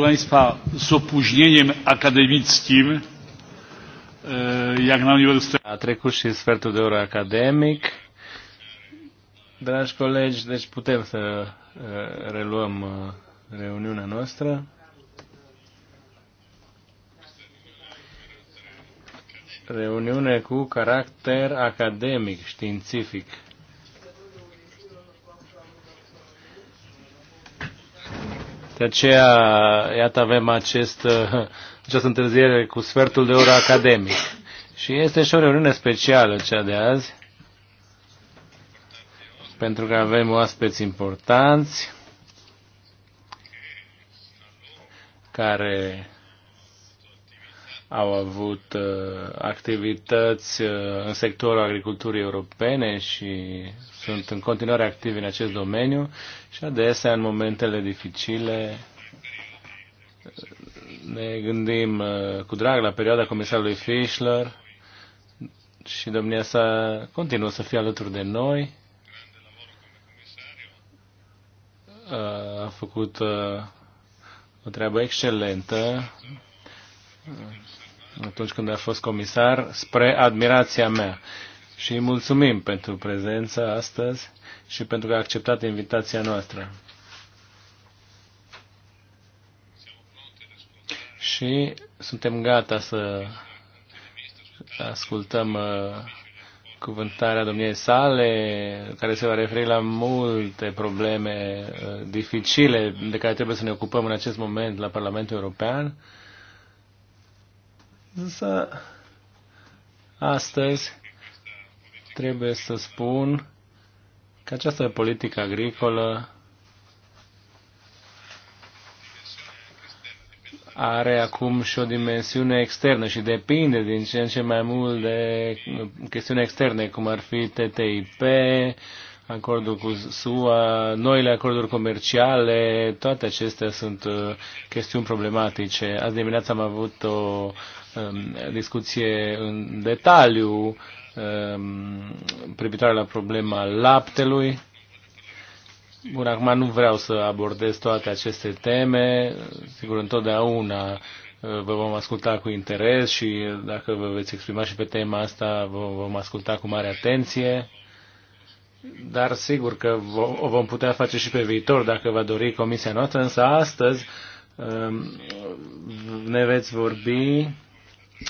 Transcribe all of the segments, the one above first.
Państwa, z opóźnieniem akademickim, jak na Uniwersytecie... A trecut și sfertul de oră academic. Dragi colegi, deci putem să reluăm reuniunea noastră. Reuniune cu caracter academic, științific. De aceea, iată, avem acest, uh, această întârziere cu sfertul de oră academic. Și este și o reuniune specială cea de azi, pentru că avem oaspeți importanți care au avut uh, activități uh, în sectorul agriculturii europene și sunt în continuare activi în acest domeniu și adesea în momentele dificile uh, ne gândim uh, cu drag la perioada comisarului Fischler și domnia sa continuă să fie alături de noi. Uh, a făcut o treabă excelentă atunci când a fost comisar, spre admirația mea și îi mulțumim pentru prezența astăzi și pentru că a acceptat invitația noastră. Și suntem gata să ascultăm uh, cuvântarea domniei sale, care se va referi la multe probleme uh, dificile de care trebuie să ne ocupăm în acest moment la Parlamentul European. Însă, astăzi, trebuie să spun că această politică agricolă are acum și o dimensiune externă și depinde din ce în ce mai mult de chestiuni externe, cum ar fi TTIP, acordul cu SUA, noile acorduri comerciale, toate acestea sunt uh, chestiuni problematice. Azi dimineața am avut o um, discuție în detaliu Ehm, privitoare la problema laptelui. Bun, acum nu vreau să abordez toate aceste teme. Sigur, întotdeauna eh, vă vom asculta cu interes și dacă vă veți exprima și pe tema asta, vă vom asculta cu mare atenție. Dar sigur că o vom putea face și pe viitor dacă va dori comisia noastră, însă astăzi ehm, ne veți vorbi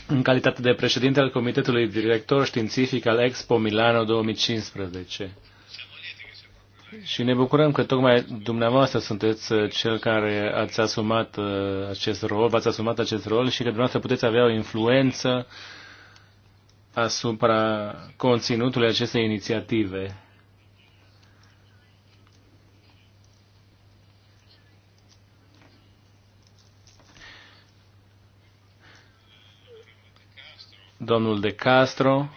în calitate de președinte al Comitetului Director Științific al Expo Milano 2015. Și ne bucurăm că tocmai dumneavoastră sunteți uh, cel care ați asumat uh, acest rol, v-ați asumat acest rol și că dumneavoastră puteți avea o influență asupra conținutului acestei inițiative. Domnul De Castro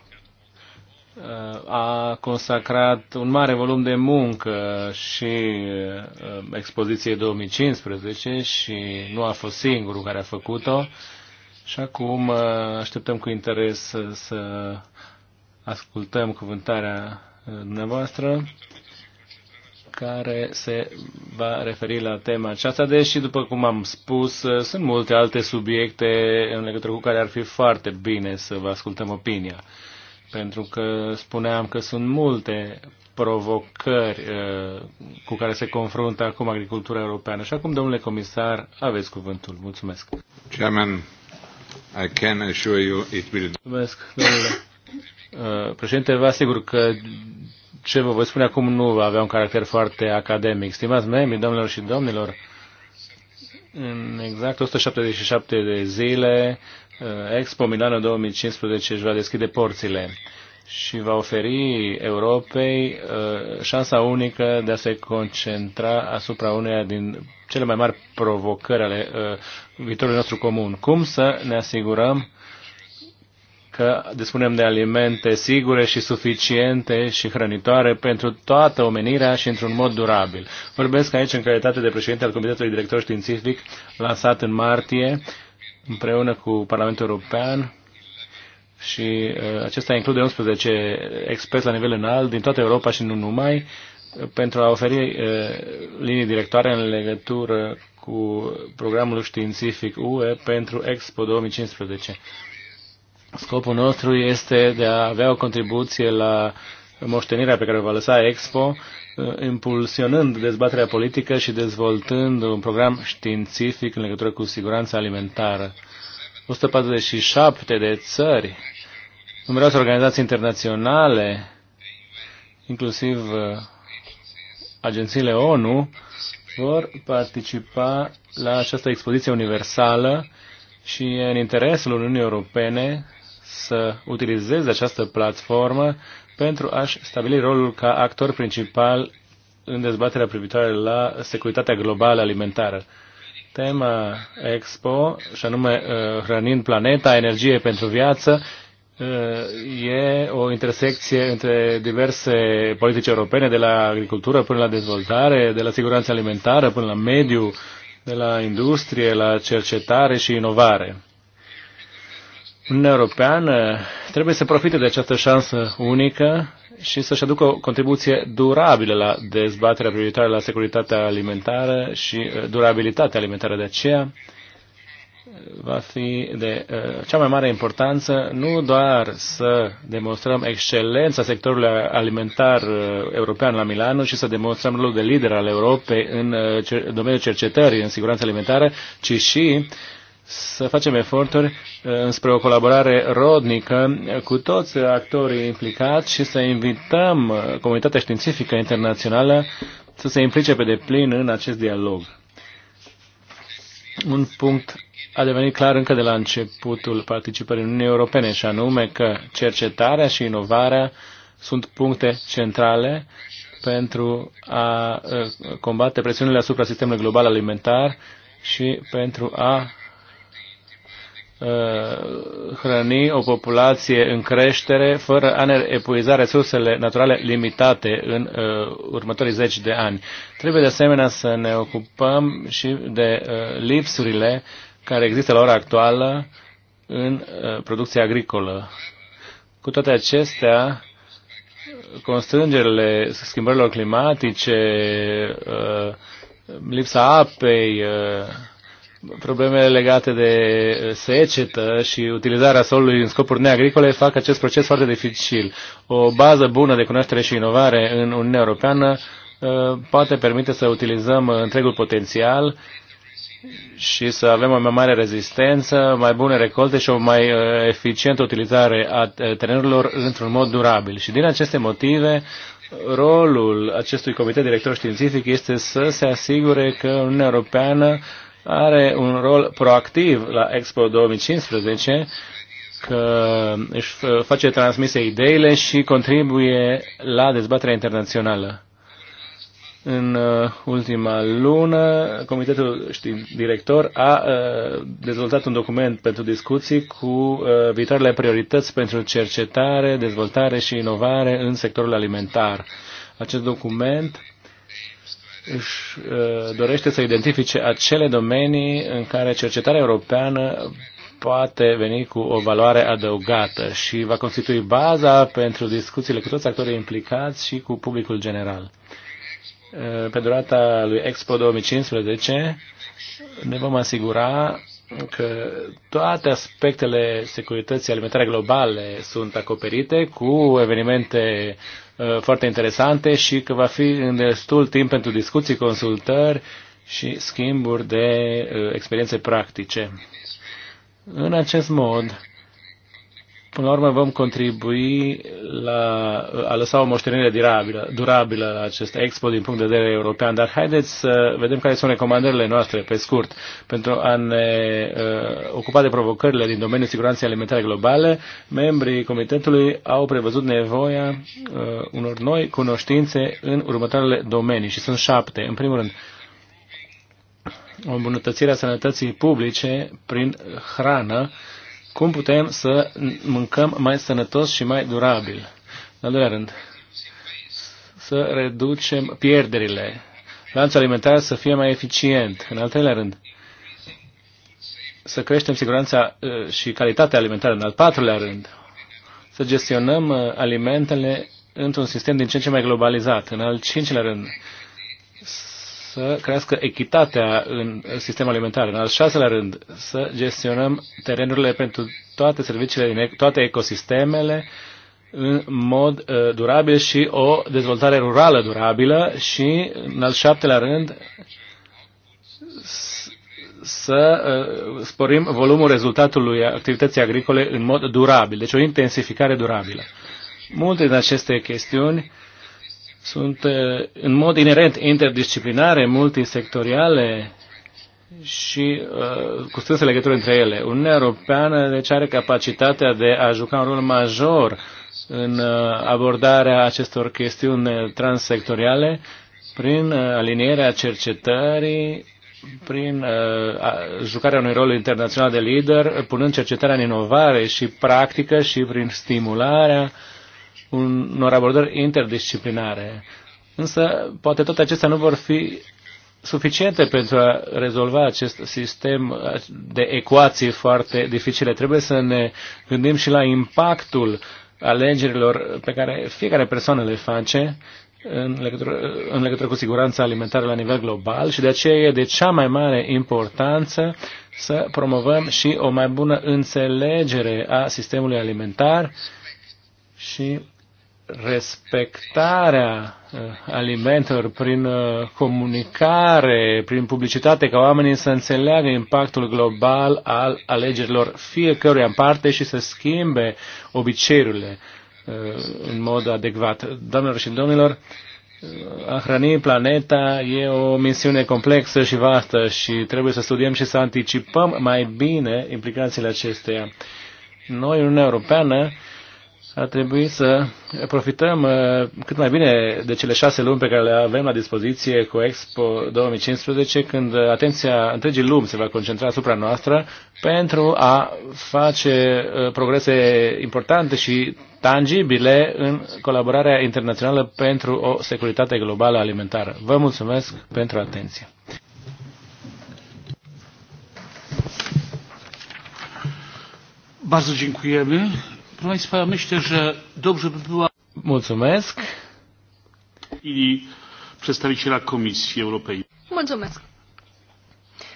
a consacrat un mare volum de muncă și uh, expoziției 2015 și nu a fost singurul care a făcut-o. Și acum uh, așteptăm cu interes să, ascultăm cuvântarea uh, dumneavoastră care se va referi la tema aceasta, deși, după cum am spus, sunt multe alte subiecte în legătură cu care ar fi foarte bine să vă ascultăm opinia. Pentru că spuneam că sunt multe provocări uh, cu care se confruntă acum agricultura europeană. Și acum, domnule comisar, aveți cuvântul. Mulțumesc. Chairman, I can assure you it will... Mulțumesc, domnule. Uh, președinte, vă asigur că ce vă voi spune acum nu avea un caracter foarte academic. Stimați membri, domnilor și domnilor, în exact 177 de zile, uh, Expo Milano 2015 își va deschide porțile și va oferi Europei uh, șansa unică de a se concentra asupra uneia din cele mai mari provocări ale uh, viitorului nostru comun. Cum să ne asigurăm că dispunem de alimente sigure și suficiente și hrănitoare pentru toată omenirea și într-un mod durabil. Vorbesc aici în calitate de președinte al Comitetului Director Științific lansat în martie împreună cu Parlamentul European și uh, acesta include 11 experți la nivel înalt din toată Europa și nu numai pentru a oferi uh, linii directoare în legătură cu programul științific UE pentru Expo 2015. Scopul nostru este de a avea o contribuție la moștenirea pe care o va lăsa Expo, uh, impulsionând dezbaterea politică și dezvoltând un program științific în legătură cu siguranța alimentară. 147 de țări, numeroase organizații internaționale, inclusiv uh, agențiile ONU, vor participa la această expoziție universală și în interesul Uniunii Europene să utilizeze această platformă pentru a-și stabili rolul ca actor principal în dezbaterea privitoare la securitatea globală alimentară. Tema Expo, și anume uh, Hrănind Planeta, Energie pentru Viață, uh, e o intersecție între diverse politici europene, de la agricultură până la dezvoltare, de la siguranță alimentară până la mediu, de la industrie, la cercetare și inovare. Uniunea Europeană trebuie să profite de această șansă unică și să-și aducă o contribuție durabilă la dezbaterea prioritară la securitatea alimentară și uh, durabilitatea alimentară. De aceea va fi de uh, cea mai mare importanță nu doar să demonstrăm excelența sectorului alimentar uh, european la Milano și să demonstrăm rolul de lider al Europei în domeniul cercetării în siguranță alimentară, ci și să facem eforturi uh, înspre o colaborare rodnică cu toți actorii implicați și să invităm uh, comunitatea științifică internațională să se implice pe deplin în acest dialog. Un punct a devenit clar încă de la începutul participării Uniunii Europene, și anume că cercetarea și inovarea sunt puncte centrale pentru a uh, combate presiunile asupra sistemului global alimentar și pentru a Uh, hrăni o populație în creștere fără a ne epuiza resursele naturale limitate în uh, următorii zeci de ani. Trebuie de asemenea să ne ocupăm și de uh, lipsurile care există la ora actuală în uh, producția agricolă. Cu toate acestea, constrângerile schimbărilor climatice, uh, lipsa apei, uh, problemele legate de uh, secetă și utilizarea solului în scopuri neagricole fac acest proces foarte dificil. O bază bună de cunoaștere și inovare în Uniunea Europeană uh, poate permite să utilizăm întregul potențial și să avem o mai mare rezistență, mai bune recolte și o mai uh, eficientă utilizare a terenurilor într-un mod durabil. Și din aceste motive, rolul acestui comitet director științific este să se asigure că Uniunea Europeană are un rol proactiv la Expo 2015 că își face transmise ideile și contribuie la dezbaterea internațională. În uh, ultima lună, Comitetul știi, Director a uh, dezvoltat un document pentru discuții cu uh, viitoarele priorități pentru cercetare, dezvoltare și inovare în sectorul alimentar. Acest document își uh, dorește să identifice acele domenii în care cercetarea europeană poate veni cu o valoare adăugată și va constitui baza pentru discuțiile cu toți actorii implicați și cu publicul general. Uh, pe durata lui Expo 2015 ne vom asigura că toate aspectele securității alimentare globale sunt acoperite cu evenimente Uh, foarte interesante și că va fi în destul timp pentru discuții, consultări și schimburi de uh, experiențe practice. În acest mod, până la urmă vom contribui la a lăsa o moștenire durabilă, durabilă la acest expo din punct de vedere european, dar haideți să vedem care sunt recomandările noastre pe scurt pentru a ne uh, ocupa de provocările din domeniul siguranței alimentare globale. Membrii comitetului au prevăzut nevoia uh, unor noi cunoștințe în următoarele domenii și sunt șapte. În primul rând, o îmbunătățire a sănătății publice prin hrană, uh, cum putem să mâncăm mai sănătos și mai durabil. În al doilea rând, să reducem pierderile. Lanțul alimentar să fie mai eficient. În al treilea rând, să creștem siguranța uh, și calitatea alimentară. În al patrulea rând, să gestionăm uh, alimentele într-un sistem din ce în ce mai globalizat. În al cincilea rând, să crească echitatea în sistemul alimentar. În al șaselea rând, să gestionăm terenurile pentru toate serviciile din toate ecosistemele în mod uh, durabil și o dezvoltare rurală durabilă și, în al șaptelea rând, să uh, sporim volumul rezultatului activității agricole în mod durabil, deci o intensificare durabilă. Multe din aceste chestiuni sunt în mod inerent interdisciplinare, multisectoriale și uh, cu strânsă legătură între ele. Uniunea Europeană deci are capacitatea de a juca un rol major în uh, abordarea acestor chestiuni transsectoriale prin uh, alinierea cercetării, prin uh, a, jucarea unui rol internațional de lider, punând cercetarea în inovare și practică și prin stimularea uh, unor abordări interdisciplinare. Însă, poate toate acestea nu vor fi suficiente pentru a rezolva acest sistem de ecuații foarte dificile. Trebuie să ne gândim și la impactul alegerilor pe care fiecare persoană le face în legătură, în legătură cu siguranța alimentară la nivel global și de aceea e de cea mai mare importanță să promovăm și o mai bună înțelegere a sistemului alimentar și respectarea uh, alimentelor prin uh, comunicare, prin publicitate, ca oamenii să înțeleagă impactul global al alegerilor fiecăruia în parte și să schimbe obiceiurile uh, în mod adecvat. Doamnelor și domnilor, a hrăni planeta e o misiune complexă și vastă și trebuie să studiem și să anticipăm mai bine implicațiile acesteia. Noi, Uniunea Europeană, ar trebui să profităm uh, cât mai bine de cele șase luni pe care le avem la dispoziție cu Expo 2015, când atenția întregii lumi se va concentra asupra noastră pentru a face uh, progrese importante și tangibile în colaborarea internațională pentru o securitate globală alimentară. Vă mulțumesc pentru atenție. Bardzo dziękujemy. Państwa, myślę, że dobrze by Mulțumesc. I przedstawiciela Mulțumesc.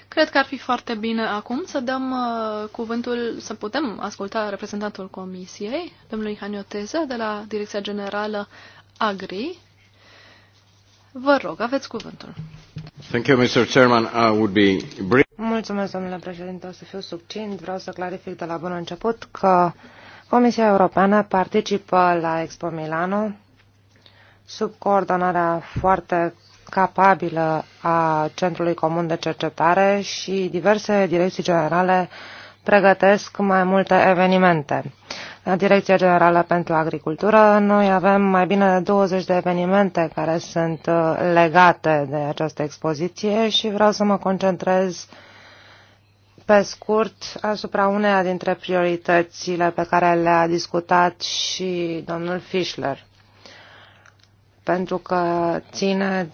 Cred că ar fi foarte bine acum să dăm uh, cuvântul, să putem asculta reprezentantul Comisiei, domnului Hanioteza, de la Direcția Generală Agri. Vă rog, aveți cuvântul. Thank you, Mr. Chairman. I would be brief. Mulțumesc, domnule președinte. O să fiu succint. Vreau să clarific de la bun început că Comisia Europeană participă la Expo Milano sub coordonarea foarte capabilă a Centrului Comun de Cercetare și diverse direcții generale pregătesc mai multe evenimente. La Direcția Generală pentru Agricultură noi avem mai bine de 20 de evenimente care sunt uh, legate de această expoziție și vreau să mă concentrez pe scurt asupra uneia dintre prioritățile pe care le-a discutat și domnul Fischler, pentru că ține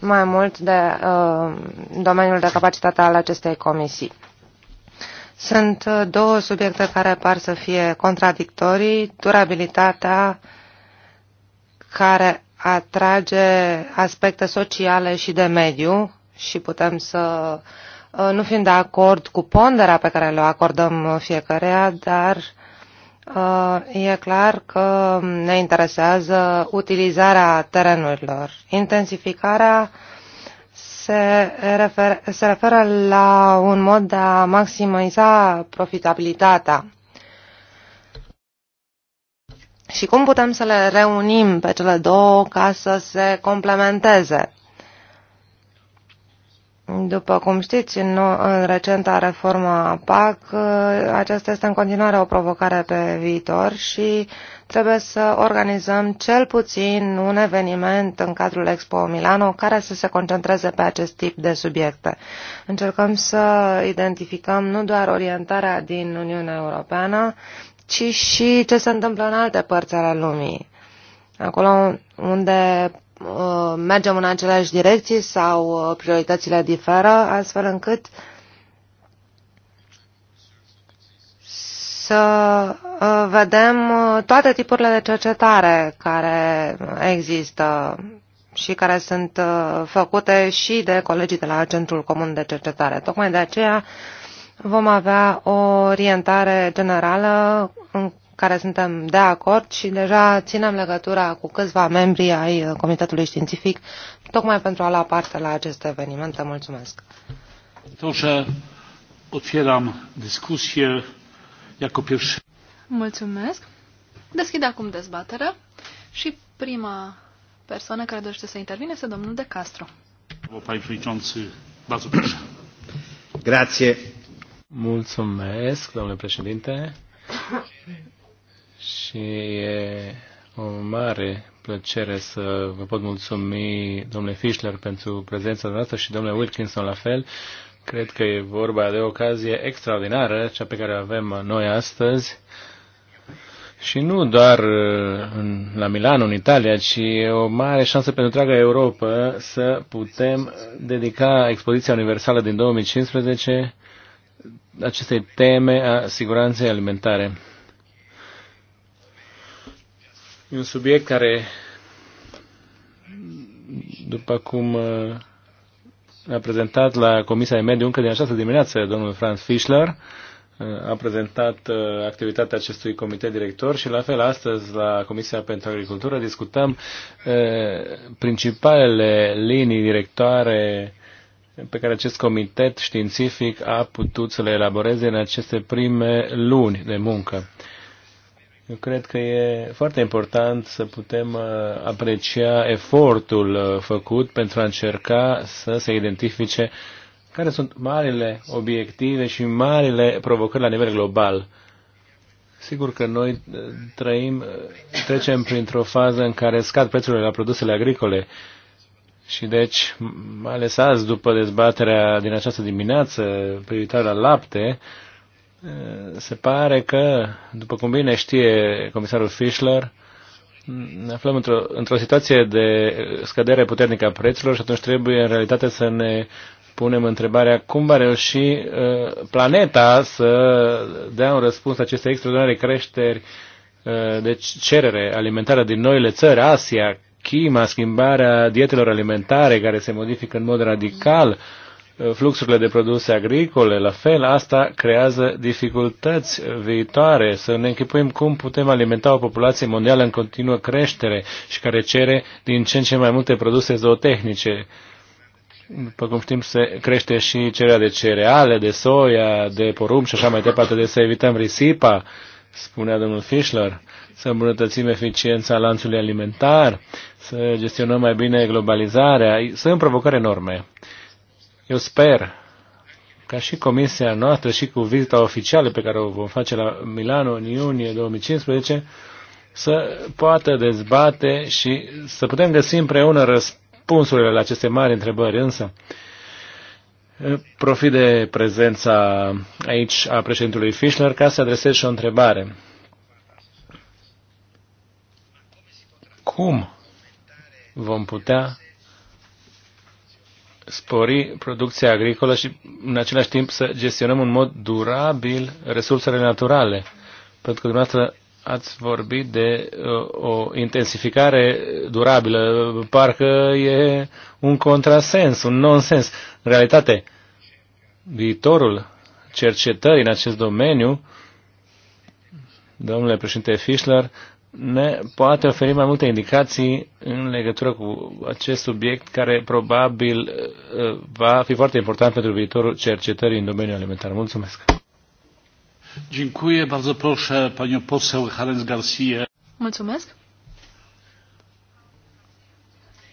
mai mult de uh, domeniul de capacitate al acestei comisii. Sunt uh, două subiecte care par să fie contradictorii, durabilitatea care atrage aspecte sociale și de mediu și putem să uh, Uh, nu fiind de acord cu ponderea pe care le acordăm fiecăreia, dar uh, e clar că ne interesează utilizarea terenurilor. Intensificarea se, refer, se referă la un mod de a maximiza profitabilitatea. Și cum putem să le reunim pe cele două ca să se complementeze? După cum știți, în, în recenta reformă PAC, uh, aceasta este în continuare o provocare pe viitor și trebuie să organizăm cel puțin un eveniment în cadrul Expo Milano care să se concentreze pe acest tip de subiecte. Încercăm să identificăm nu doar orientarea din Uniunea Europeană, ci și ce se întâmplă în alte părți ale lumii acolo unde Uh, mergem în aceleași direcții sau uh, prioritățile diferă, astfel încât să uh, vedem toate tipurile de cercetare care există și care sunt făcute și de colegii de la Centrul Comun de Cercetare. Tocmai de aceea vom avea o orientare generală în care suntem de acord și deja ținem legătura cu câțiva membri ai uh, Comitetului Științific, tocmai pentru a lua parte la eveniment. Te Mulțumesc! Toșa, jako pierwszy. Mulțumesc! Deschid acum dezbaterea și prima persoană care dorește să intervine este domnul De Castro. Grazie. Mulțumesc, domnule președinte și e o mare plăcere să vă pot mulțumi, domnule Fischler, pentru prezența noastră și domnule Wilkinson la fel. Cred că e vorba de o ocazie extraordinară, cea pe care o avem noi astăzi. Și nu doar uh, în, la Milano, în Italia, ci e o mare șansă pentru întreaga Europa să putem dedica expoziția universală din 2015 acestei teme a siguranței alimentare. E un subiect care, după cum uh, a prezentat la Comisia de Mediu încă din această dimineață, domnul Franz Fischler, uh, a prezentat uh, activitatea acestui comitet director și la fel astăzi la Comisia pentru Agricultură discutăm principalele linii directoare pe care acest comitet științific a putut să le elaboreze în aceste prime luni de muncă. Eu cred că e foarte important să putem uh, aprecia efortul uh, făcut pentru a încerca să se identifice care sunt marile obiective și marile provocări la nivel global. Sigur că noi uh, trăim, trecem printr-o fază în care scad prețurile la produsele agricole și deci, mai ales azi, după dezbaterea din această dimineață privitoare la lapte, uh, se pare că, după cum bine știe comisarul Fischler, ne aflăm într-o, într, -o, situație de scădere puternică a prețurilor și atunci trebuie în realitate să ne punem întrebarea cum va reuși uh, planeta să dea un răspuns acestei extraordinare creșteri uh, de cerere alimentară din noile țări, Asia, China, schimbarea dietelor alimentare care se modifică în mod radical, uh, fluxurile de produse agricole, la fel, asta creează dificultăți viitoare. Să ne închipuim cum putem alimenta o populație mondială în continuă creștere și care cere din ce în ce mai multe produse zootehnice. După cum știm, se crește și cererea de cereale, de soia, de porumb și așa mai departe, de să evităm risipa, spunea domnul Fischler, să îmbunătățim eficiența lanțului alimentar, să gestionăm mai bine globalizarea. Sunt provocări enorme eu sper ca și comisia noastră și cu vizita oficială pe care o vom face la Milano în iunie 2015 să poată dezbate și să putem găsi împreună răspunsurile la aceste mari întrebări. Însă, profit de prezența aici a președintelui Fischler ca să adresez și o întrebare. Cum vom putea spori producția agricolă și în același timp să gestionăm în mod durabil resursele naturale. Pentru că dumneavoastră ați vorbit de uh, o intensificare durabilă, parcă e un contrasens, un nonsens. În realitate, viitorul cercetării în acest domeniu, domnule președinte Fischler, ne poate oferi mai multe indicații în legătură cu acest subiect care probabil uh, va fi foarte important pentru viitorul cercetării în domeniul alimentar. Mulțumesc! Garcia. Mulțumesc.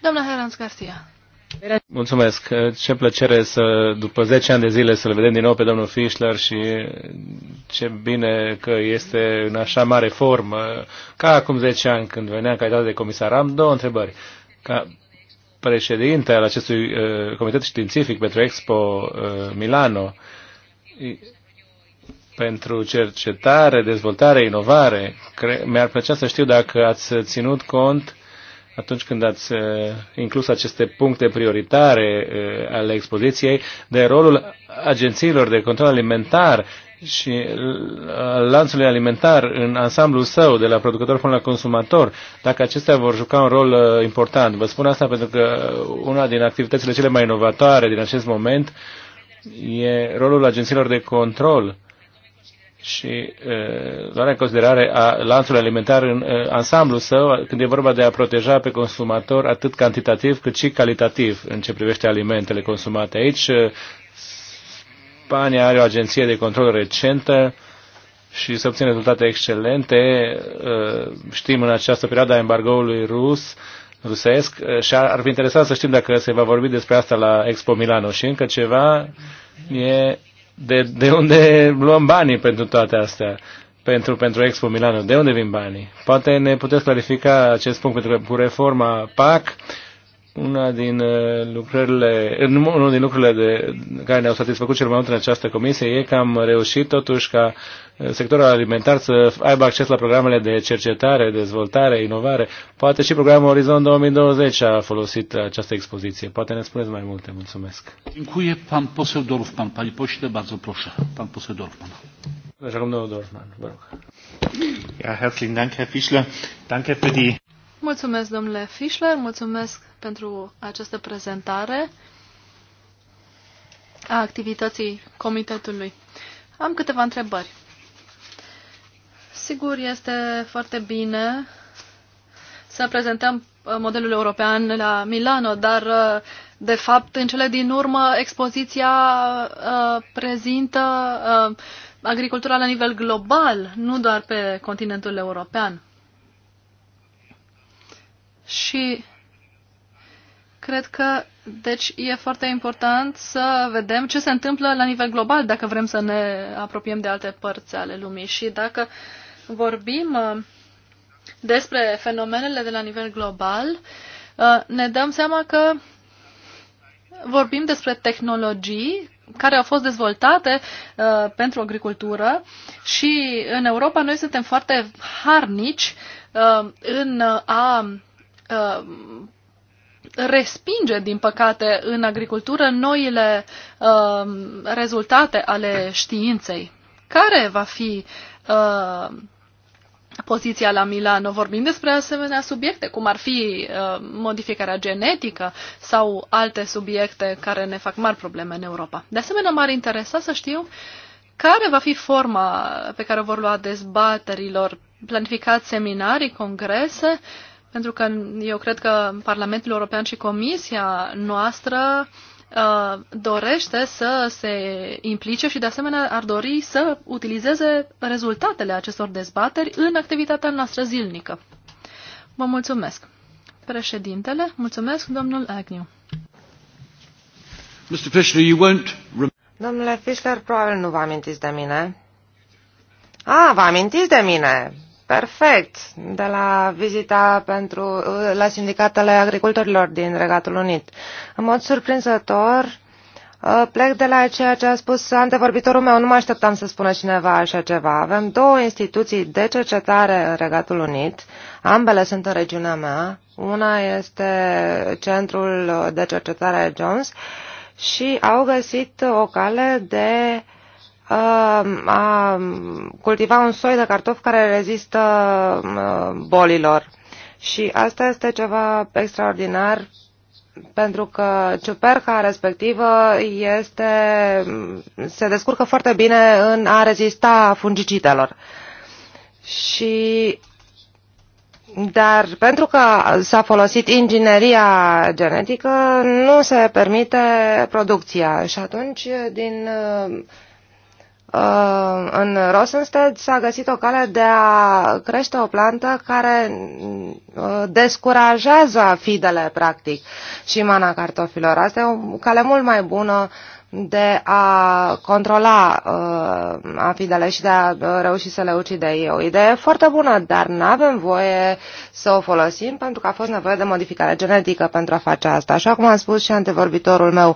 Doamna Harens Garcia. Mulțumesc. Ce plăcere să, după 10 ani de zile, să-l vedem din nou pe domnul Fischler și ce bine că este în așa mare formă. Ca acum 10 ani, când venea ca de comisar, am două întrebări. Ca președinte al acestui uh, comitet științific pentru Expo uh, Milano, pentru cercetare, dezvoltare, inovare, mi-ar plăcea să știu dacă ați ținut cont atunci când ați eh, inclus aceste puncte prioritare eh, ale expoziției, de rolul agențiilor de control alimentar și lanțului alimentar în ansamblul său, de la producător până la consumator, dacă acestea vor juca un rol eh, important. Vă spun asta pentru că una din activitățile cele mai inovatoare din acest moment e rolul agențiilor de control și luarea în considerare a lanțului alimentar în ansamblu său, când e vorba de a proteja pe consumator atât cantitativ cât și calitativ în ce privește alimentele consumate. Aici Spania are o agenție de control recentă și se obțin rezultate excelente. Știm în această perioadă a embargoului rus, rusesc și ar, ar fi interesant să știm dacă se va vorbi despre asta la Expo Milano. Și încă ceva e de, de unde luăm banii pentru toate astea? Pentru, pentru Expo Milano, de unde vin banii? Poate ne puteți clarifica acest punct, pentru că cu reforma PAC una din uh, lucrările, unul din lucrurile de, care ne-au satisfăcut cel mai mult în această comisie e că am reușit totuși ca uh, sectorul alimentar să aibă acces la programele de cercetare, dezvoltare, inovare. Poate și programul Orizont 2020 a folosit această expoziție. Poate ne spuneți mai multe. Mulțumesc. Dziękuję pan poseł Dorfman. Panie pośle, bardzo proszę. Pan poseł Dorfman. Așa cum domnul Dorfman, vă rog. Ja, herzlichen Dank, Herr Fischler. Danke für die... Mulțumesc, domnule Fischler, mulțumesc pentru această prezentare a activității comitetului. Am câteva întrebări. Sigur, este foarte bine să prezentăm uh, modelul european la Milano, dar uh, de fapt, în cele din urmă, expoziția uh, prezintă agricultura la nivel global, nu doar pe continentul european. Și Cred că, deci, e foarte important să vedem ce se întâmplă la nivel global dacă vrem să ne apropiem de alte părți ale lumii și dacă vorbim uh, despre fenomenele de la nivel global, uh, ne dăm seama că vorbim despre tehnologii care au fost dezvoltate uh, pentru agricultură și în Europa noi suntem foarte harnici în a respinge, din păcate, în agricultură noile uh, rezultate ale științei. Care va fi uh, poziția la Milano? Vorbim despre asemenea subiecte, cum ar fi uh, modificarea genetică sau alte subiecte care ne fac mari probleme în Europa. De asemenea, m-ar interesa să știu care va fi forma pe care o vor lua dezbaterilor, planificați seminarii, congrese, uh, pentru că eu cred că Parlamentul European și Comisia noastră uh, dorește să se implice și de asemenea ar dori să utilizeze rezultatele acestor dezbateri în activitatea noastră zilnică. Vă mulțumesc. Președintele, mulțumesc, domnul Agnew. Mr. Fischler, you won't... Domnule Fischler, probabil nu vă amintiți de mine. A, vă amintiți de mine! Perfect. De la vizita pentru, la sindicatele agricultorilor din Regatul Unit. În mod surprinzător, uh, plec de la ceea ce a spus antevorbitorul meu. Nu mă așteptam să spună cineva așa ceva. Avem două instituții de cercetare în Regatul Unit. Ambele sunt în regiunea mea. Una este Centrul de Cercetare Jones și au găsit o cale de a cultiva un soi de cartof care rezistă uh, bolilor. Și asta este ceva extraordinar pentru că ciuperca respectivă este, se descurcă foarte bine în a rezista fungicidelor. Și dar pentru că s-a folosit ingineria genetică, nu se permite producția și atunci din uh, Uh, în Rosenstedt s-a găsit o cale de a crește o plantă care uh, descurajează fidele, practic, și mana cartofilor. Asta e o cale mult mai bună de a controla uh, afidele și de a uh, reuși să le ucide ei. O idee foarte bună, dar nu avem voie să o folosim pentru că a fost nevoie de modificare genetică pentru a face asta. Așa cum a spus și antevorbitorul meu, uh,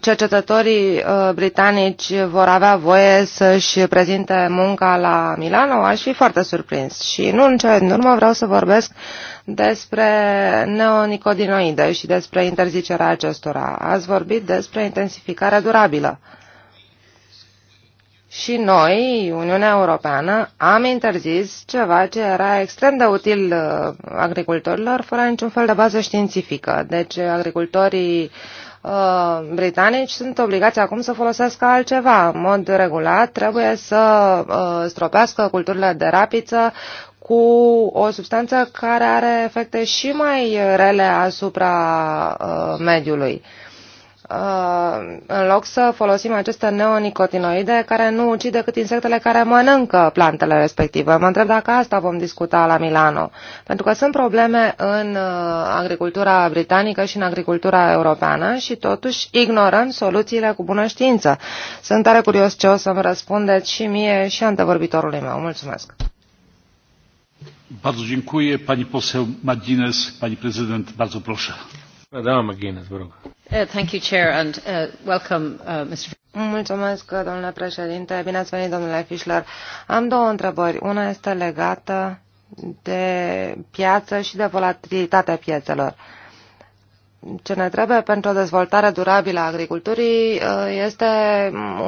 cercetătorii uh, britanici vor avea voie să-și prezinte munca la Milano, aș fi foarte surprins. Și nu în cea din urmă vreau să vorbesc despre neonicodinoide și despre interzicerea acestora. Ați vorbit despre intensificarea durabilă. Și noi, Uniunea Europeană, am interzis ceva ce era extrem de util uh, agricultorilor, fără niciun fel de bază științifică. Deci agricultorii uh, Uh, britanici sunt obligați acum să folosească altceva. În mod regulat trebuie să uh, stropească culturile de rapiță cu o substanță care are efecte și mai rele asupra uh, mediului. Uh, Uh, în loc să folosim aceste neonicotinoide care nu ucid decât insectele care mănâncă plantele respective. Mă întreb dacă asta vom discuta la Milano, pentru că sunt probleme în uh, agricultura britanică și în agricultura europeană și totuși ignorăm soluțiile cu bună știință. Sunt tare curios ce o să-mi răspundeți și mie și antevorbitorului meu. Mulțumesc! Bardzo dziękuję. Pani poseł Madines, pani prezydent, bardzo proszę. Madame McGuinness, vă Uh, uh, uh, Mulțumesc, domnule președinte. Bine ați venit, domnule Fischler. Am două întrebări. Una este legată de piață și de volatilitatea piețelor ce ne trebuie pentru o dezvoltare durabilă a agriculturii uh, este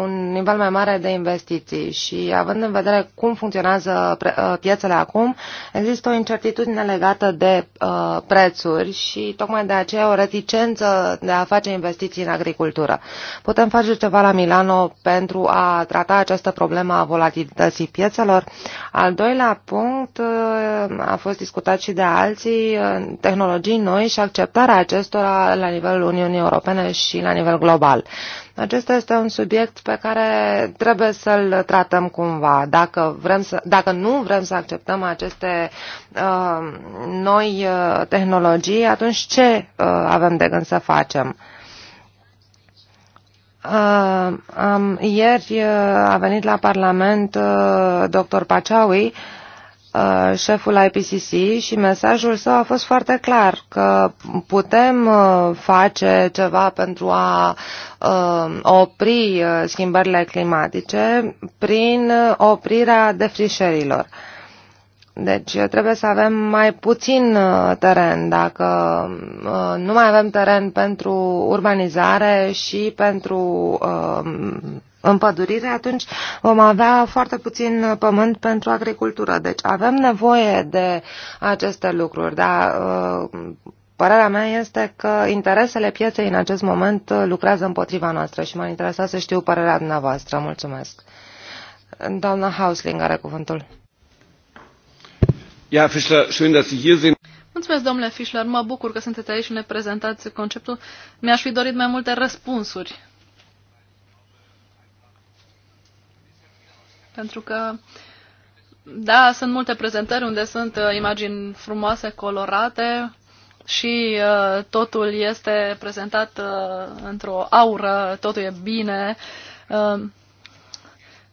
un nivel mai mare de investiții și având în vedere cum funcționează uh, piețele acum, există o incertitudine legată de uh, prețuri și tocmai de aceea o reticență de a face investiții în agricultură. Putem face ceva la Milano pentru a trata această problemă a volatilității piețelor. Al doilea punct a fost discutat și de alții, tehnologii noi și acceptarea acestora legătura la nivelul Uniunii Europene și la nivel global. Acesta este un subiect pe care trebuie să-l tratăm cumva. Dacă, vrem să, dacă nu vrem să acceptăm aceste uh, noi uh, tehnologii, atunci ce uh, avem de gând să facem? Uh, um, ieri uh, a venit la Parlament uh, dr. Paceaui uh, Uh, șeful IPCC și mesajul său a fost foarte clar că putem uh, face ceva pentru a uh, opri schimbările climatice prin oprirea defrișerilor. Deci trebuie să avem mai puțin teren. Dacă nu mai avem teren pentru urbanizare și pentru împădurire, atunci vom avea foarte puțin pământ pentru agricultură. Deci avem nevoie de aceste lucruri, dar uh, părerea mea este că interesele pieței în acest moment uh, lucrează împotriva noastră și m-ar interesa să știu părerea dumneavoastră. Mulțumesc. Doamna Hausling are cuvântul. Ja, Fischler, schön, dass Sie hier sind. Mulțumesc, domnule Fischler. Mă bucur că sunteți aici și ne prezentați conceptul. Mi-aș fi dorit mai multe răspunsuri Pentru că, da, sunt multe prezentări unde sunt uh, imagini frumoase, colorate și uh, totul este prezentat uh, într-o aură, totul e bine. Uh,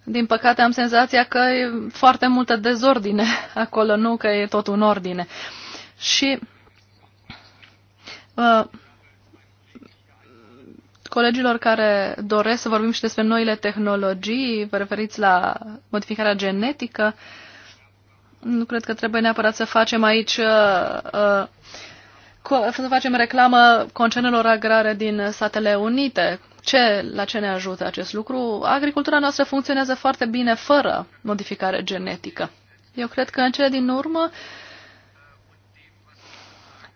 din păcate am senzația că e foarte multă dezordine acolo, nu că e tot în ordine. Și uh, colegilor care doresc să vorbim și despre noile tehnologii, vă referiți la modificarea genetică, nu cred că trebuie neapărat să facem aici uh, uh, să facem reclamă concernelor agrare din Statele Unite. Ce, la ce ne ajută acest lucru? Agricultura noastră funcționează foarte bine fără modificare genetică. Eu cred că în cele din urmă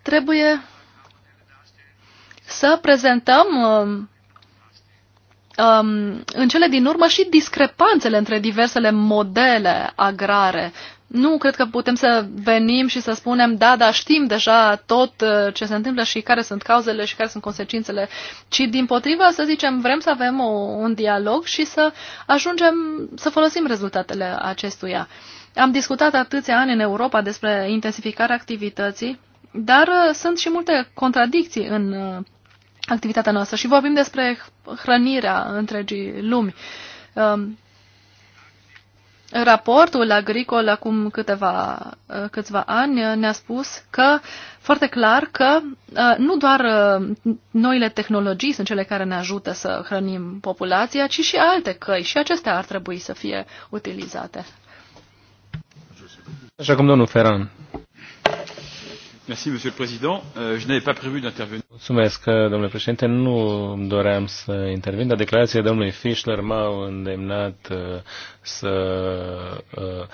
trebuie să prezentăm um, um, în cele din urmă și discrepanțele între diversele modele agrare. Nu cred că putem să venim și să spunem, da, da, știm deja tot uh, ce se întâmplă și care sunt cauzele și care sunt consecințele, ci din potrivă să zicem, vrem să avem o, un dialog și să ajungem să folosim rezultatele acestuia. Am discutat atâția ani în Europa despre intensificarea activității, dar uh, sunt și multe contradicții în uh, activitatea noastră. Și vorbim despre hrănirea întregii lumi. Um, raportul agricol acum câteva, uh, câțiva ani ne-a spus că foarte clar că uh, nu doar uh, noile tehnologii sunt cele care ne ajută să hrănim populația, ci și alte căi și acestea ar trebui să fie utilizate. Așa cum domnul Ferran. Mulțumesc, domnule președinte. Nu doream să intervin, dar declarația domnului Fischler m-au îndemnat uh, să, uh,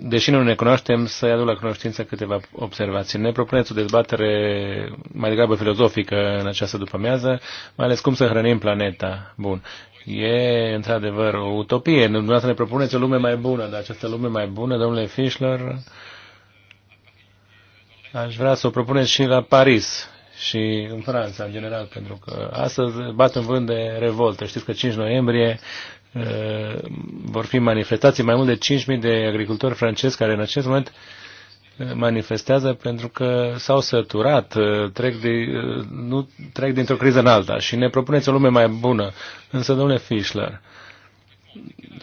deși nu ne cunoaștem, să-i aduc la cunoștință câteva observații. Ne propuneți o dezbatere mai degrabă filozofică în această dupămează, mai ales cum să hrănim planeta. Bun. E într-adevăr o utopie. Dumneavoastră ne propuneți o lume mai bună, dar această lume mai bună, domnule Fischler, Aș vrea să o propuneți și la Paris și în Franța, în general, pentru că astăzi bat în vânt de revoltă. Știți că 5 noiembrie uh, vor fi manifestații mai mult de 5.000 de agricultori francezi care în acest moment uh, manifestează pentru că s-au săturat, uh, trec, de, nu, trec dintr-o criză în alta și ne propuneți o lume mai bună. Însă, domnule Fischler,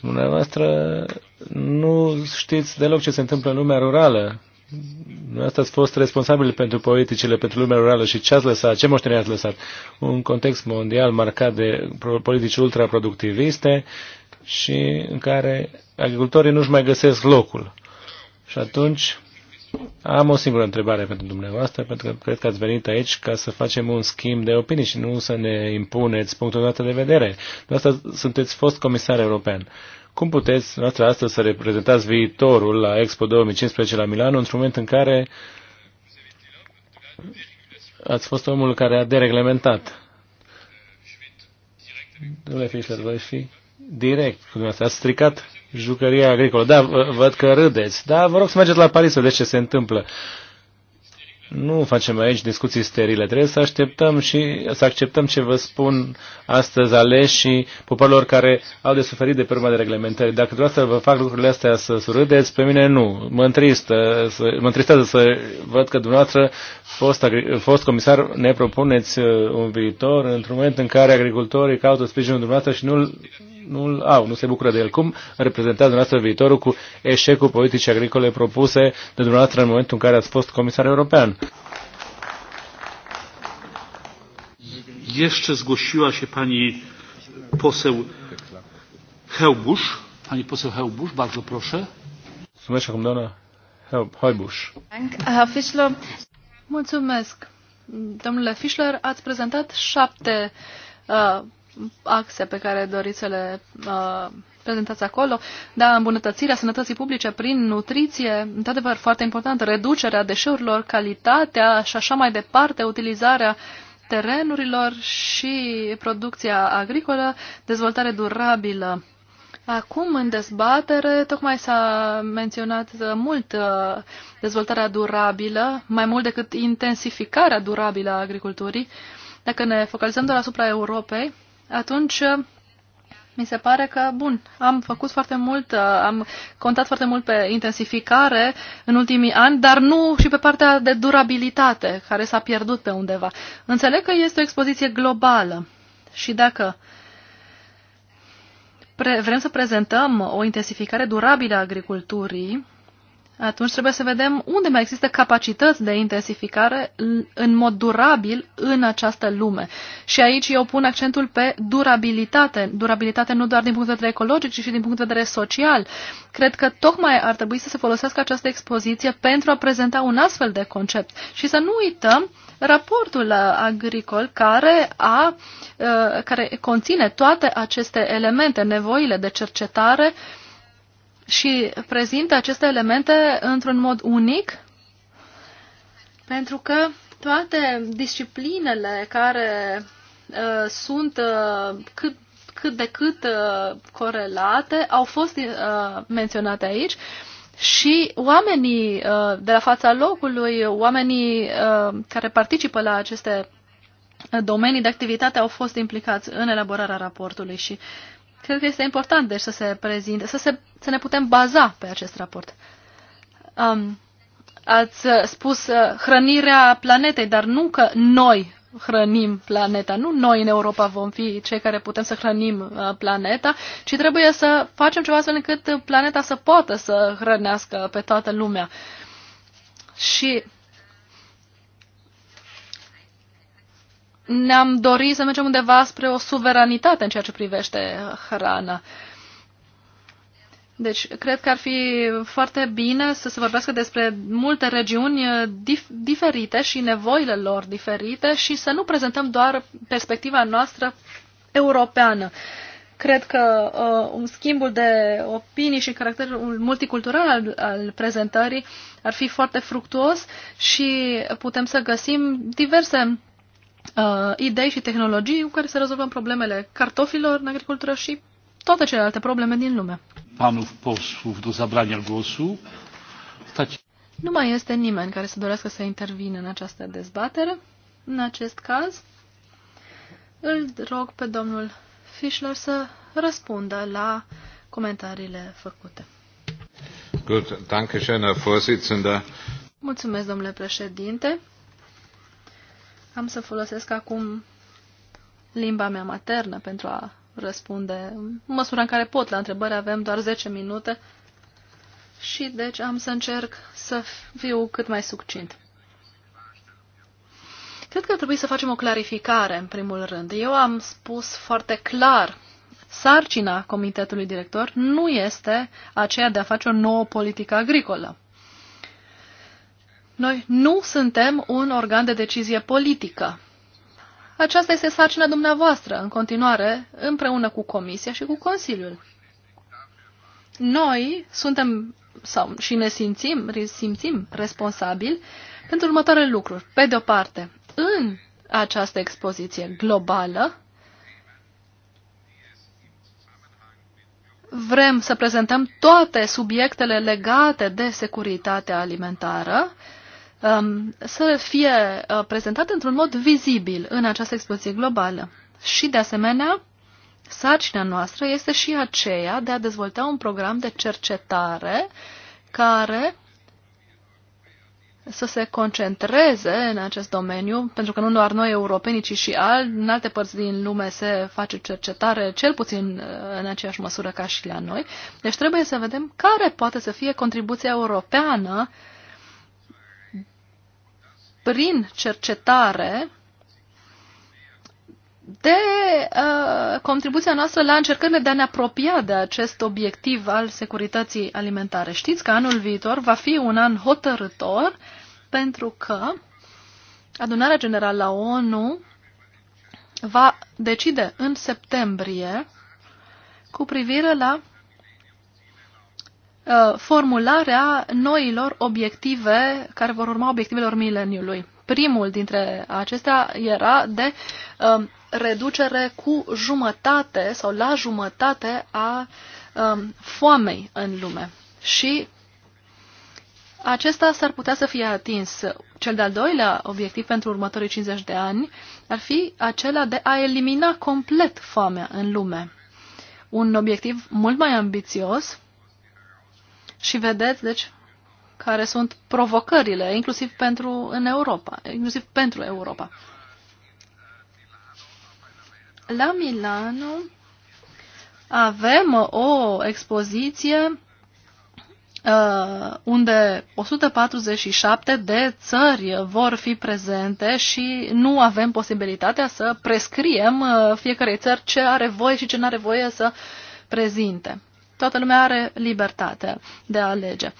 dumneavoastră nu știți deloc ce se întâmplă în lumea rurală. Asta ați fost responsabil pentru politicile pentru lumea rurală și ce ați lăsat, ce moștenire ați lăsat? Un context mondial marcat de politici ultraproductiviste și în care agricultorii nu-și mai găsesc locul. Și atunci am o singură întrebare pentru dumneavoastră, pentru că cred că ați venit aici ca să facem un schimb de opinii și nu să ne impuneți punctul de vedere. Dumneavoastră sunteți fost comisar european. Uh, cum puteți noastră astăzi să reprezentați viitorul la Expo 2015 la Milano într-un moment în care ați fost omul care a dereglementat? Domnule Fischer, voi fi direct cu dumneavoastră. Ați stricat jucăria agricolă. Da, văd că râdeți. Da, vă rog să mergeți la Paris să vedeți ce se întâmplă nu facem aici discuții sterile, trebuie să așteptăm și să acceptăm ce vă spun astăzi și popoarelor care au de suferit de pe urma de reglementări. Dacă vreau să vă fac lucrurile astea să surâdeți, pe mine nu. Mă, întristă, să, mă întristează să văd că dumneavoastră, fost, fost comisar, ne propuneți uh, un viitor într-un moment în care agricultorii caută sprijinul dumneavoastră și nu nu au, nu se bucură de el. Cum reprezentați dumneavoastră viitorul cu eșecul politicii agricole propuse de dumneavoastră în momentul în care ați fost comisar european? Jeszcze zgłosiła się pani poseł Hełbusz. Pani poseł Hełbusz, bardzo proszę. Mulțumesc acum doamna Hełbusz. Mulțumesc. Domnule Fischler, ați prezentat șapte uh, axe pe care doriți să le uh, prezentați acolo, dar îmbunătățirea sănătății publice prin nutriție, într-adevăr foarte important, reducerea deșeurilor, calitatea și așa mai departe, utilizarea terenurilor și producția agricolă, dezvoltare durabilă. Acum, în dezbatere, tocmai s-a menționat mult uh, dezvoltarea durabilă, mai mult decât intensificarea durabilă a agriculturii. Dacă ne focalizăm doar asupra Europei, atunci uh, mi se pare că, bun, am făcut foarte mult, uh, am contat foarte mult pe intensificare în ultimii ani, dar nu și pe partea de durabilitate, care s-a pierdut pe undeva. Înțeleg că este o expoziție globală și dacă vrem să prezentăm o intensificare durabilă a agriculturii, atunci trebuie să vedem unde mai există capacități de intensificare în mod durabil în această lume. Și aici eu pun accentul pe durabilitate. Durabilitate nu doar din punct de vedere ecologic, ci și din punct de vedere social. Cred că tocmai ar trebui să se folosească această expoziție pentru a prezenta un astfel de concept. Și să nu uităm raportul agricol care, a, uh, care conține toate aceste elemente, nevoile de cercetare, și prezintă aceste elemente într-un mod unic, pentru că toate disciplinele care uh, sunt uh, cât, cât de cât uh, corelate au fost uh, menționate aici și oamenii uh, de la fața locului, oamenii uh, care participă la aceste uh, domenii de activitate au fost implicați în elaborarea raportului și uh, Cred că este important deci, să se prezinte, să, se, să ne putem baza pe acest raport. Um, ați uh, spus uh, hrănirea planetei, dar nu că noi hrănim planeta. Nu noi în Europa vom fi cei care putem să hrănim uh, planeta, ci trebuie să facem ceva astfel încât planeta să poată să hrănească pe toată lumea. Și ne-am dorit să mergem undeva spre o suveranitate în ceea ce privește hrana. Deci, cred că ar fi foarte bine să se vorbească despre multe regiuni eh, dif- diferite și nevoile lor diferite și să nu prezentăm doar perspectiva noastră europeană. Cred că uh, un schimbul de opinii și caracterul multicultural al, al prezentării ar fi foarte fructuos și putem să găsim diverse uh, idei și tehnologii cu care să rezolvăm problemele cartofilor în agricultură și toate celelalte probleme din lume. Panów posłów do zabrania głosu. Nu mai este nimeni care să dorească să intervină în această dezbatere. În acest caz, îl rog pe domnul Fischler să răspundă la comentariile făcute. Good. Danke schön, Herr Vorsitzender. Mulțumesc, domnule președinte. Am să folosesc acum limba mea maternă pentru a răspunde. În măsura în care pot la întrebări, avem doar 10 minute și deci am să încerc să fiu cât mai succint. Cred că trebuie să facem o clarificare, în primul rând. Eu am spus foarte clar, sarcina comitetului director nu este aceea de a face o nouă politică agricolă. Noi nu suntem un organ de decizie politică. Aceasta este sarcina dumneavoastră, în continuare, împreună cu Comisia și cu Consiliul. Noi suntem sau și ne simțim, simțim responsabili pentru următoarele lucruri. Pe de o parte, în această expoziție globală, vrem să prezentăm toate subiectele legate de securitatea alimentară, Um, să fie uh, prezentat într-un mod vizibil în această expoziție globală. Și, de asemenea, sarcina noastră este și aceea de a dezvolta un program de cercetare care să se concentreze în acest domeniu, pentru că nu doar noi europenii, ci și al, în alte părți din lume se face cercetare, cel puțin uh, în aceeași măsură ca și la noi. Deci trebuie să vedem care poate să fie contribuția europeană uh, prin cercetare de uh, contribuția noastră la încercările de a ne apropia de acest obiectiv al securității alimentare. Știți că anul viitor va fi un an hotărător pentru că adunarea generală la ONU va decide în septembrie cu privire la Uh, formularea noilor obiective care vor urma obiectivelor mileniului. Primul dintre acestea era de um, reducere cu jumătate sau la jumătate a um, foamei în lume. Și acesta s-ar putea să fie atins. Cel de-al doilea obiectiv pentru următorii 50 de ani ar fi acela de a elimina complet foamea în lume. Un obiectiv mult mai ambițios și vedeți, deci, care sunt provocările, inclusiv pentru în Europa, inclusiv pentru Europa. La Milano avem o expoziție uh, unde 147 de țări vor fi prezente și nu avem posibilitatea să prescriem uh, fiecare țări ce are voie și ce nu are voie să prezinte toată lumea are libertatea de a alege.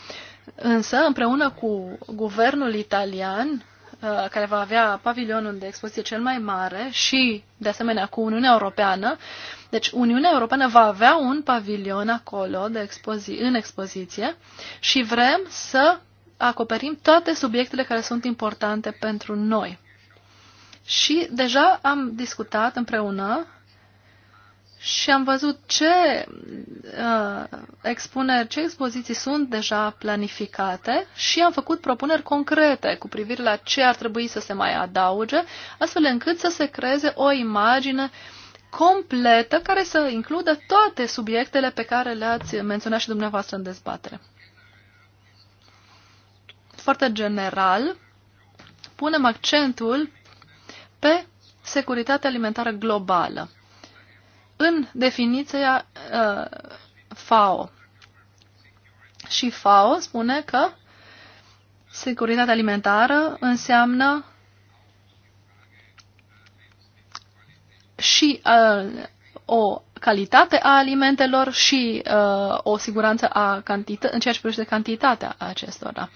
Însă, împreună cu guvernul italian, uh, care va avea pavilionul de expoziție cel mai mare și, de asemenea, cu Uniunea Europeană. Deci, Uniunea Europeană va avea un pavilion acolo de expozi- în expoziție și vrem să acoperim toate subiectele care sunt importante pentru noi. Și deja am discutat împreună și am văzut ce uh, expuneri, ce expoziții sunt deja planificate și am făcut propuneri concrete cu privire la ce ar trebui să se mai adauge, astfel încât să se creeze o imagine completă care să includă toate subiectele pe care le-ați menționat și dumneavoastră în dezbatere. Foarte general, punem accentul pe securitatea alimentară globală în definiția uh, FAO. Și FAO spune că securitatea alimentară înseamnă și uh, o calitate a alimentelor și uh, o siguranță a cantită, în ceea ce privește cantitatea acestora.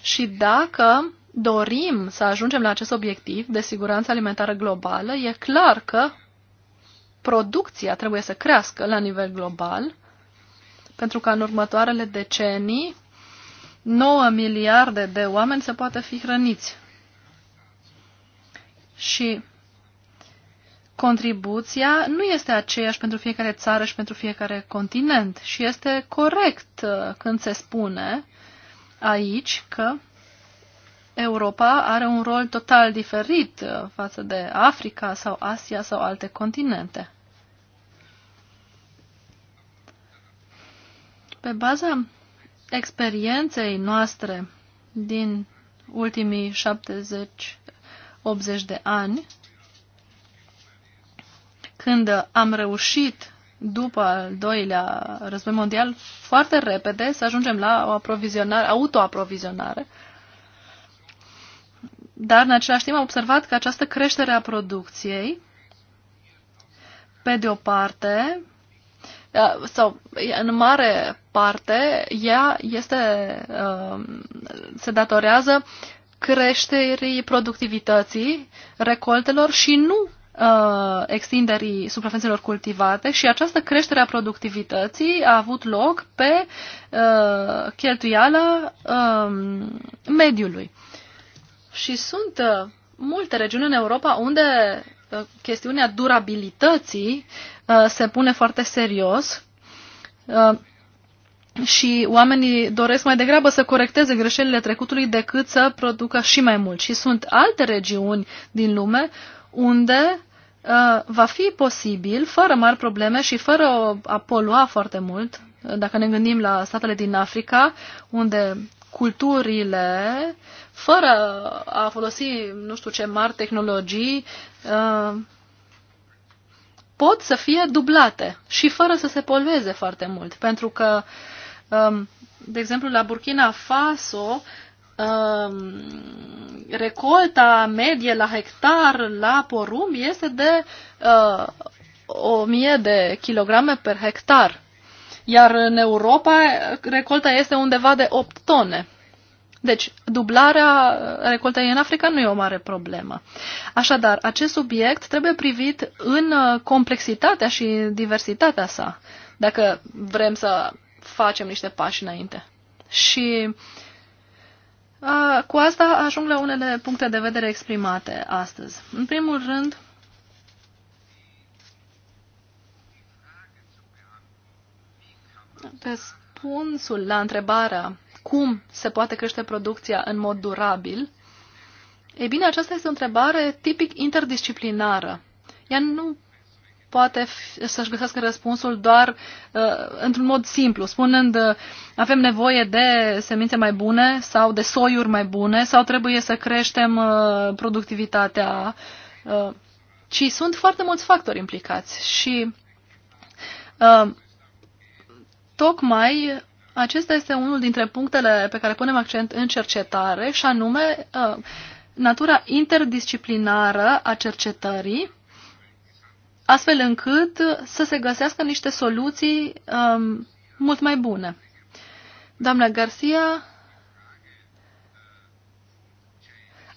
Și dacă dorim să ajungem la acest obiectiv de siguranță alimentară globală, e clar că producția trebuie să crească la nivel global, pentru că în următoarele decenii 9 miliarde de oameni se poate fi hrăniți. Și contribuția nu este aceeași pentru fiecare țară și pentru fiecare continent. Și este corect uh, când se spune aici că Europa are un rol total diferit uh, față de Africa sau Asia sau alte continente. Pe baza experienței noastre din ultimii 70 80 de ani, când am reușit, după al doilea război mondial, foarte repede să ajungem la o aprovizionare, autoaprovizionare. Dar, în același timp, am observat că această creștere a producției, pe de o parte, Uh, sau în mare parte ea este, uh, se datorează creșterii productivității recoltelor și nu uh, extinderii suprafețelor cultivate și această creștere a productivității a avut loc pe cheltuială um, mediului. Și sunt multe regiuni în Europa unde chestiunea durabilității Uh, se pune foarte serios uh, și oamenii doresc mai degrabă să corecteze greșelile trecutului decât să producă și mai mult. Și sunt alte regiuni din lume unde uh, va fi posibil, fără mari probleme și fără a polua foarte mult, dacă ne gândim la statele din Africa, unde culturile, fără a folosi nu știu ce mari tehnologii, pot să fie dublate și fără să se polveze foarte mult. Pentru că, um, de exemplu, la Burkina Faso, um, recolta medie la hectar la porumb este de 1000 uh, de kilograme per hectar iar în Europa recolta este undeva de 8 tone. Deci, dublarea recoltei în Africa nu e o mare problemă. Așadar, acest subiect trebuie privit în uh, complexitatea și diversitatea sa, dacă vrem să facem niște pași înainte. Și a, uh, cu asta ajung la unele puncte de vedere exprimate astăzi. În primul rând, răspunsul la întrebarea cum se poate crește producția în mod durabil, ei bine, aceasta este o întrebare tipic interdisciplinară. Ea nu poate să-și găsească răspunsul doar uh, într-un mod simplu, spunând uh, avem nevoie de semințe mai bune sau de soiuri mai bune sau trebuie să creștem uh, productivitatea, uh, ci sunt foarte mulți factori implicați și uh, tocmai acesta este unul dintre punctele pe care punem accent în cercetare și anume ă, natura interdisciplinară a cercetării, astfel încât să se găsească niște soluții ă, mult mai bune. Doamna Garcia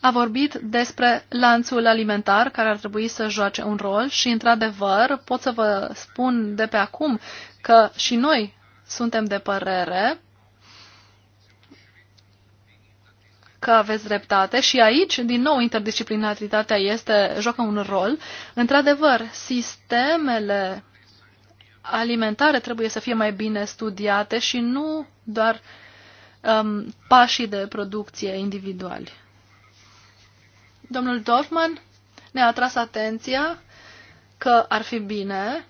a vorbit despre lanțul alimentar care ar trebui să joace un rol și, într-adevăr, pot să vă spun de pe acum că și noi suntem de părere că aveți dreptate și aici, din nou, interdisciplinaritatea este, joacă un rol. Într-adevăr, sistemele alimentare trebuie să fie mai bine studiate și nu doar um, pașii de producție individuali. Domnul Dorfman ne-a atras atenția că ar fi bine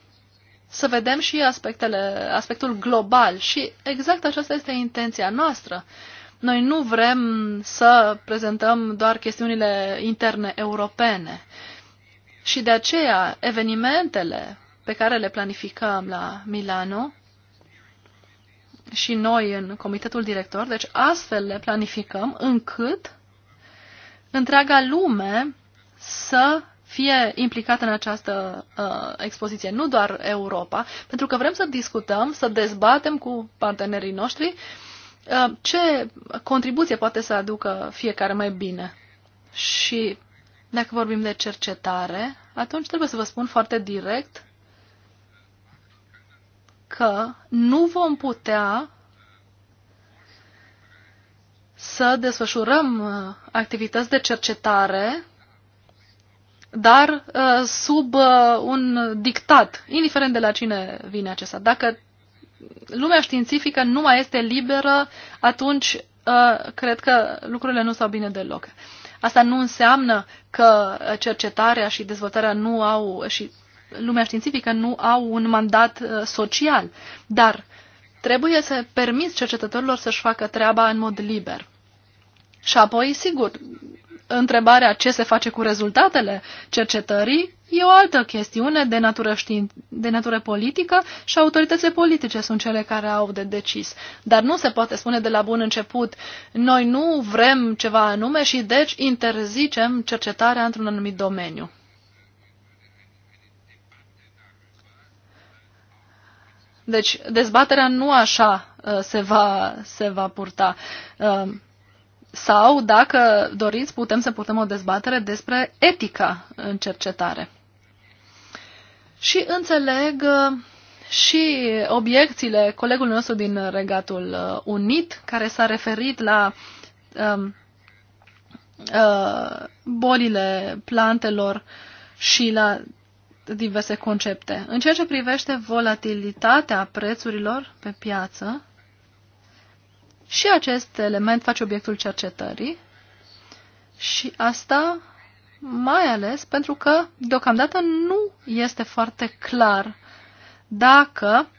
să vedem și aspectele, aspectul global și exact aceasta este intenția noastră. Noi nu vrem să prezentăm doar chestiunile interne europene și de aceea evenimentele pe care le planificăm la Milano și noi în comitetul director, deci astfel le planificăm încât întreaga lume să fie implicată în această uh, expoziție, nu doar Europa, pentru că vrem să discutăm, să dezbatem cu partenerii noștri uh, ce contribuție poate să aducă fiecare mai bine. Și dacă vorbim de cercetare, atunci trebuie să vă spun foarte direct că nu vom putea să desfășurăm uh, activități de cercetare dar uh, sub uh, un dictat, indiferent de la cine vine acesta. Dacă lumea științifică nu mai este liberă, atunci uh, cred că lucrurile nu stau bine deloc. Asta nu înseamnă că cercetarea și dezvoltarea nu au și lumea științifică nu au un mandat social, dar trebuie să permiți cercetătorilor să-și facă treaba în mod liber. Și apoi, sigur, întrebarea ce se face cu rezultatele cercetării e o altă chestiune de natură, știin, de natură politică și autoritățile politice sunt cele care au de decis. Dar nu se poate spune de la bun început, noi nu vrem ceva anume și deci interzicem cercetarea într-un anumit domeniu. Deci dezbaterea nu așa uh, se va, se va purta. Uh, sau, dacă doriți, putem să purtăm o dezbatere despre etica în cercetare. Și înțeleg uh, și obiecțiile colegului nostru din Regatul uh, Unit, care s-a referit la um, uh, bolile plantelor și la diverse concepte. În ceea ce privește volatilitatea prețurilor pe piață, și acest element face obiectul cercetării și asta mai ales pentru că deocamdată nu este foarte clar dacă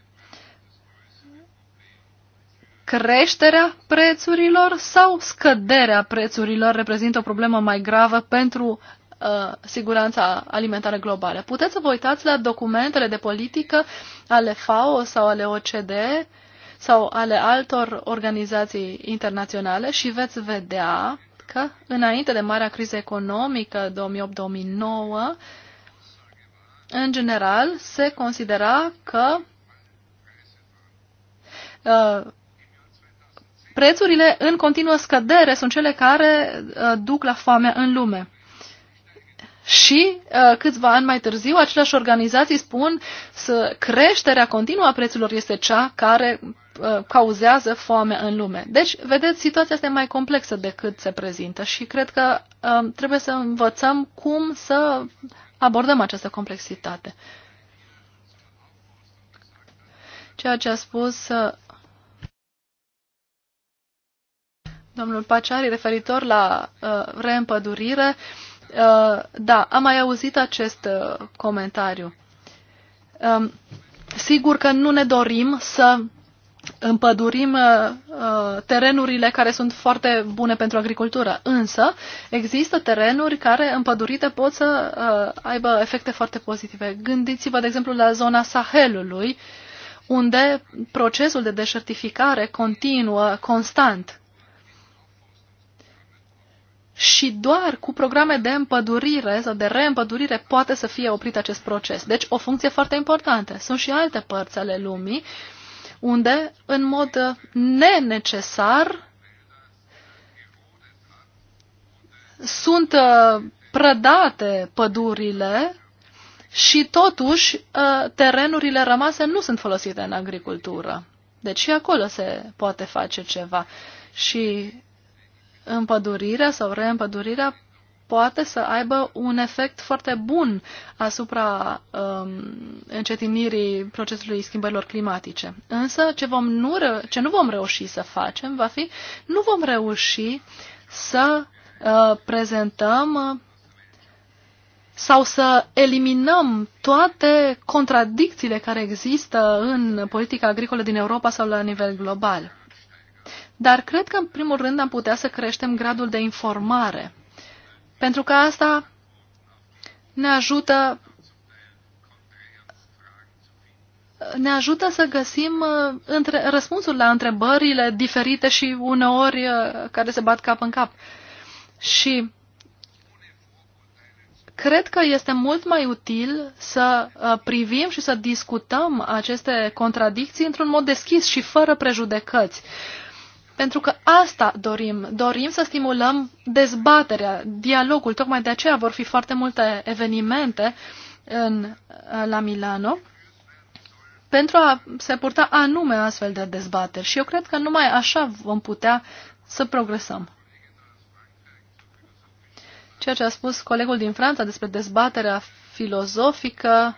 creșterea prețurilor sau scăderea prețurilor reprezintă o problemă mai gravă pentru uh, siguranța alimentară globală. Puteți să vă uitați la documentele de politică ale FAO sau ale OCDE sau ale altor organizații internaționale și veți vedea că înainte de marea criză economică 2008-2009, în general, se considera că uh, prețurile în continuă scădere sunt cele care uh, duc la foamea în lume. Și uh, câțiva ani mai târziu, aceleași organizații spun să creșterea continuă a prețurilor este cea care Uh, cauzează foame în lume. Deci, vedeți, situația este mai complexă decât se prezintă și cred că um, trebuie să învățăm cum să abordăm această complexitate. Ceea ce a spus uh, domnul Paciari referitor la uh, reîmpădurire, da, am mai auzit acest comentariu. Um, sigur că nu ne dorim să împădurim uh, terenurile care sunt foarte bune pentru agricultură. Însă, există terenuri care împădurite pot să uh, aibă efecte foarte pozitive. Gândiți-vă, de exemplu, la zona Sahelului, unde procesul de deșertificare continuă constant. Și doar cu programe de împădurire sau de reîmpădurire poate să fie oprit acest proces. Deci o funcție foarte importantă. Sunt și alte părți ale lumii uh, unde, în mod uh, nenecesar, sunt uh, prădate pădurile și totuși uh, terenurile rămase nu sunt folosite în agricultură. Deci și acolo se poate face ceva. Și împădurirea sau reîmpădurirea poate să aibă un efect foarte bun asupra um, încetinirii procesului schimbărilor climatice. Însă ce, vom nu ce nu vom reuși să facem va fi, nu vom reuși să uh, prezentăm uh, sau să eliminăm toate contradicțiile care există în politica agricolă din Europa sau la nivel global. Dar cred că, în primul rând, am putea să creștem gradul de informare pentru că asta ne ajută ne ajută să găsim uh, între, răspunsuri la întrebările diferite și uneori uh, care se bat cap în cap. Și cred că este mult mai util să uh, privim și să discutăm aceste contradicții într-un mod deschis și fără prejudecăți. Uh, pentru că asta dorim. Dorim să stimulăm dezbaterea, dialogul. Tocmai de aceea vor fi foarte multe evenimente în, la Milano pentru a se purta anume astfel de dezbateri. Și eu cred că numai așa vom putea să progresăm. Ceea ce a spus colegul din Franța despre dezbaterea filozofică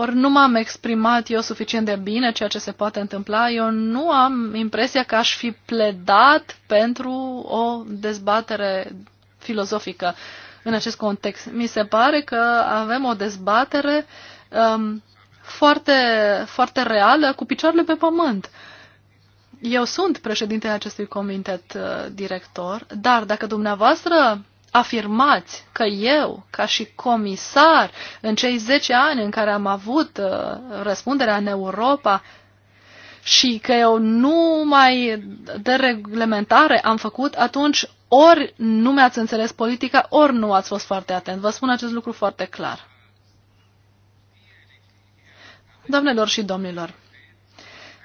ori nu m-am exprimat eu suficient de bine ceea ce se poate întâmpla. Eu nu am impresia că aș fi pledat pentru o dezbatere filozofică în acest context. Mi se pare că avem o dezbatere um, foarte, foarte reală, cu picioarele pe pământ. Eu sunt președintele acestui comitet uh, director, dar dacă dumneavoastră afirmați că eu, ca și comisar, în cei 10 ani în care am avut uh, răspunderea în Europa și că eu nu mai de reglementare am făcut, atunci ori nu mi-ați înțeles politica, ori nu ați fost foarte atent. Vă spun acest lucru foarte clar. Doamnelor și domnilor,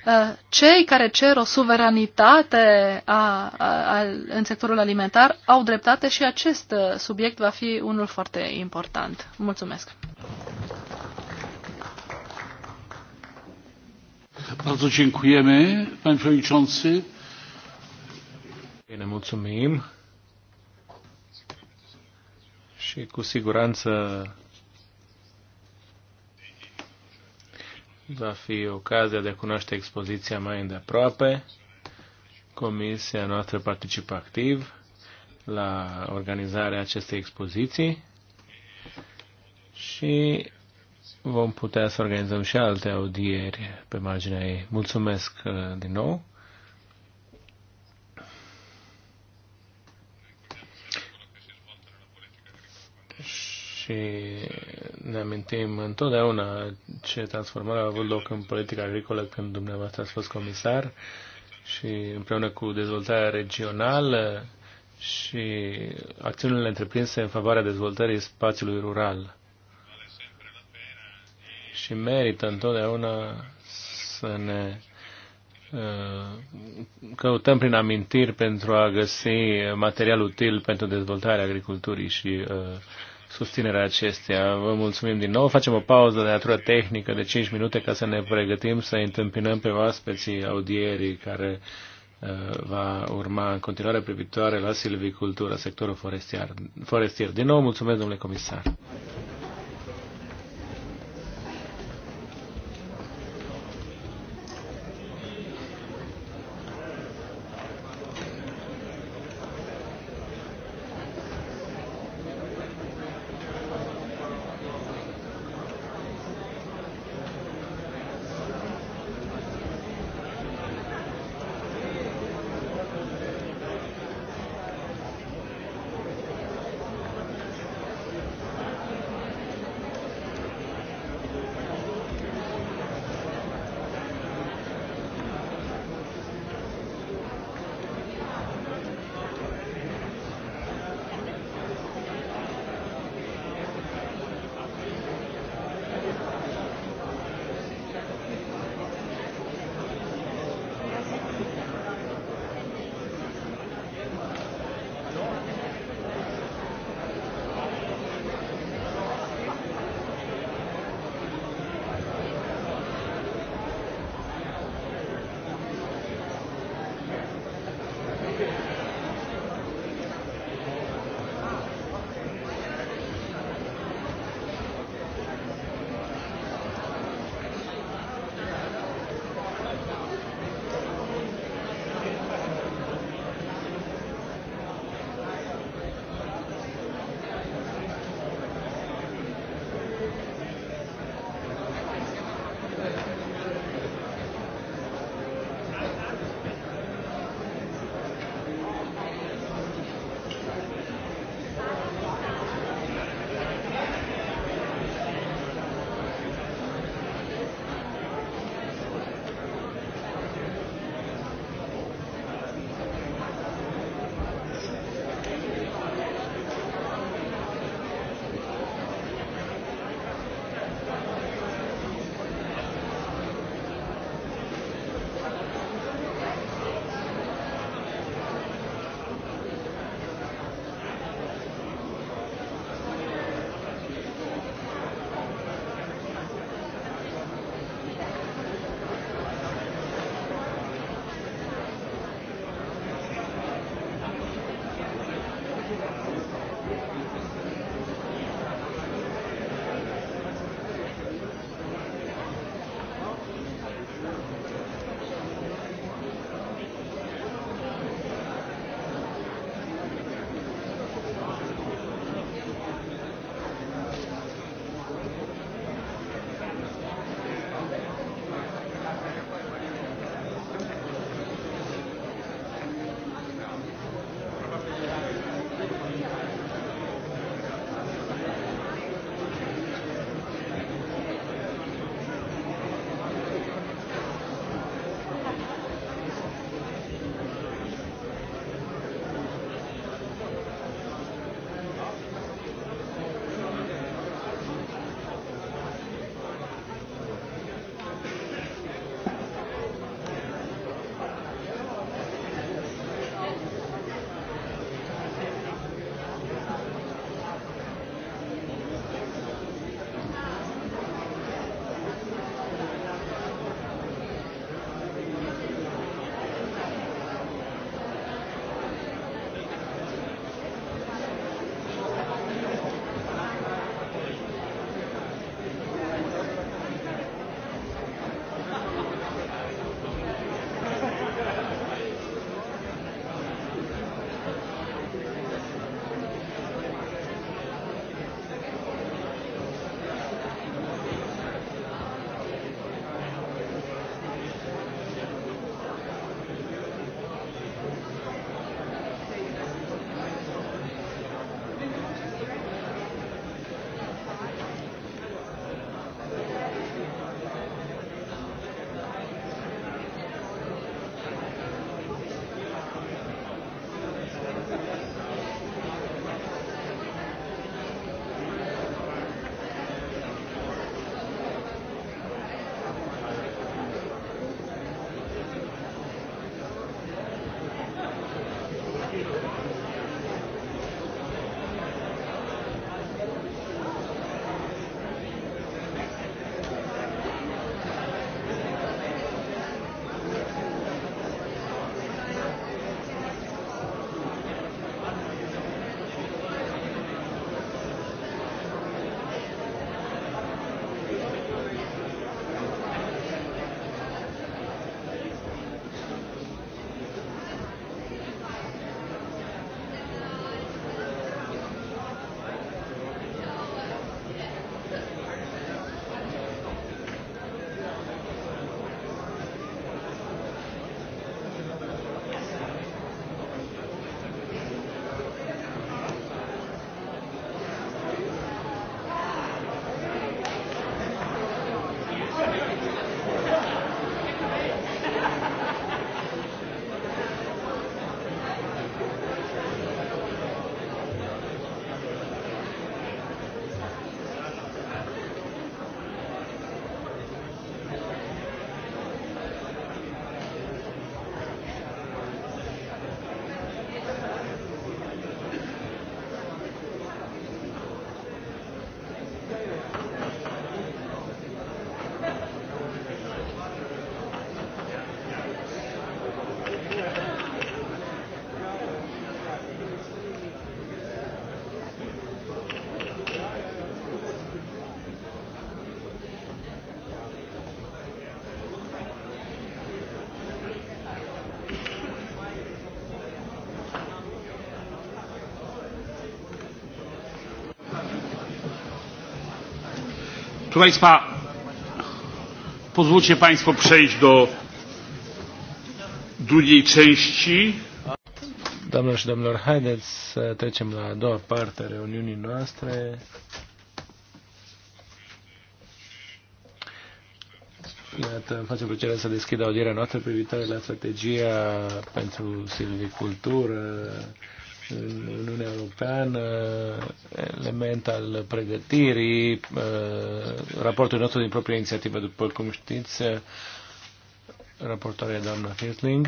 Uh, cei care cer o suveranitate a, a, a, în sectorul alimentar au dreptate și acest uh, subiect va fi unul foarte important. Mulțumesc! Bardzo dziękujemy, panie przewodniczący. Bine, mulțumim. Și cu siguranță va fi ocazia de a cunoaște expoziția mai îndeaproape. Comisia noastră participă activ la organizarea acestei expoziții și vom putea să organizăm și alte audieri pe marginea ei. Mulțumesc uh, din nou și ne amintim întotdeauna ce transformare a avut loc în politica agricolă când dumneavoastră ați fost comisar și împreună cu dezvoltarea regională și acțiunile întreprinse în favoarea dezvoltării spațiului rural. Și merită întotdeauna să ne uh, căutăm prin amintiri pentru a găsi material util pentru dezvoltarea agriculturii și uh, susținerea acesteia. Vă mulțumim din nou. Facem o pauză de natură tehnică de 5 minute ca să ne pregătim să întâmpinăm pe oaspeții audierii care uh, va urma în continuare privitoare la silvicultură, sectorul forestier. forestier. Din nou, mulțumesc, domnule comisar. Proszę Państwa, pozwólcie Państwo przejść do drugiej części. Doamnelor și domnilor, haideți să trecem la a doua parte a reuniunii noastre. Iată, îmi face plăcere să deschid audierea noastră privitoare la strategia pentru silvicultură în Uniunea Europeană, element al pregătirii, uh, raportul nostru din propria inițiativă, după cum știți, uh, raportoarea doamna Firsling,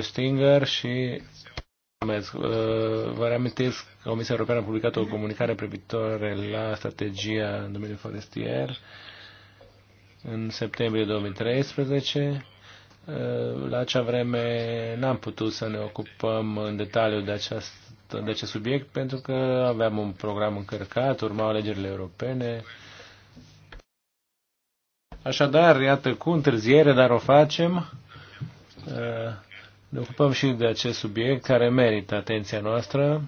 Stinger și uh, Vă reamintesc că Comisia Europeană a publicat o comunicare privitoare la strategia în domeniul forestier în septembrie 2013 Eh, la acea vreme n-am putut să ne ocupăm în detaliu de, aceast, de acest subiect pentru că aveam un program încărcat, urmau alegerile europene. Așadar, iată, cu întârziere, dar o facem, eh, ne ocupăm și de acest subiect care merită atenția noastră.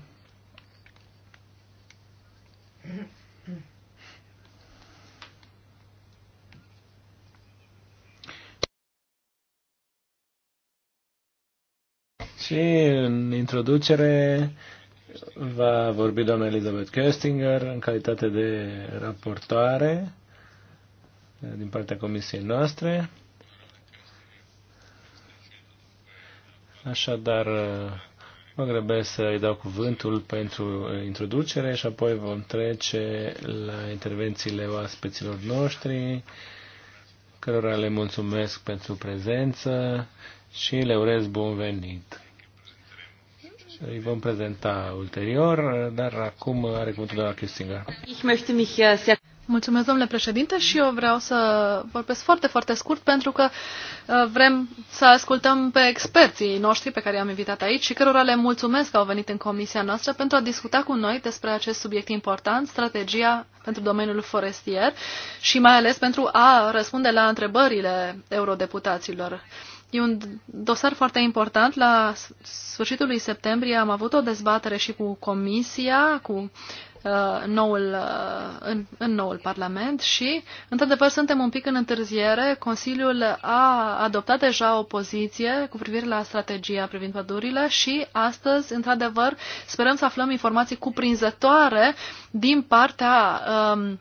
Și în introducere va vorbi doamna Elizabeth Köstinger în calitate de raportoare din partea comisiei noastre. Așadar, mă grăbesc să îi dau cuvântul pentru introducere și apoi vom trece la intervențiile oaspeților noștri, cărora le mulțumesc pentru prezență și le urez bun venit. Îi vom prezenta ulterior, dar acum are cuvântul doamna Kissinger. Äh, mulțumesc, domnule președinte, și eu vreau să vorbesc foarte, foarte scurt, pentru că uh, vrem să ascultăm pe experții noștri pe care i-am invitat aici și cărora le mulțumesc că au venit în comisia noastră pentru a discuta cu noi despre acest subiect important, strategia pentru domeniul forestier și mai ales pentru a răspunde la întrebările eurodeputaților. E un dosar foarte important. La sfârșitul lui septembrie am avut o dezbatere și cu Comisia, cu uh, noul, uh, în, în noul Parlament și, într-adevăr, suntem un pic în întârziere. Consiliul a adoptat deja o poziție cu privire la strategia privind pădurile și astăzi, într-adevăr, sperăm să aflăm informații cuprinzătoare din partea um,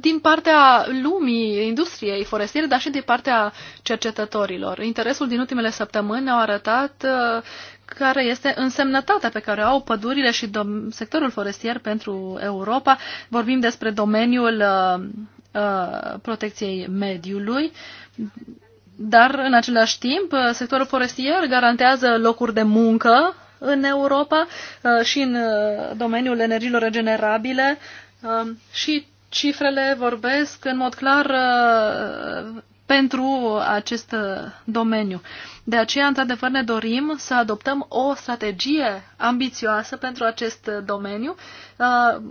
din partea lumii, industriei forestiere, dar și din partea cercetătorilor. Interesul din ultimele săptămâni ne-au arătat uh, care este însemnătatea pe care o au pădurile și sectorul forestier pentru Europa. Vorbim despre domeniul uh, uh, protecției mediului, dar în același timp uh, sectorul forestier garantează locuri de muncă în Europa uh, și în uh, domeniul energiilor regenerabile și cifrele vorbesc în mod clar uh, pentru acest uh, domeniu. De aceea, într-adevăr, ne dorim să adoptăm o strategie ambițioasă pentru acest uh, domeniu,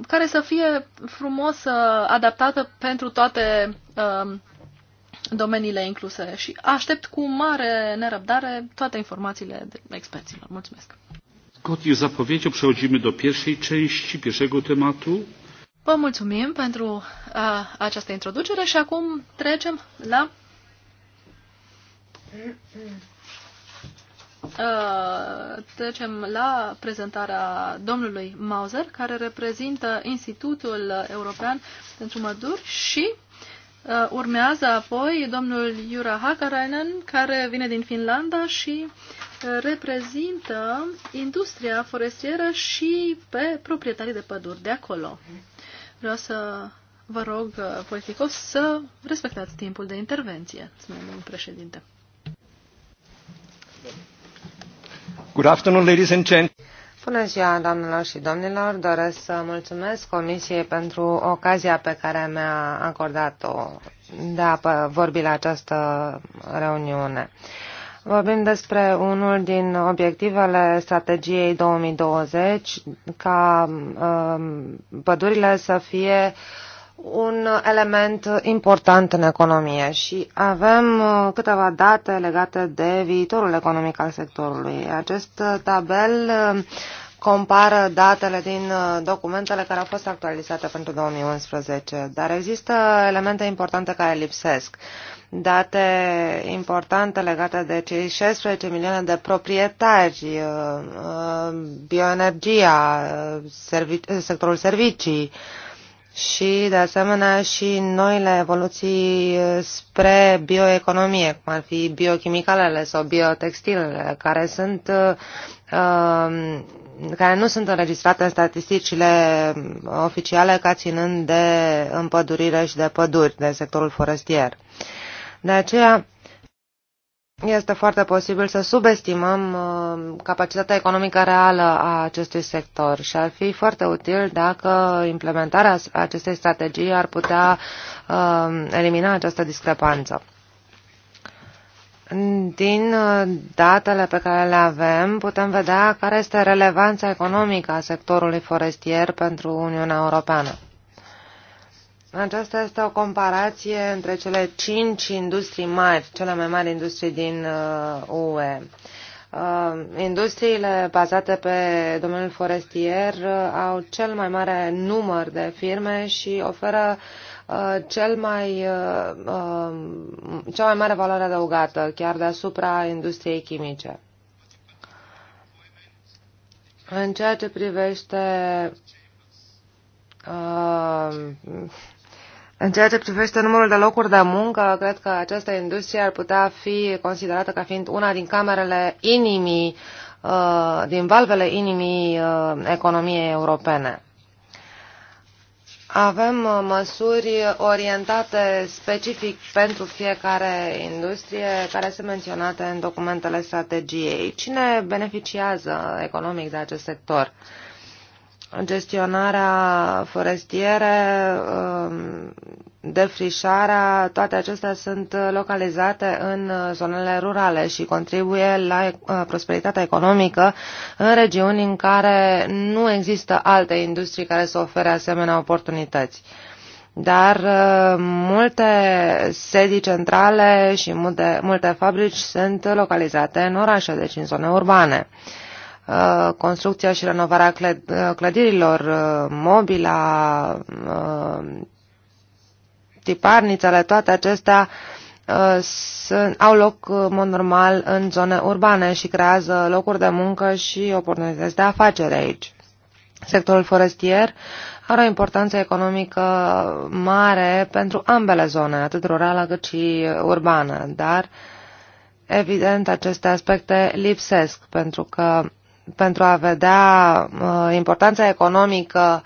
care să fie frumos adaptată pentru toate domeniile incluse. Și aștept cu mare nerăbdare toate informațiile experților. Mulțumesc! Zgodnie z zapowiedzią przechodzimy do pierwszej części, pierwszego tematu. Vă mulțumim pentru a, această introducere și acum trecem la a, trecem la prezentarea domnului Mauser, care reprezintă Institutul European pentru Măduri și a, urmează apoi domnul Jura Hakarainen, care vine din Finlanda și reprezintă industria forestieră și pe proprietarii de păduri de acolo. Vreau să vă rog, uh, politicos, să respectați timpul de intervenție, spune domnul președinte. Good afternoon, ladies and gentlemen. Bună ziua, doamnelor și domnilor! Doresc să mulțumesc Comisiei pentru ocazia pe care mi-a acordat-o de a vorbi la această reuniune. Uh, Vorbim despre unul din obiectivele strategiei 2020, ca um, pădurile să fie un element important în economie și avem uh, câteva date legate de viitorul economic al sectorului. Acest tabel um, compară datele din uh, documentele care au fost actualizate pentru 2011, dar există elemente importante care lipsesc date importante legate de cei 16 milioane de proprietari, uh, uh, bioenergia, uh, servici, sectorul servicii și, de asemenea, și noile evoluții spre bioeconomie, cum ar fi biochimicalele sau biotextilele, care sunt um, care nu sunt înregistrate în statisticile oficiale ca ținând de împădurire și de păduri, de sectorul forestier. Uh, de aceea este foarte posibil să subestimăm uh, capacitatea economică reală a acestui sector și ar fi foarte util dacă implementarea acestei strategii ar putea uh, elimina această discrepanță. Din uh, datele pe care le avem, putem vedea care este relevanța economică a sectorului forestier pentru Uniunea Europeană. Aceasta este o comparație între cele cinci industrii mari, cele mai mari industrii din UE. Uh, uh, industriile bazate pe domeniul forestier uh, au cel mai mare număr de firme și oferă cel mai, cea mai mare valoare adăugată, chiar deasupra industriei chimice. În ceea ce privește în ceea ce privește numărul de locuri de muncă, cred că această industrie ar putea fi considerată ca fiind una din camerele inimii, uh, din valvele inimii uh, economiei europene. Avem uh, măsuri orientate specific pentru fiecare industrie care sunt menționate în documentele strategiei. Cine beneficiază economic de acest sector? gestionarea forestiere, um, defrișarea, toate acestea sunt localizate în uh, zonele rurale și contribuie la uh, prosperitatea economică în regiuni în care nu există alte industrii care să ofere asemenea oportunități. Dar uh, multe sedii centrale și multe, multe fabrici sunt localizate în orașe, deci în zone urbane. Uh, construcția și renovarea uh, clădirilor, uh, mobila, tiparnițele, toate acestea au loc în mod normal în zone urbane și creează locuri de muncă și oportunități de afacere aici. Sectorul forestier are o importanță economică mare pentru ambele zone, atât rurală cât și urbană, dar evident aceste aspecte lipsesc pentru că pentru a vedea uh, importanța economică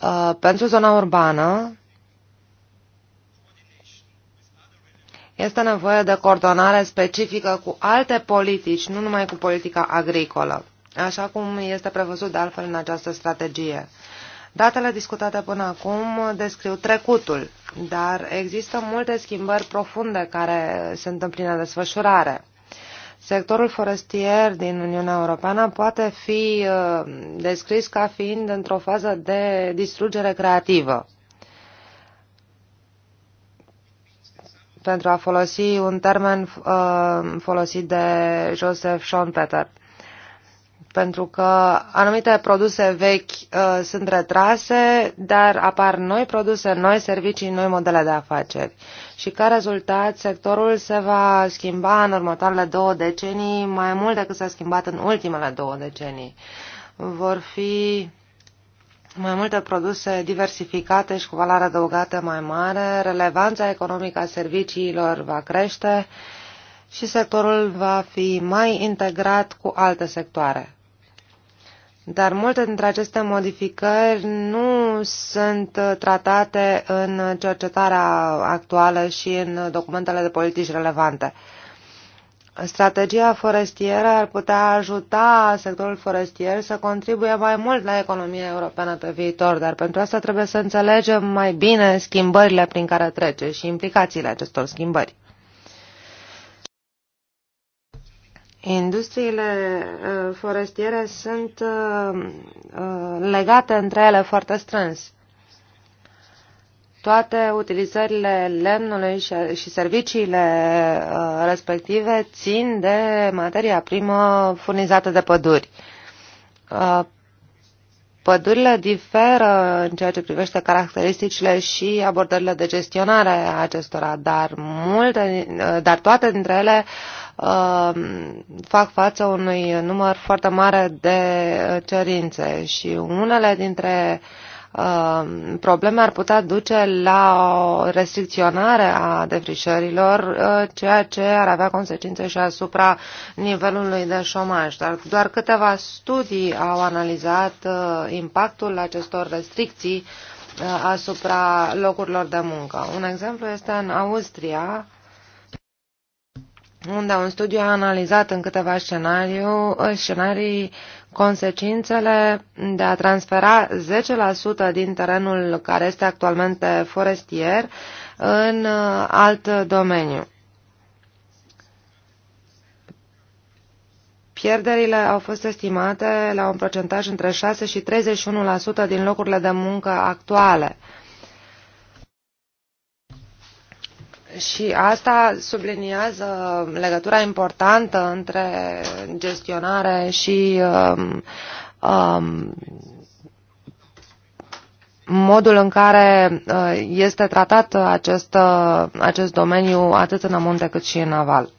uh, pentru zona urbană, este nevoie de coordonare specifică cu alte politici, nu numai cu politica agricolă, așa cum este prevăzut de altfel în această strategie. Datele discutate până acum descriu trecutul, dar există multe schimbări profunde care se întâmplă în desfășurare sectorul forestier din Uniunea Europeană poate fi uh, descris ca fiind într-o fază de distrugere creativă. pentru a folosi un termen uh, folosit de Joseph Schoenpeter pentru că anumite produse vechi uh, sunt retrase, dar apar noi produse, noi servicii, noi modele de afaceri. Și ca rezultat, sectorul se va schimba în următoarele două decenii mai mult decât s-a schimbat în ultimele două decenii. Vor fi mai multe produse diversificate și cu valoare adăugată mai mare, relevanța economică a serviciilor va crește și sectorul va fi mai integrat cu alte sectoare. Dar multe dintre aceste modificări nu sunt tratate în cercetarea actuală și în documentele de politici relevante. Strategia forestieră ar putea ajuta sectorul forestier să contribuie mai mult la economia europeană pe viitor, dar pentru asta trebuie să înțelegem mai bine schimbările prin care trece și implicațiile acestor schimbări. Industriile uh, forestiere sunt uh, uh, legate între ele foarte strâns. Toate utilizările lemnului și, serviciile respective țin de materia primă furnizată de păduri. Pădurile diferă în ceea ce privește caracteristicile și abordările de gestionare a acestora, dar, multe, dar toate dintre ele uh, Uh, fac față unui număr foarte mare de cerințe și unele dintre uh, probleme ar putea duce la o restricționare a defrișărilor, uh, ceea ce ar avea consecințe și asupra nivelului de șomaj. Dar doar câteva studii au analizat impactul acestor restricții asupra locurilor de muncă. Un exemplu este în Austria, unde un studiu a analizat în câteva scenariu, scenarii consecințele de a transfera 10% din terenul care este actualmente forestier în uh, alt domeniu. Pierderile au fost estimate la un procentaj între 6 și 31% din locurile de muncă actuale. Și asta subliniază legătura importantă între gestionare și um, um, modul în care uh, este tratat acest, uh, acest domeniu atât în amunte cât și în aval.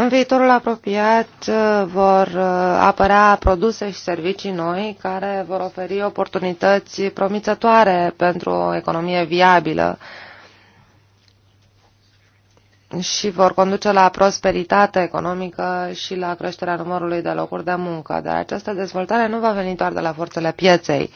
În viitorul apropiat uh, vor uh, apărea produse și servicii noi care vor oferi oportunități promițătoare pentru o economie viabilă și vor conduce la prosperitate economică și la creșterea numărului de locuri de muncă. Dar această dezvoltare nu va veni doar de la forțele pieței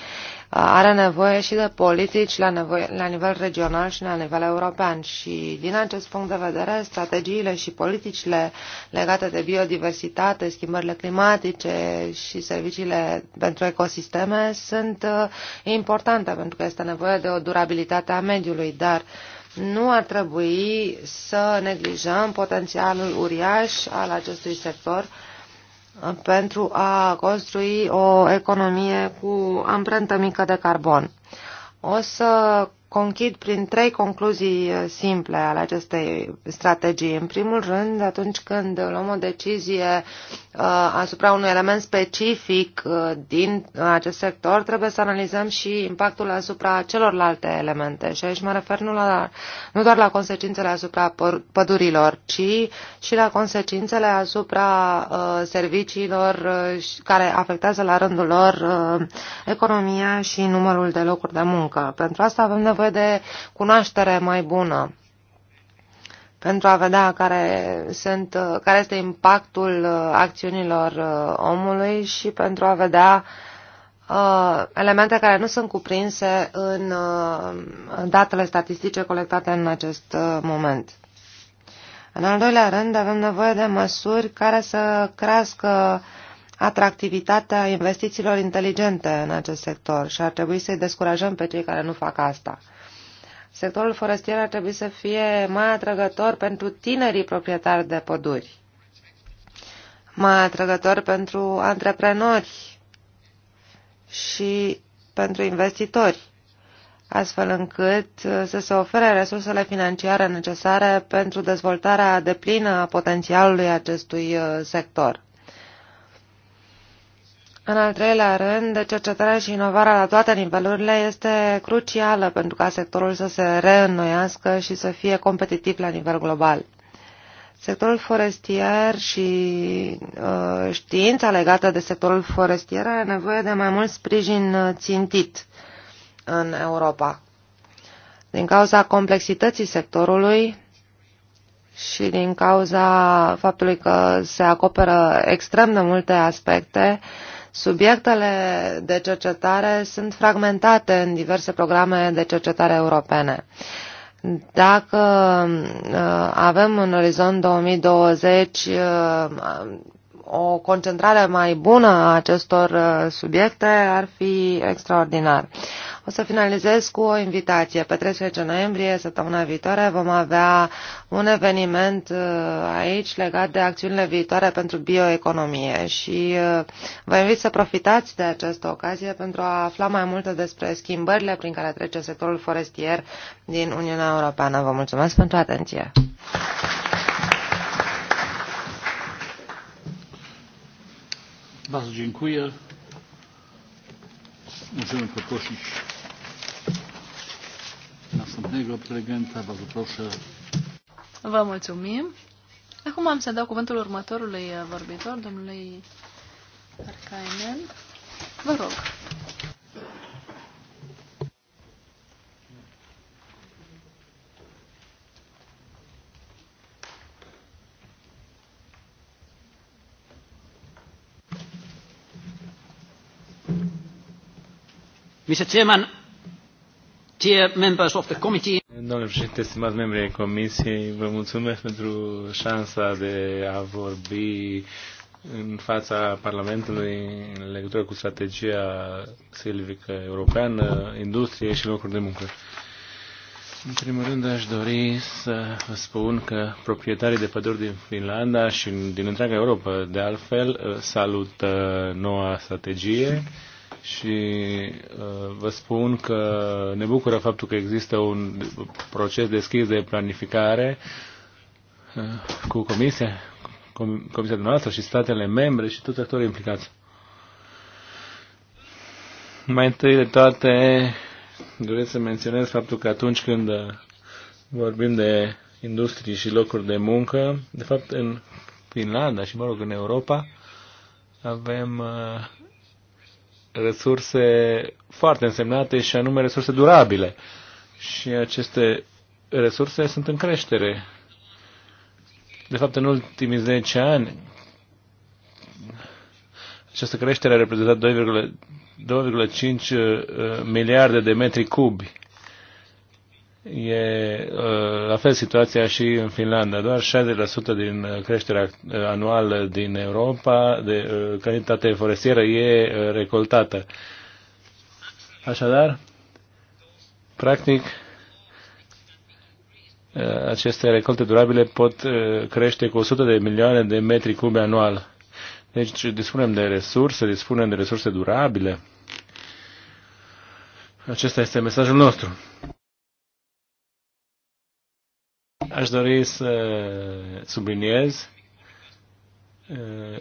are nevoie și de politici la, nevoie, la nivel regional și la nivel european. Și din acest punct de vedere, strategiile și politicile legate de biodiversitate, schimbările climatice și serviciile pentru ecosisteme sunt uh, importante pentru că este nevoie de o durabilitate a mediului, dar nu ar trebui să neglijăm potențialul uriaș al acestui sector uh, pentru a construi o economie cu amprentă mică de carbon. O să conchid prin trei concluzii uh, simple ale acestei strategii. În primul rând, atunci când luăm o decizie uh, asupra unui element specific uh, din acest sector, trebuie să analizăm și impactul asupra celorlalte elemente. Și aici mă refer nu, la, nu doar la consecințele asupra pădurilor, ci și la consecințele asupra serviciilor care afectează la rândul lor economia și numărul de locuri de muncă. Pentru asta avem nevoie nevoie de cunoaștere mai bună pentru a vedea care, sunt, care este impactul uh, acțiunilor uh, omului și pentru a vedea uh, elemente care nu sunt cuprinse în uh, datele statistice colectate în acest uh, moment. În al doilea rând, avem nevoie de măsuri care să crească uh, atractivitatea investițiilor inteligente în acest sector și ar trebui să-i descurajăm pe cei care nu fac asta. Sectorul forestier ar trebui să fie mai atrăgător pentru tinerii proprietari de păduri, mai atrăgător pentru antreprenori și pentru investitori astfel încât să se ofere resursele financiare necesare pentru dezvoltarea deplină a potențialului acestui uh, sector. În al treilea rând, cercetarea și inovarea la toate nivelurile este crucială pentru ca sectorul să se reînnoiască și să fie competitiv la nivel global. Sectorul forestier și uh, știința legată de sectorul forestier are nevoie de mai mult sprijin uh, țintit în Europa. Din cauza complexității sectorului, și din cauza faptului că se acoperă extrem de multe aspecte, Subiectele de cercetare sunt fragmentate în diverse programe de cercetare europene. Dacă uh, avem în orizont 2020 o concentrare mai bună a acestor uh, subiecte ar fi extraordinar. O să finalizez cu o invitație. Pe 13 noiembrie, săptămâna viitoare, vom avea un eveniment uh, aici legat de acțiunile viitoare pentru bioeconomie și uh, vă invit să profitați de această ocazie pentru a afla mai multe despre schimbările prin care trece sectorul forestier din Uniunea Europeană. Vă mulțumesc pentru atenție! Bardzo dziękuję. Możemy poprosić następnego prelegenta. Bardzo proszę. Vă mulțumim. Acum am să dau cuvântul următorului vorbitor, domnului Arcainen. Vă rog. Mr. Chairman, dear members of the committee. Domnule președinte, stimați membri ai comisiei, vă mulțumesc pentru șansa de a vorbi în fața Parlamentului în legătură cu strategia silvică europeană, industrie și locuri de muncă. În primul rând aș dori să vă spun că proprietarii de păduri din Finlanda și din întreaga Europa, de altfel, salută noua strategie și uh, vă spun că ne bucură faptul că există un proces deschis de planificare uh, cu Comisia, com Comisia dumneavoastră și statele membre și toți actorii implicați. Mai întâi de toate, doresc să menționez faptul că atunci când uh, vorbim de industrie și locuri de muncă, de fapt în Finlanda și, mă rog, în Europa, avem resurse foarte însemnate și anume resurse durabile. Și aceste resurse sunt în creștere. De fapt, în ultimii 10 ani, această creștere a reprezentat 2,5 uh, miliarde de metri cubi E uh, la fel situația și în Finlanda. Doar 60% din uh, creșterea uh, anuală din Europa de calitate forestieră e recoltată. Așadar, practic, aceste recolte durabile pot crește cu 100 de milioane de metri cubi anual. Deci dispunem de resurse, dispunem de resurse durabile. Acesta este mesajul nostru. Aș dori să subliniez uh,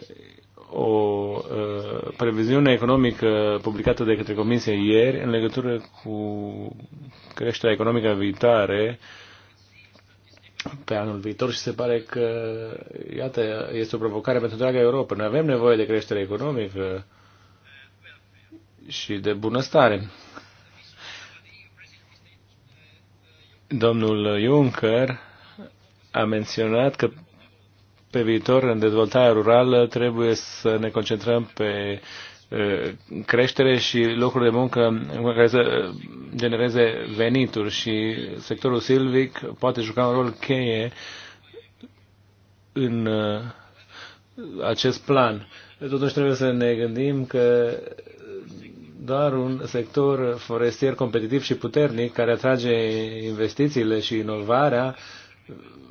o uh, previziune economică publicată de către Comisie ieri în legătură cu creșterea economică viitoare pe anul viitor și se pare că, iată, este o provocare pentru întreaga Europa. Noi avem nevoie de creștere economică și de bunăstare. Domnul Juncker a menționat că pe viitor, în dezvoltarea rurală, trebuie să ne concentrăm pe creștere și locuri de muncă care să genereze venituri și sectorul silvic poate juca un rol cheie în acest plan. Totuși trebuie să ne gândim că doar un sector forestier competitiv și puternic care atrage investițiile și inovarea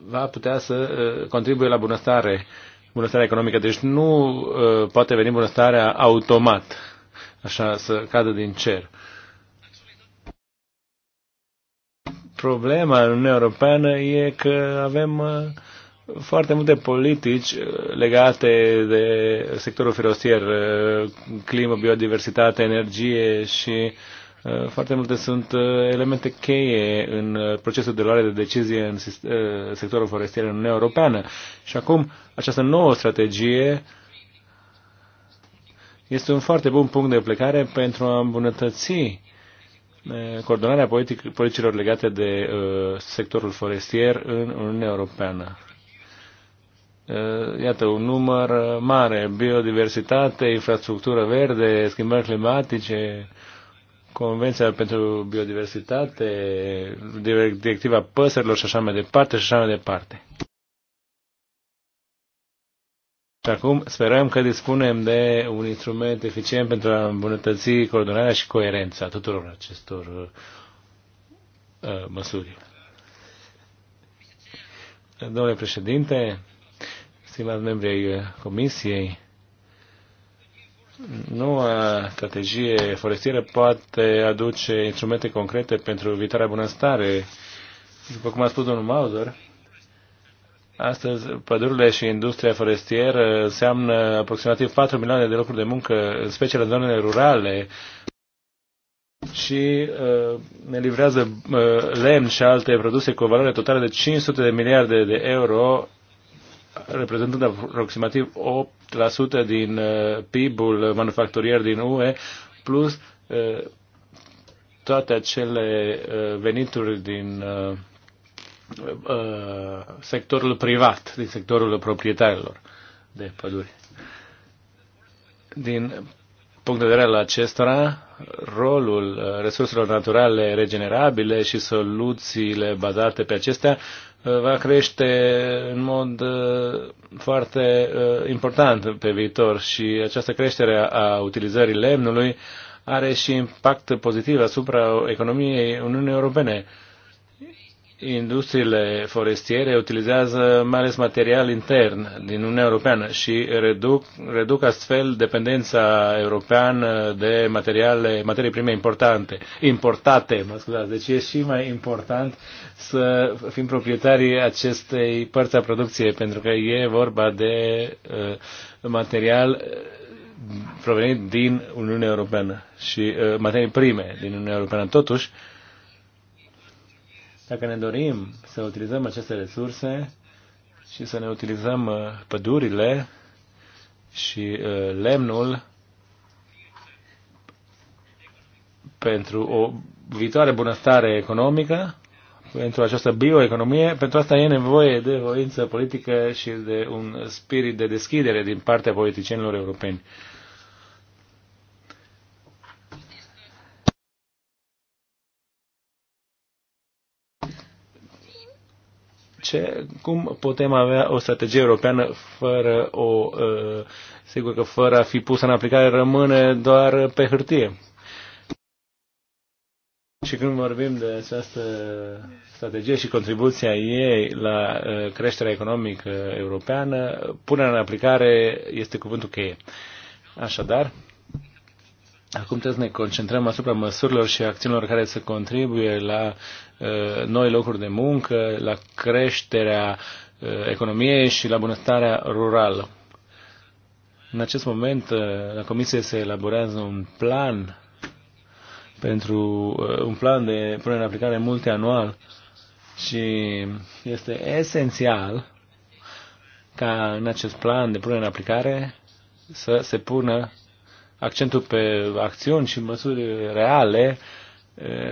va putea să uh, contribuie la bunăstare, bunăstarea economică. Deci nu uh, poate veni bunăstarea automat, așa să cadă din cer. Problema în Uniunea Europeană e că avem uh, foarte multe politici legate de sectorul ferosier, climă, biodiversitate, energie și uh, Uh, foarte multe sunt uh, elemente cheie în uh, procesul de luare de decizie în sectorul forestier în Uniunea Europeană. Și acum, această nouă strategie este un foarte bun punct de plecare pentru a îmbunătăți coordonarea politic, politicilor legate de sectorul forestier în Uniunea Europeană. iată, un număr mare, biodiversitate, infrastructură verde, schimbări climatice, uh, Convenția pentru Biodiversitate, Directiva Păsărilor și așa mai departe și așa mai departe. Și acum sperăm că dispunem de un instrument eficient pentru a îmbunătăți coordonarea și coerența tuturor acestor uh, uh măsuri. Domnule președinte, stimați membri ai uh, Comisiei, Noua strategie forestieră poate aduce instrumente concrete pentru viitoarea bunăstare. După cum a spus domnul Mauser, astăzi pădurile și industria forestieră înseamnă aproximativ 4 milioane de locuri de muncă, în special în zonele rurale, și uh, ne livrează uh, lemn și alte produse cu o valoare totală de 500 de miliarde de euro reprezentând aproximativ 8% din uh, PIB-ul manufacturier din UE, plus uh, toate acele uh, venituri din sectorul privat, din sectorul proprietarilor de păduri. Din punct de vedere al acestora, rolul resurselor naturale regenerabile și soluțiile bazate pe acestea va crește în mod uh, foarte uh, important pe viitor și această creștere a utilizării lemnului are și impact pozitiv asupra economiei Uniunii Europene industriile forestiere utilizează mai ales material intern din Uniunea Europeană și reduc, reduc astfel dependența europeană de materiale, materii prime importante, importate. Mă scuzați. Deci e și mai important să fim proprietarii acestei părți a producției, pentru că e vorba de uh, material uh, provenit din Uniunea Europeană și uh, materii prime din Uniunea Europeană. Totuși, uh, dacă ne dorim să utilizăm aceste resurse și să ne utilizăm uh, pădurile și uh, lemnul pentru o viitoare bunăstare economică, pentru această bioeconomie, pentru asta e nevoie de voință politică și de un spirit de deschidere din partea politicienilor europeni. ce, cum putem avea o strategie europeană fără o, ă, sigur că fără a fi pusă în aplicare rămâne doar pe hârtie. Și când vorbim de această strategie și contribuția ei la ă, creșterea economică europeană, punerea în aplicare este cuvântul cheie. Așadar, Acum trebuie să ne concentrăm asupra măsurilor și acțiunilor care să contribuie la uh, noi locuri de muncă, la creșterea uh, economiei și la bunăstarea rurală. În acest moment, uh, la Comisie se elaborează un plan pentru uh, un plan de punere în aplicare multianual și este esențial ca în acest plan de punere în aplicare să se pună accentul pe acțiuni și măsuri reale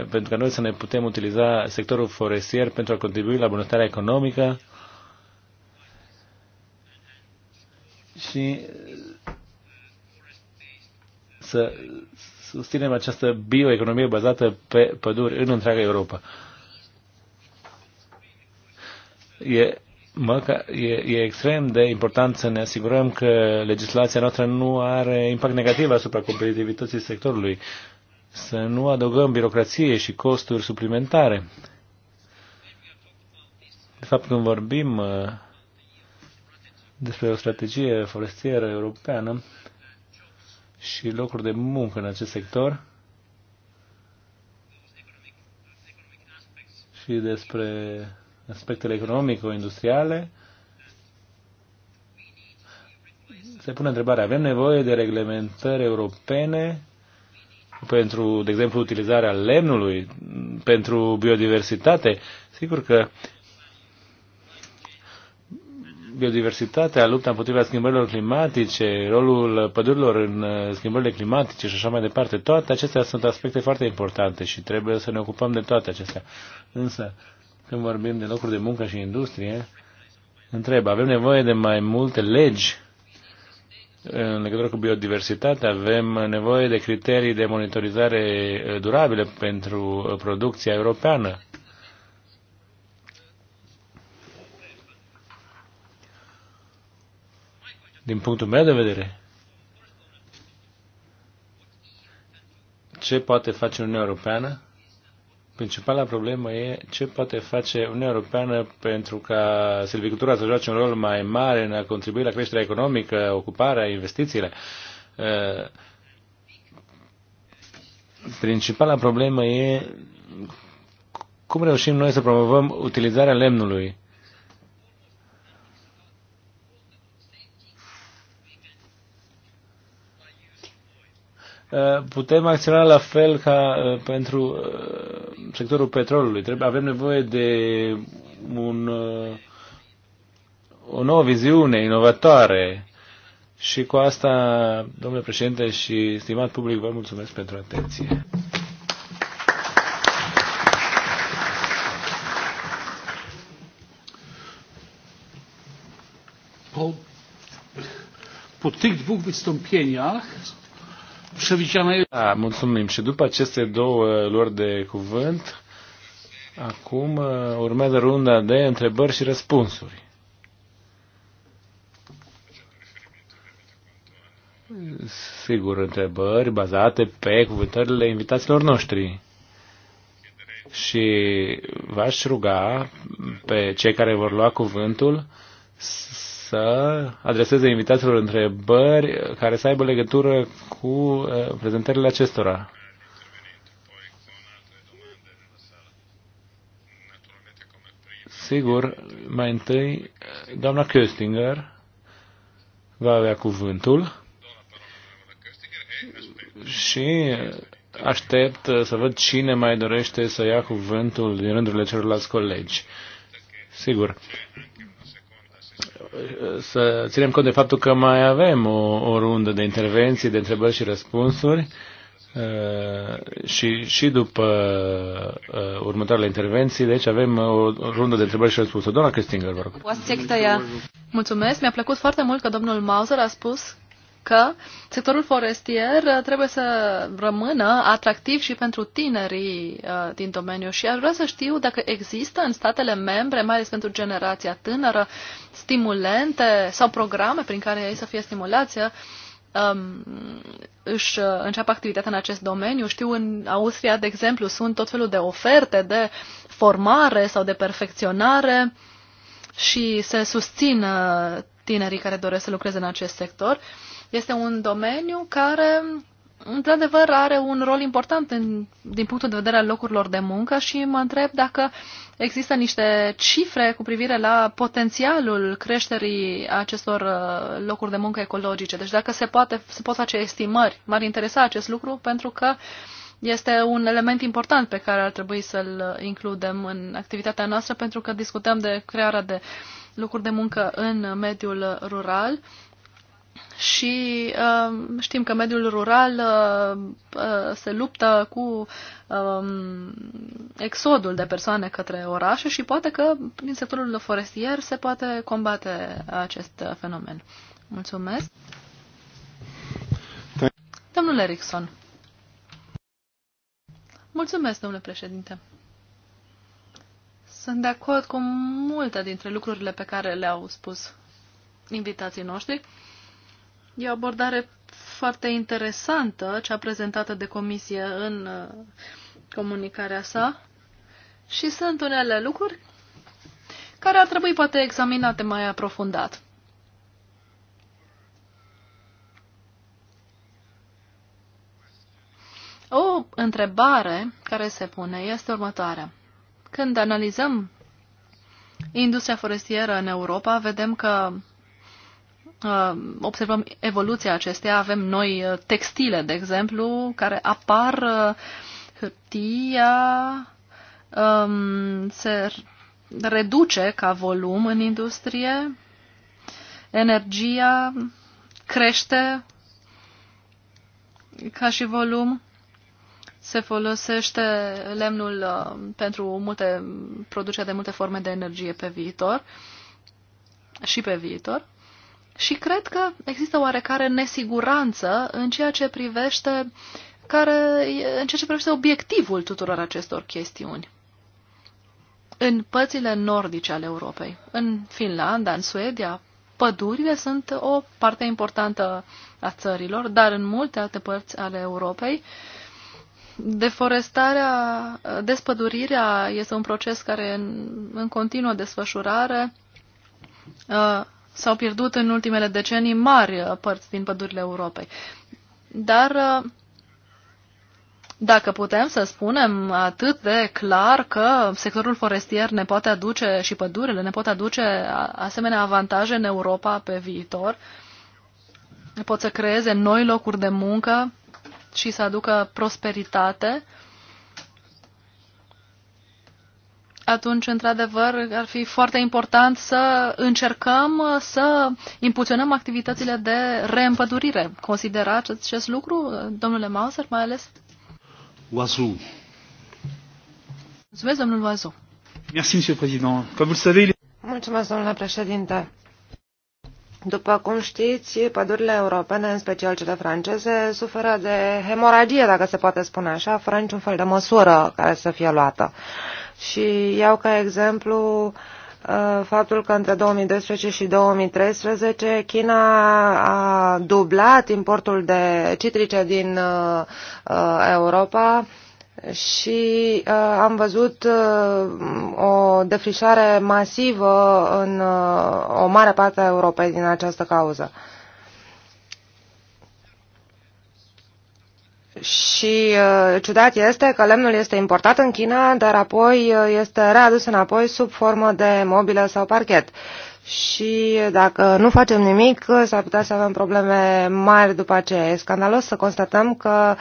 pentru că noi să ne putem utiliza sectorul forestier pentru a contribui la bunăstarea economică și să susținem această bioeconomie bazată pe păduri în întreaga Europa. E mă, că e, e extrem de important să ne asigurăm că legislația noastră nu are impact negativ asupra competitivității sectorului, să nu adăugăm birocrație și costuri suplimentare. De fapt, când vorbim uh, despre o strategie forestieră europeană și locuri de muncă în acest sector, și despre aspectele economico-industriale, se pune întrebarea, avem nevoie de reglementări europene pentru, de exemplu, utilizarea lemnului, pentru biodiversitate? Sigur că biodiversitatea, lupta împotriva schimbărilor climatice, rolul pădurilor în uh, schimbările climatice și așa mai departe, toate acestea sunt aspecte foarte importante și trebuie să ne ocupăm de toate acestea. Însă, când vorbim de locuri de muncă și industrie, întreb, avem nevoie de mai multe legi în legătură cu biodiversitate. avem nevoie de criterii de monitorizare uh, durabile pentru uh, producția europeană. Din punctul meu de vedere, ce poate face Uniunea Europeană Principala problemă e ce poate face Uniunea Europeană pentru ca silvicultura să joace un rol mai mare în a contribui la creșterea economică, ocuparea, investițiile. Uh, principala problemă e cum reușim noi să promovăm utilizarea lemnului Eh, putem acționa la fel ca eh, pentru eh, sectorul petrolului. Trebuie, avem nevoie de un, o nouă viziune inovatoare și cu asta, domnule președinte și stimat public, vă mulțumesc pentru atenție. Po, po tych dwóch wystąpieniach da, mulțumim. Și după aceste două lor de cuvânt, acum uh, urmează runda de întrebări și răspunsuri. Sigur, întrebări bazate pe cuvântările invitaților noștri. Și v-aș ruga pe cei care vor lua cuvântul să adreseze invitațiilor întrebări care să aibă legătură cu uh, prezentările acestora. Sigur, mai întâi, doamna Köstinger va avea cuvântul și aștept să văd cine mai dorește să ia cuvântul din rândurile celorlalți colegi. Sigur, să ținem cont de faptul că mai avem o, o rundă de intervenții, de întrebări și răspunsuri uh, și, și după uh, următoarele intervenții, deci avem o rundă de întrebări și răspunsuri. Doamna Cristinger, vă rog. Mulțumesc, mi-a plăcut foarte mult că domnul Mauser a spus că sectorul forestier uh, trebuie să rămână atractiv și pentru tinerii uh, din domeniu și aș vrea să știu dacă există în statele membre, mai ales pentru generația tânără, stimulente sau programe prin care ei să fie stimulați um, își uh, înceapă activitatea în acest domeniu. Știu, în Austria, de exemplu, sunt tot felul de oferte de formare sau de perfecționare și se susțin tinerii care doresc să lucreze în acest sector. Uh, este un domeniu care, într-adevăr, are un rol important în, din punctul de vedere al locurilor de muncă și mă întreb dacă există niște cifre cu privire la potențialul creșterii acestor uh, locuri de muncă ecologice. Deci dacă se, poate, se pot face estimări, m-ar interesa acest lucru pentru că este un element important pe care ar trebui să-l includem în activitatea noastră pentru că discutăm de crearea de locuri de muncă în mediul rural și uh, știm că mediul rural uh, uh, se luptă cu um, exodul de persoane către orașe și poate că prin sectorul forestier se poate combate acest fenomen. Mulțumesc. Domnul Erickson. Mulțumesc, domnule președinte. Sunt de acord cu multe dintre lucrurile pe care le-au spus invitații noștri. E o abordare foarte interesantă, cea prezentată de comisie în uh, comunicarea sa. Și sunt unele lucruri care ar trebui poate examinate mai aprofundat. O întrebare care se pune este următoarea. Când analizăm industria forestieră în Europa, vedem că Uh, observăm evoluția acesteia. Avem noi uh, textile, de exemplu, care apar uh, hârtia um, se reduce ca volum în industrie, energia crește ca și volum, se folosește lemnul pentru multe, producerea de multe forme de energie pe viitor și pe viitor. Și cred că există oarecare nesiguranță în ceea ce privește care, în ceea ce privește obiectivul tuturor acestor chestiuni. În pățile nordice ale Europei, în Finlanda, în Suedia, pădurile sunt o parte importantă a țărilor, dar în multe alte părți ale Europei, deforestarea, despădurirea este un proces care în, în continuă desfășurare. Uh, s-au pierdut în ultimele decenii mari uh, părți din pădurile Europei. Dar uh, dacă putem să spunem atât de clar că sectorul forestier ne poate aduce și pădurile ne pot aduce asemenea avantaje în Europa pe viitor, pot să creeze noi locuri de muncă și să aducă prosperitate, atunci, într-adevăr, ar fi foarte important să încercăm să impulsionăm activitățile de reîmpădurire. Considerați acest lucru, domnule Mauser, mai ales? Oazu. Mulțumesc, domnul Oazu. Merci, monsieur président. Comme vous le savez, Mulțumesc, domnule președinte. După cum știți, pădurile europene, în special cele franceze, suferă de hemoragie, dacă se poate spune așa, fără niciun fel de măsură care să fie luată și iau ca exemplu uh, faptul că între 2012 și 2013 China a dublat importul de citrice din uh, uh, Europa și uh, am văzut uh, o defrișare masivă în uh, o mare parte a Europei din această cauză. Și uh, ciudat este că lemnul este importat în China, dar apoi uh, este readus înapoi sub formă de mobilă sau parchet. Și dacă nu facem nimic, uh, s-ar putea să avem probleme mari după aceea. E scandalos să constatăm că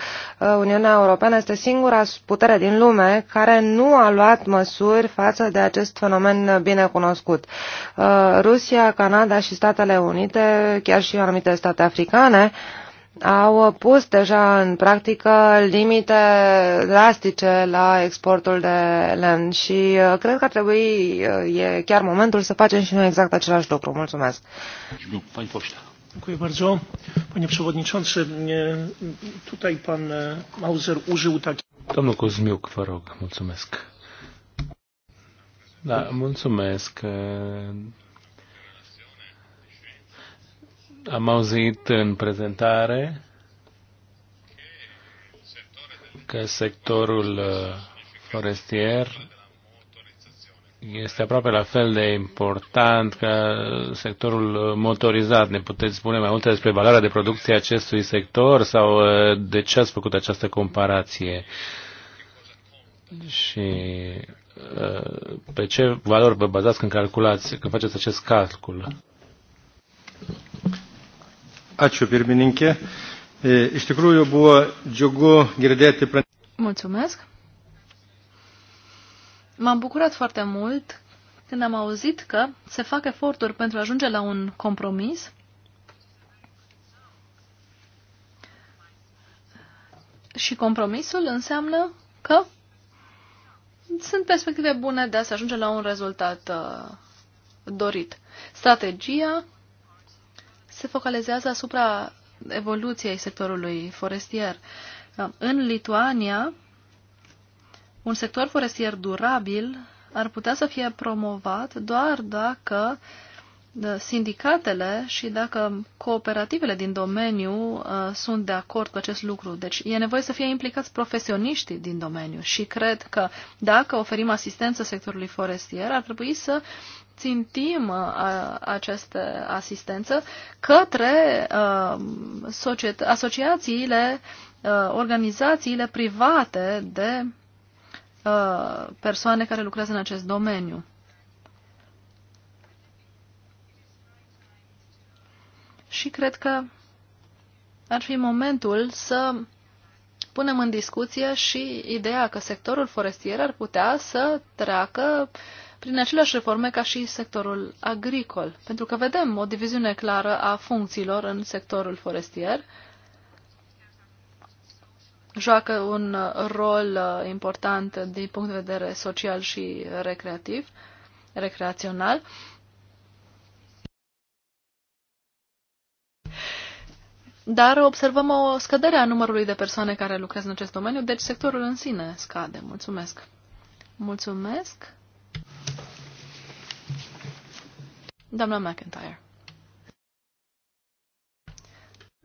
Uniunea Europeană este singura putere din lume care nu a luat măsuri față de acest fenomen bine cunoscut. Rusia, Canada și Statele Unite, chiar și anumite state africane, au pus deja în practică limite drastice la exportul de lemn și uh, cred că ar trebui, uh, e chiar momentul să facem și noi exact același lucru. Mulțumesc. Dziękuję bardzo. Panie Przewodniczący, tutaj Pan Mauser użył Domnul Cozmiuc, vă rog, mulțumesc. Da, mulțumesc. Am auzit în prezentare că sectorul uh, forestier este aproape la fel de important ca sectorul motorizat. Ne puteți spune mai multe despre valoarea de producție a acestui sector sau uh, de ce ați făcut această comparație? Și uh, pe ce valori vă bazați când calculați, când faceți acest calcul? Iš tikrųjų buvo džiugu girdėti. Mulțumesc. M-am bucurat foarte mult când am auzit că se fac eforturi pentru a ajunge la un compromis și compromisul înseamnă că sunt perspective bune de a se ajunge la un rezultat uh, dorit. Strategia se focalizează asupra evoluției sectorului forestier. În Lituania, un sector forestier durabil ar putea să fie promovat doar dacă da, sindicatele și dacă cooperativele din domeniu uh, sunt de acord cu acest lucru. Deci e nevoie să fie implicați profesioniștii din domeniu și cred că dacă oferim asistență sectorului forestier, ar trebui să țintim uh, această asistență către uh, asociațiile, uh, organizațiile private de persoane care lucrează în acest domeniu. Și cred că ar fi momentul să punem în discuție și ideea că sectorul forestier ar putea să treacă uh, prin aceleași reforme ca și sectorul agricol, pentru că vedem o diviziune clară a funcțiilor în sectorul forestier. Joacă un rol uh, important din punct de vedere social și recreativ, recreațional. Dar observăm o scădere a numărului de persoane care lucrează în acest domeniu, deci sectorul în sine scade. Mulțumesc! Mulțumesc! Doamna McIntyre.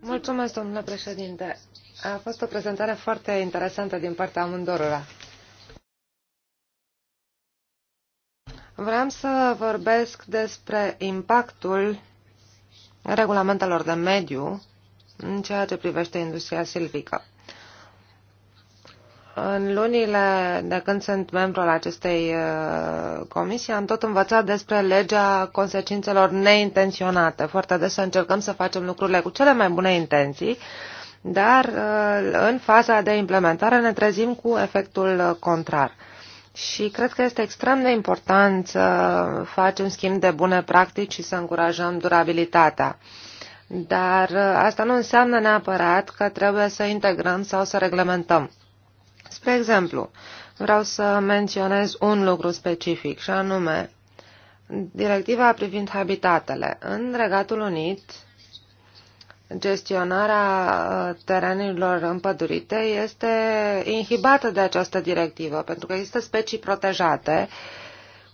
Mulțumesc, domnule președinte. A fost o prezentare foarte interesantă din partea amândorora. Vreau să vorbesc despre impactul regulamentelor de mediu în ceea ce privește industria silvică. În lunile de când sunt membru al acestei uh, comisii, am tot învățat despre legea consecințelor neintenționate. Foarte des încercăm să facem lucrurile cu cele mai bune intenții, dar uh, în faza de implementare ne trezim cu efectul contrar. Și cred că este extrem de important să facem schimb de bune practici și să încurajăm durabilitatea. Dar uh, asta nu înseamnă neapărat că trebuie să integrăm sau să reglementăm. Spre exemplu, vreau să menționez un lucru specific și anume directiva privind habitatele. În Regatul Unit, gestionarea uh, terenurilor împădurite este inhibată de această directivă, pentru că există specii protejate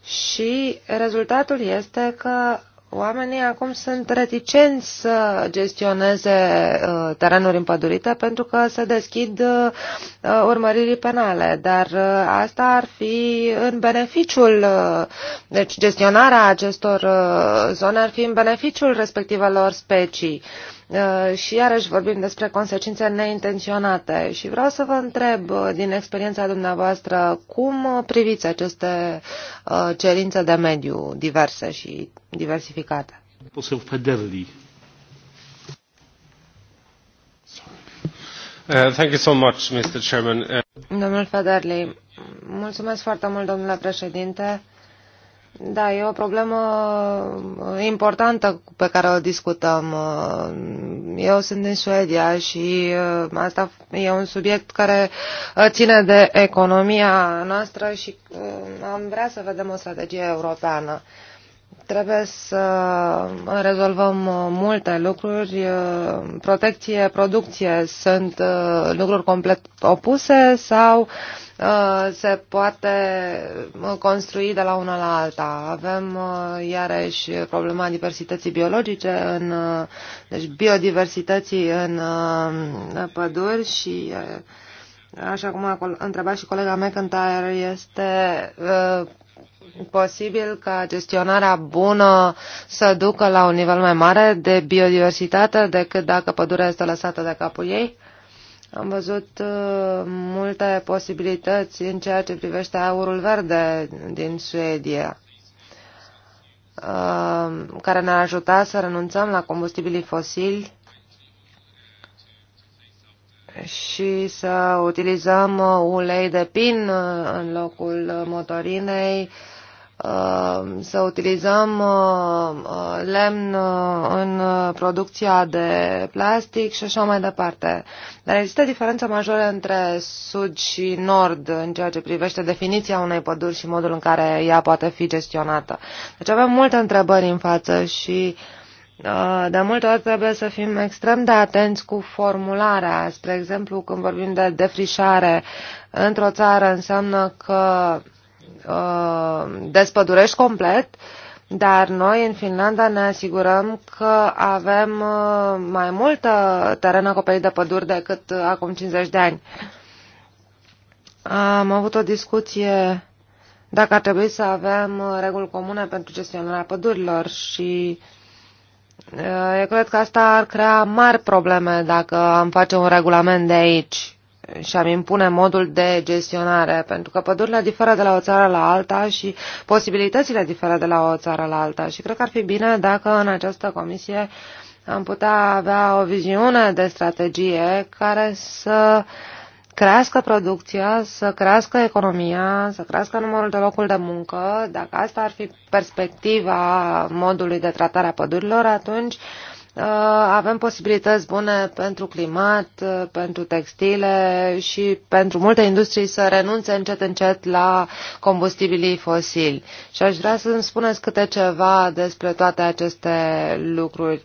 și rezultatul este că Oamenii acum sunt reticenți să gestioneze uh, terenuri împădurite pentru că se deschid uh, uh, urmăririi penale, dar asta ar fi în beneficiul, deci gestionarea acestor zone ar fi în beneficiul respectivelor specii. Uh, Uh, și iarăși vorbim despre consecințe neintenționate și vreau să vă întreb uh, din experiența dumneavoastră cum priviți aceste uh, cerințe de mediu diverse și diversificate. thank you so much, Mr. Chairman. Domnul Federli, mulțumesc foarte mult, domnule președinte. Da, e o problemă uh, importantă pe care o discutăm. Uh, eu sunt din Suedia și uh, asta e un subiect care ține de economia noastră și am vrea să vedem o strategie europeană. Trebuie să rezolvăm uh, multe lucruri. Uh, protecție, producție sunt uh, lucruri complet opuse sau se poate construi de la una la alta. Avem iarăși problema diversității biologice, în, deci biodiversității în păduri și Așa cum a întrebat și colega mea McIntyre, este posibil ca gestionarea bună să ducă la un nivel mai mare de biodiversitate decât dacă pădurea este lăsată de capul ei? Am văzut uh, multe posibilități în ceea ce privește aurul verde din Suedia, uh, care ne-ar ajuta să renunțăm la combustibilii fosili și să utilizăm uh, ulei de pin în locul motorinei, Uh, să utilizăm uh, uh, lemn în producția de plastic și așa mai departe. Dar există diferența majoră între sud și nord în ceea ce privește definiția unei păduri și modul în care ea poate fi gestionată. Deci avem multe întrebări în față și de multe ori trebuie să fim extrem de atenți cu formularea. Spre exemplu, când vorbim de defrișare într-o țară, înseamnă că Uh, despădurești complet, dar noi în Finlanda ne asigurăm că avem uh, mai multă teren acoperit de păduri decât acum 50 de ani. Am avut o discuție dacă ar trebui să avem uh, reguli comune pentru gestionarea pădurilor și eu cred că asta ar crea mari probleme dacă am face un regulament de aici și am impune modul de gestionare, pentru că pădurile diferă de la o țară la alta și posibilitățile diferă de la o țară la alta. Și cred că ar fi bine dacă în această comisie am putea avea o viziune de strategie care să crească producția, să crească economia, să crească numărul de locuri de muncă. Dacă asta ar fi perspectiva modului de tratare a pădurilor, atunci uh, Uh, avem posibilități bune pentru climat, uh, pentru textile și pentru multe industrii să renunțe încet încet la combustibilii fosili. Și aș vrea să îmi spuneți câte ceva despre toate aceste lucruri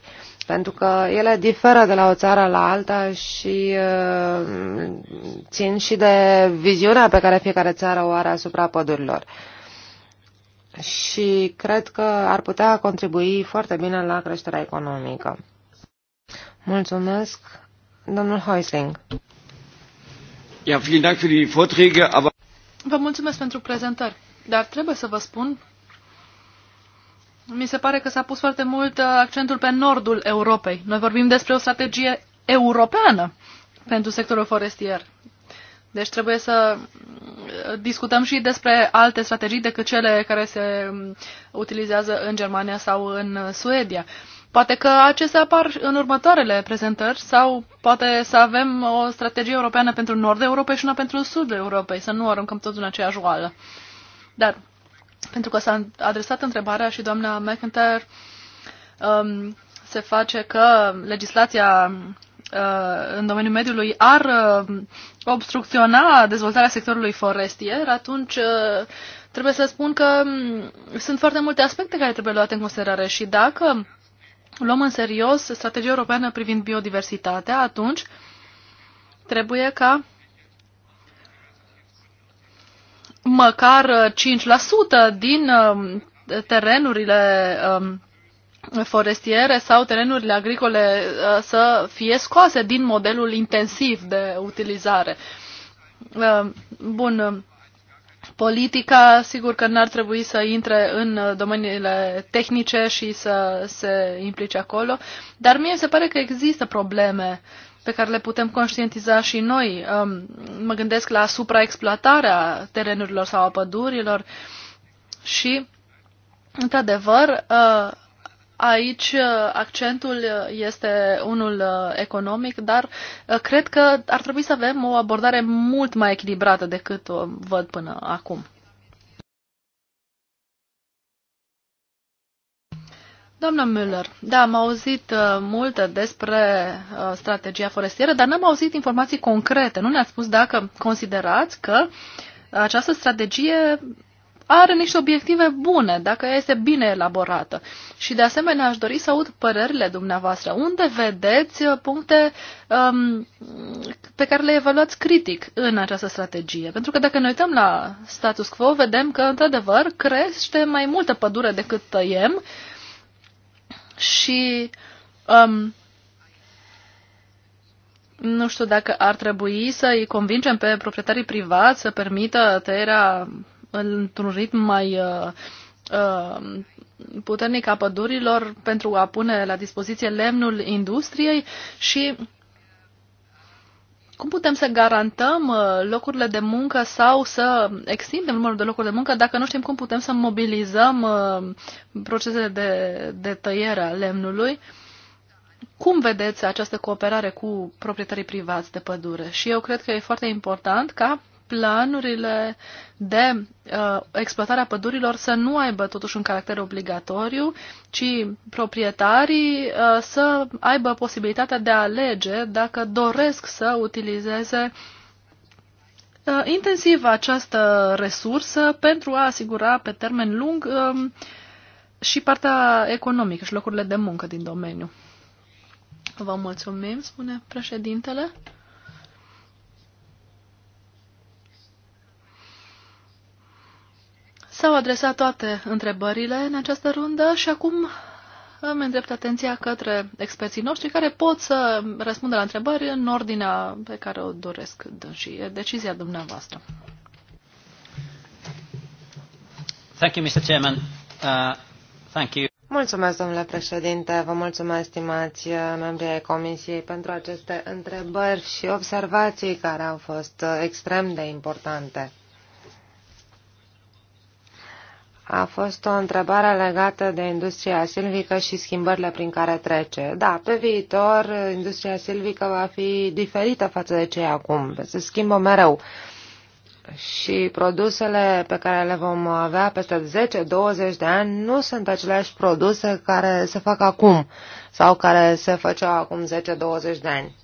pentru că ele diferă de la o țară la alta și uh, țin și de viziunea pe care fiecare țară o are asupra pădurilor. Uh, și cred că ar putea contribui foarte bine la creșterea economică. Mulțumesc, domnul Heusling. Ja, vielen Dank für die Vorträge, aber Vă mulțumesc pentru prezentări, dar trebuie să vă spun, mi se pare că s-a pus foarte mult uh, accentul pe nordul Europei. Noi vorbim despre o strategie europeană pentru sectorul forestier. Deci trebuie să mm, discutăm și despre alte strategii decât cele care se mm, utilizează în Germania sau în Suedia. Poate că acestea apar în următoarele prezentări sau poate să avem o strategie europeană pentru nordul Europei și una pentru sudul Europei, să nu aruncăm totul în aceeași oală. Dar, pentru că s-a adresat întrebarea și doamna McIntyre, um, se face că legislația Uh, în domeniul mediului ar uh, obstrucționa dezvoltarea sectorului forestier, atunci uh, trebuie să spun că mm, sunt foarte multe aspecte care trebuie luate în considerare și dacă luăm în serios strategia europeană privind biodiversitatea, atunci trebuie ca măcar 5% din terenurile um, forestiere sau terenurile agricole uh, să fie scoase din modelul intensiv de utilizare. Uh, bun, uh, politica sigur că n-ar trebui să intre în domeniile tehnice și să se implice acolo, dar mie se pare că există probleme pe care le putem conștientiza și noi. Um, mă gândesc la supraexploatarea terenurilor sau a pădurilor și, într-adevăr, Aici uh, accentul uh, este unul uh, economic, dar cred că ar trebui să avem o abordare mult mai echilibrată decât o văd până acum. Doamna Müller, da, am auzit uh, multe despre uh, strategia forestieră, dar n-am auzit informații concrete. Nu ne-ați spus dacă considerați că această strategie are niște obiective bune, dacă ea este bine elaborată. Și de asemenea aș dori să aud părerile dumneavoastră. Unde vedeți uh, puncte um, pe care le evaluați critic în această strategie? Pentru că dacă ne uităm la status quo, vedem că, într-adevăr, crește mai multă pădure decât tăiem și um, nu știu dacă ar trebui să i convingem pe proprietarii privați să permită tăierea într-un ritm mai uh, uh, puternic a pădurilor pentru a pune la dispoziție lemnul industriei și cum putem să garantăm uh, locurile de muncă sau să extindem numărul de locuri de muncă dacă nu știm cum putem să mobilizăm procesele de, de tăiere a lemnului? Cum vedeți această cooperare cu proprietarii privați de pădure? Și eu cred că e foarte important ca planurile de uh, exploatare a pădurilor să nu aibă totuși un caracter obligatoriu, ci proprietarii uh, să aibă posibilitatea de a alege dacă doresc să utilizeze uh, intensiv această resursă pentru a asigura pe termen lung uh, și partea economică și locurile de muncă din domeniu. Vă mulțumim, spune președintele. S-au adresat toate întrebările în această rundă și acum îmi îndrept atenția către experții noștri care pot să răspundă la întrebări în ordinea pe care o doresc și e decizia dumneavoastră. Thank you, Mr. Chairman. Uh, thank you. Mulțumesc, domnule președinte, vă mulțumesc, stimați membrii ai Comisiei, pentru aceste întrebări și observații care au fost extrem de importante a fost o întrebare legată de industria silvică și schimbările prin care trece. Da, pe viitor, industria silvică va fi diferită față de cei acum. Se schimbă mereu. Și produsele pe care le vom avea peste 10-20 de ani nu sunt aceleași produse care se fac acum sau care se făceau acum 10-20 de ani.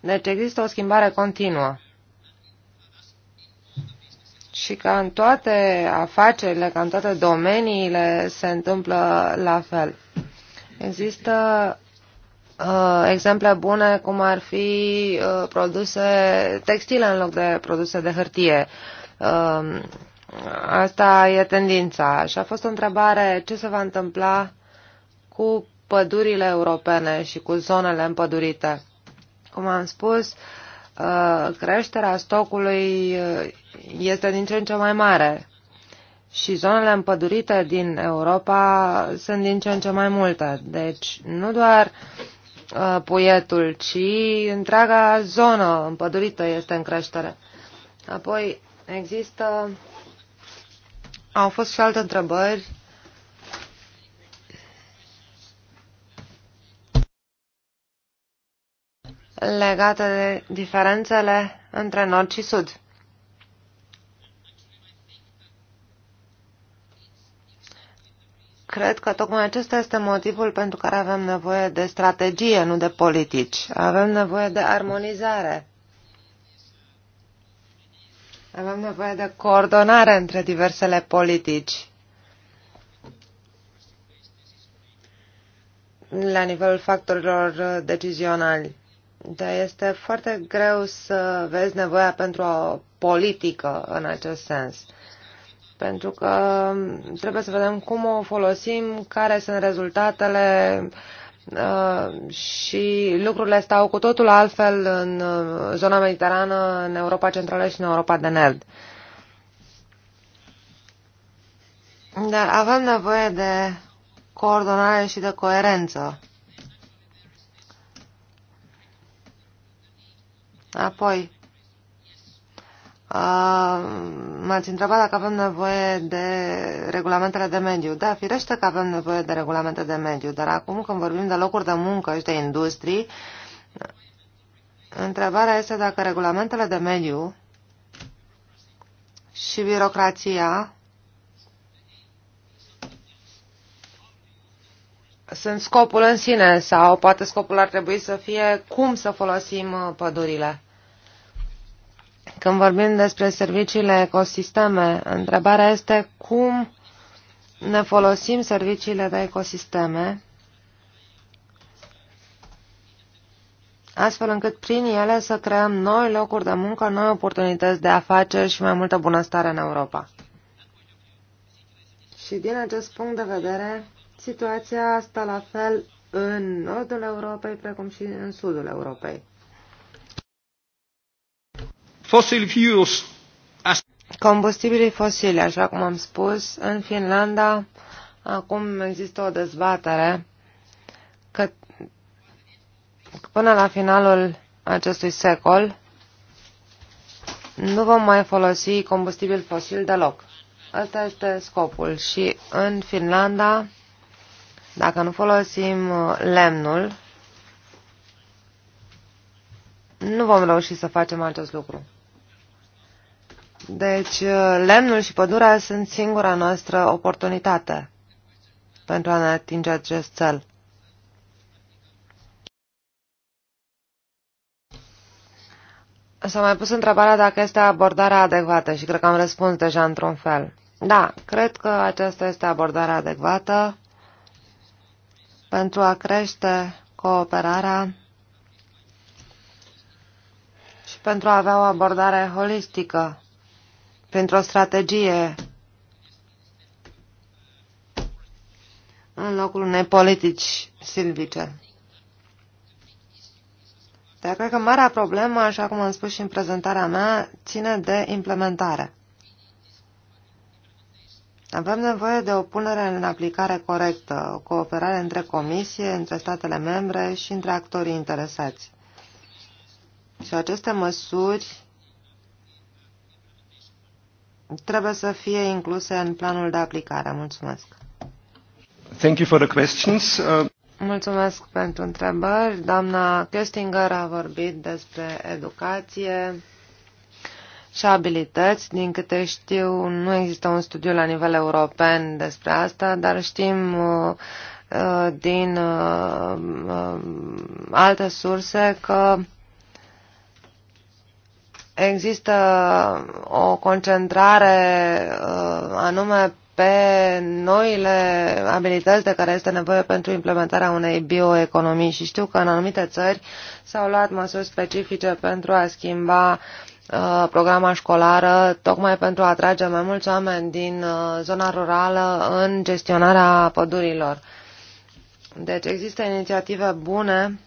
Deci există o schimbare continuă și că în toate afacerile, ca în toate domeniile se întâmplă la fel. Există uh, exemple bune cum ar fi uh, produse textile în loc de produse de hârtie. Uh, asta e tendința. Și a fost o întrebare ce se va întâmpla cu pădurile europene și cu zonele împădurite. Cum am spus, uh, Uh, creșterea stocului uh, este din ce în ce mai mare și zonele împădurite din Europa sunt din ce în ce mai multe. Deci nu doar uh, puietul, ci întreaga zonă împădurită este în creștere. Apoi există, au fost și alte întrebări legată de diferențele între nord și sud. Cred că tocmai acesta este motivul pentru care avem nevoie de strategie, nu de politici. Avem nevoie de armonizare. Avem nevoie de coordonare între diversele politici. la nivelul factorilor decizionali. Da, este foarte greu să vezi nevoia pentru o politică în acest sens. Pentru că trebuie să vedem cum o folosim, care sunt rezultatele uh, și lucrurile stau cu totul altfel în uh, zona mediterană, în Europa Centrală și în Europa de Nord. Dar avem nevoie de coordonare și de coerență Apoi, m-ați întrebat dacă avem nevoie de regulamentele de mediu. Da, firește că avem nevoie de regulamente de mediu, dar acum când vorbim de locuri de muncă și de industrii, întrebarea este dacă regulamentele de mediu și birocrația sunt scopul în sine sau poate scopul ar trebui să fie cum să folosim pădurile. Când vorbim despre serviciile ecosisteme, întrebarea este cum ne folosim serviciile de ecosisteme astfel încât prin ele să creăm noi locuri de muncă, noi oportunități de afaceri și mai multă bunăstare în Europa. Și din acest punct de vedere, situația asta la fel în nordul Europei precum și în sudul Europei. Combustibilii fosili, așa cum am spus, în Finlanda acum există o dezbatere că până la finalul acestui secol nu vom mai folosi combustibil fosil deloc. Asta este scopul și în Finlanda, dacă nu folosim uh, lemnul, nu vom reuși să facem acest lucru. Deci, uh, lemnul și pădurea sunt singura noastră oportunitate pentru a ne atinge acest cel. S-a mai pus întrebarea dacă este abordarea adecvată și cred că am răspuns deja într-un fel. Da, cred că aceasta este abordarea adecvată pentru a crește cooperarea și pentru a avea o abordare holistică printr-o strategie în locul unei politici silvice. Dar cred că marea problemă, așa cum am spus și în prezentarea mea, ține de implementare. Avem nevoie de o punere în aplicare corectă, o cooperare între comisie, între statele membre și între actorii interesați. Și aceste măsuri trebuie să fie incluse în planul de aplicare. Mulțumesc. Thank you for the questions. Uh... Mulțumesc pentru întrebări. Doamna Köstinger a vorbit despre educație și abilități. Din câte știu, nu există un studiu la nivel european despre asta, dar știm uh, uh din uh, uh, alte surse că există o concentrare uh, anume pe noile abilități de care este nevoie pentru implementarea unei bioeconomii și știu că în anumite țări s-au luat măsuri specifice pentru a schimba uh, programa școlară, tocmai pentru a atrage mai mulți oameni din uh, zona rurală în gestionarea pădurilor. Deci există inițiative bune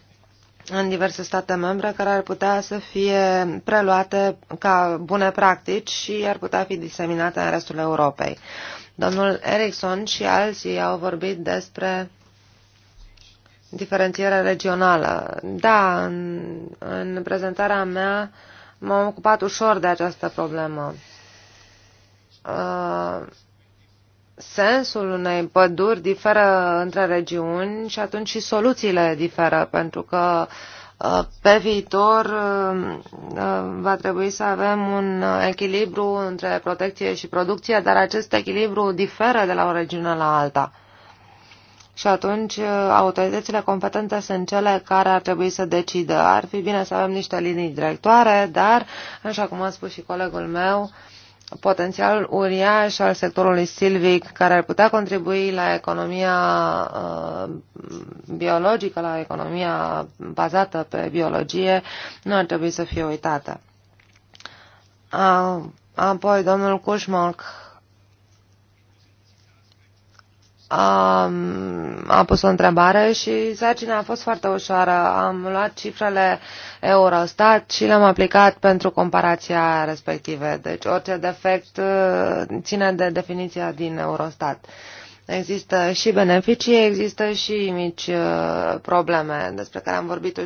în diverse state membre care ar putea să fie preluate ca bune practici și ar putea fi diseminate în restul Europei. Domnul Erickson și alții au vorbit despre diferențierea regională. Da, în, în prezentarea mea m-am ocupat ușor de această problemă. Uh, sensul unei păduri diferă între regiuni și atunci și soluțiile diferă, pentru că uh, pe viitor uh, uh, va trebui să avem un echilibru între protecție și producție, dar acest echilibru diferă de la o regiune la alta. Și atunci autoritățile competente sunt cele care ar trebui să decidă. Ar fi bine să avem niște linii directoare, dar, așa cum a spus și colegul meu, uh, potențial uriaș al sectorului silvic care ar putea contribui la economia uh, biologică, la economia bazată pe biologie, nu ar trebui să fie uitată. Apoi, domnul Cușmoc um, a pus o întrebare și sarcina a fost foarte ușoară. Am luat cifrele Eurostat și le-am aplicat pentru comparația respective. Deci orice defect uh, ține de definiția din Eurostat. Există și beneficii, există și mici uh, probleme despre care am vorbit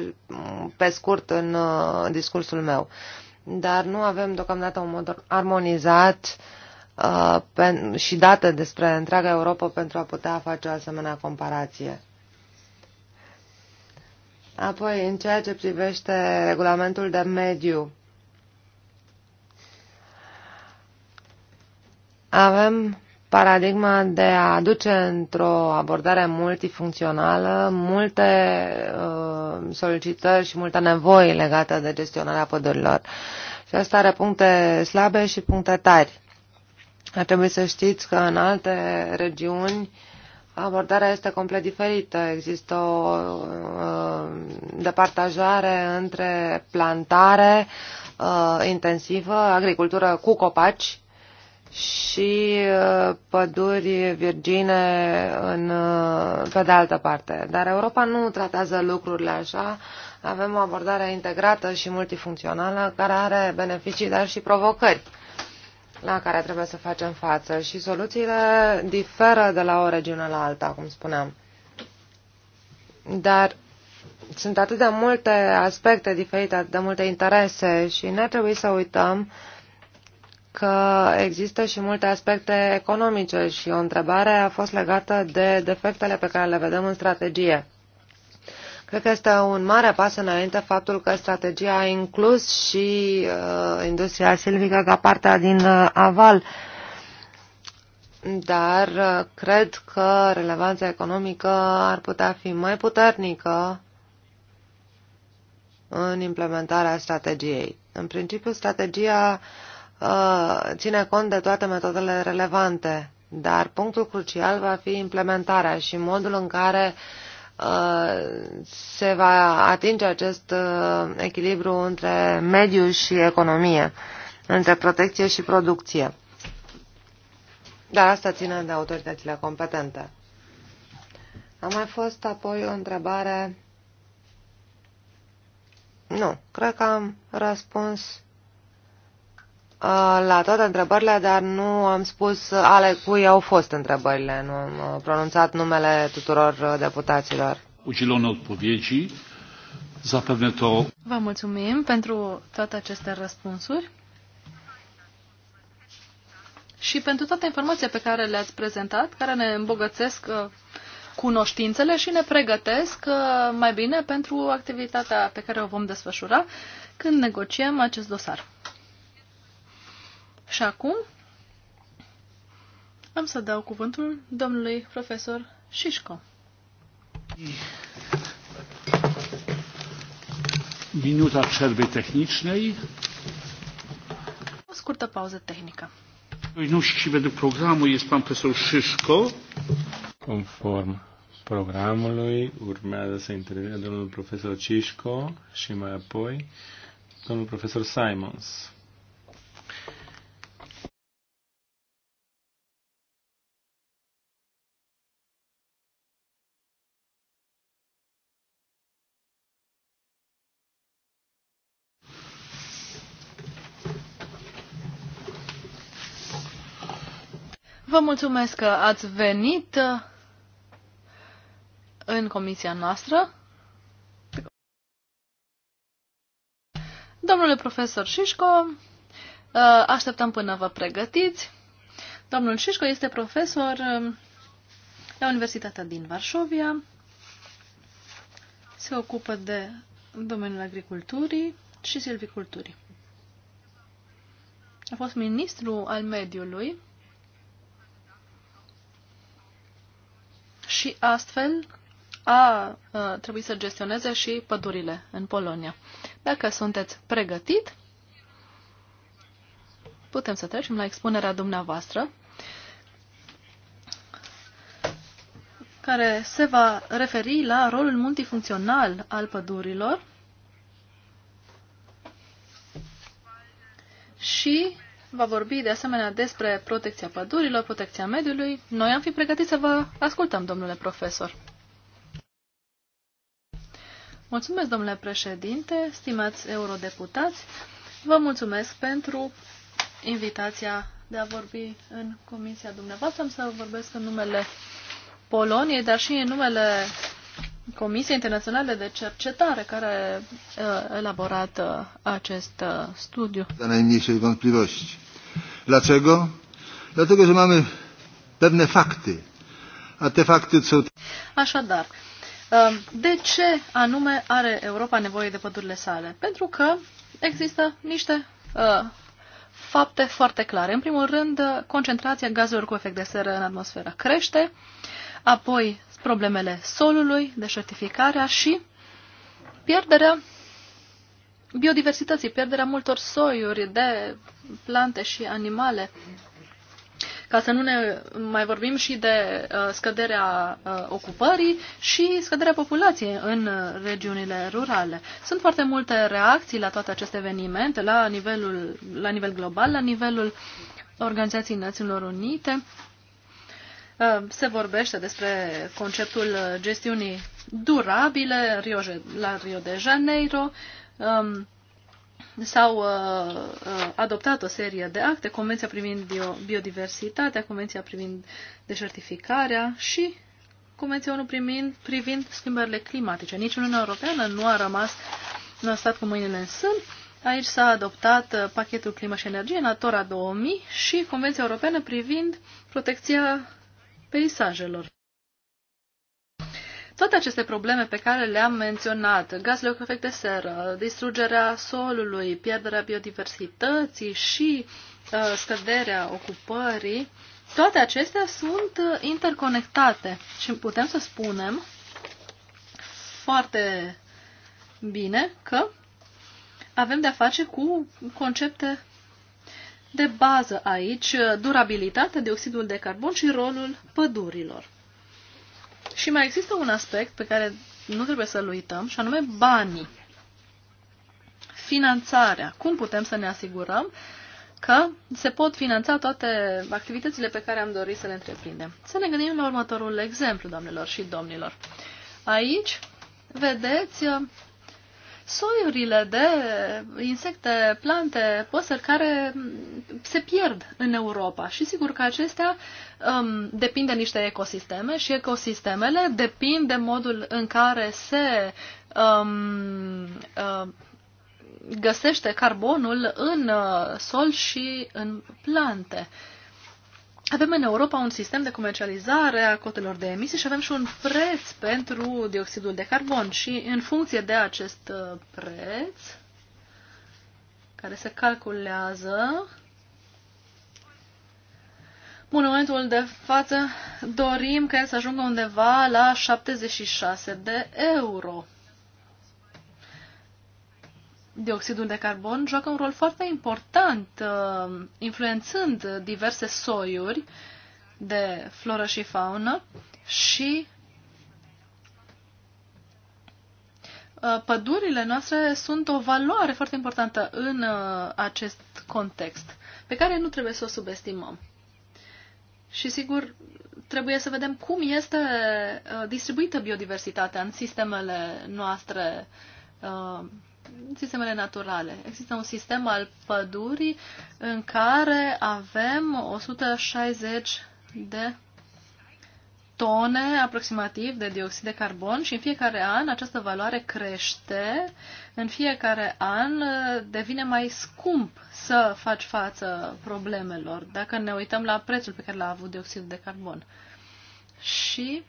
pe scurt în uh, discursul meu. Dar nu avem deocamdată un mod armonizat uh, Uh, și date despre întreaga Europa pentru a putea face o asemenea comparație. Apoi, în ceea ce privește regulamentul de mediu, avem paradigma de a aduce într-o abordare multifuncțională multe uh, solicitări și multe nevoi legate de gestionarea pădurilor. Și asta are puncte slabe și puncte tari. Ar să știți că în alte regiuni abordarea este complet diferită. Există o uh, departajare între plantare uh, intensivă, agricultură cu copaci și uh, păduri virgine în, pe de altă parte. Dar Europa nu tratează lucrurile așa. Avem o abordare integrată și multifuncțională care are beneficii, dar și provocări la care trebuie să facem față și soluțiile diferă de la o regiune la alta, cum spuneam. Dar sunt atât de multe aspecte diferite, atât de multe interese și ne trebuie să uităm că există și multe aspecte economice și o întrebare a fost legată de defectele pe care le vedem în strategie. Cred că este un mare pas înainte faptul că strategia a inclus și uh, industria silvică ca partea din uh, aval. Dar uh, cred că relevanța economică ar putea fi mai puternică în implementarea strategiei. În principiu, strategia uh, ține cont de toate metodele relevante, dar punctul crucial va fi implementarea și modul în care uh, Uh, se va atinge acest uh, echilibru între mediu și economie, între protecție și producție. Dar asta ține de autoritățile competente. A mai fost apoi o întrebare. Nu, cred că am răspuns Uh, la toate întrebările, dar nu am spus ale cui au fost întrebările. Nu am uh, pronunțat numele tuturor uh, deputaților. Vă mulțumim pentru toate aceste răspunsuri și pentru toată informația pe care le-ați prezentat, care ne îmbogățesc cunoștințele și ne pregătesc mai bine pentru activitatea pe care o vom desfășura când negociem acest dosar. Și acum am să dau cuvântul domnului profesor Șișco. Minuta cerbei tehnicnei. O scurtă pauză tehnică. și vedem programul, este pan profesor Șișco. Conform programului urmează să intervine domnul profesor Cișco și mai apoi domnul profesor Simons. Vă mulțumesc că ați venit uh, în comisia noastră. Domnule profesor Șișco, uh, așteptăm până vă pregătiți. Domnul Șișco este profesor uh, la Universitatea din Varșovia. Se ocupă de domeniul agriculturii și silviculturii. A fost ministru al mediului și astfel a, trebuit să gestioneze și pădurile în Polonia. Dacă sunteți pregătit, putem să trecem la expunerea dumneavoastră, care se va referi la rolul multifuncțional al pădurilor și va vorbi de asemenea despre protecția pădurilor, protecția mediului. Noi am fi pregătiți să vă ascultăm, domnule profesor. Mulțumesc, domnule președinte, stimați eurodeputați. Vă mulțumesc pentru invitația de a vorbi în comisia dumneavoastră. Am să vorbesc în numele Poloniei, dar și în numele Comisia Internațională de Cercetare care a uh, elaborat uh, acest uh, studiu. Za najmniejszej wątpliwości. Dlaczego? Dlatego, że mamy pewne fakty. A te fakty są... Așadar, um, de ce anume are Europa nevoie de pădurile sale? Pentru că există niște fapte foarte clare. În primul rând, concentrația gazelor cu efect de seră în atmosferă crește, apoi problemele solului, deșertificarea și pierderea biodiversității, pierderea multor soiuri de plante și animale. Ca să nu ne mai vorbim și de uh, scăderea uh, ocupării și scăderea populației în regiunile rurale. Sunt foarte multe reacții la toate aceste evenimente, la, nivelul, la nivel global, la nivelul Organizației Națiunilor Unite Uh, se vorbește despre conceptul gestiunii durabile la Rio de Janeiro. Um, s-au uh, uh, adoptat o serie de acte, Convenția privind biodiversitatea, Convenția privind deșertificarea și Convenția 1 privind, privind schimbările climatice. Nici Uniunea Europeană nu a rămas, nu a stat cu mâinile în sân. Aici s-a adoptat pachetul climă și energie, Natura 2000 și Convenția Europeană privind protecția peisajelor. Toate aceste probleme pe care le-am menționat, gazele cu efect de seră, distrugerea solului, pierderea biodiversității și uh, scăderea ocupării, toate acestea sunt uh, interconectate și putem să spunem foarte bine că avem de-a face cu concepte de bază aici durabilitatea, dioxidul de carbon și rolul pădurilor. Și mai există un aspect pe care nu trebuie să-l uităm, și anume banii. Finanțarea. Cum putem să ne asigurăm că se pot finanța toate activitățile pe care am dorit să le întreprindem. Să ne gândim la următorul exemplu, doamnelor și domnilor. Aici vedeți soiurile de insecte, plante, păsări care se pierd în Europa. Și sigur că acestea um, depind de niște ecosisteme și ecosistemele depind de modul în care se um, uh, găsește carbonul în uh, sol și în plante. Uh, avem în Europa un sistem de comercializare a cotelor de emisii și avem și un preț pentru dioxidul de carbon și în funcție de acest uh, preț care se calculează în momentul de față dorim ca el să ajungă undeva la 76 de euro dioxidul de carbon joacă un rol foarte important, uh, influențând diverse soiuri de floră și faună și uh, pădurile noastre sunt o valoare foarte importantă în uh, acest context, pe care nu trebuie să o subestimăm. Și sigur, trebuie să vedem cum este distribuită biodiversitatea în sistemele noastre sistemele naturale. Există un sistem al pădurii în care avem 160 de tone aproximativ de dioxid de carbon și în fiecare an această valoare crește, în fiecare an uh, devine mai scump să faci față problemelor, dacă ne uităm la prețul pe care l-a avut dioxidul de carbon. Și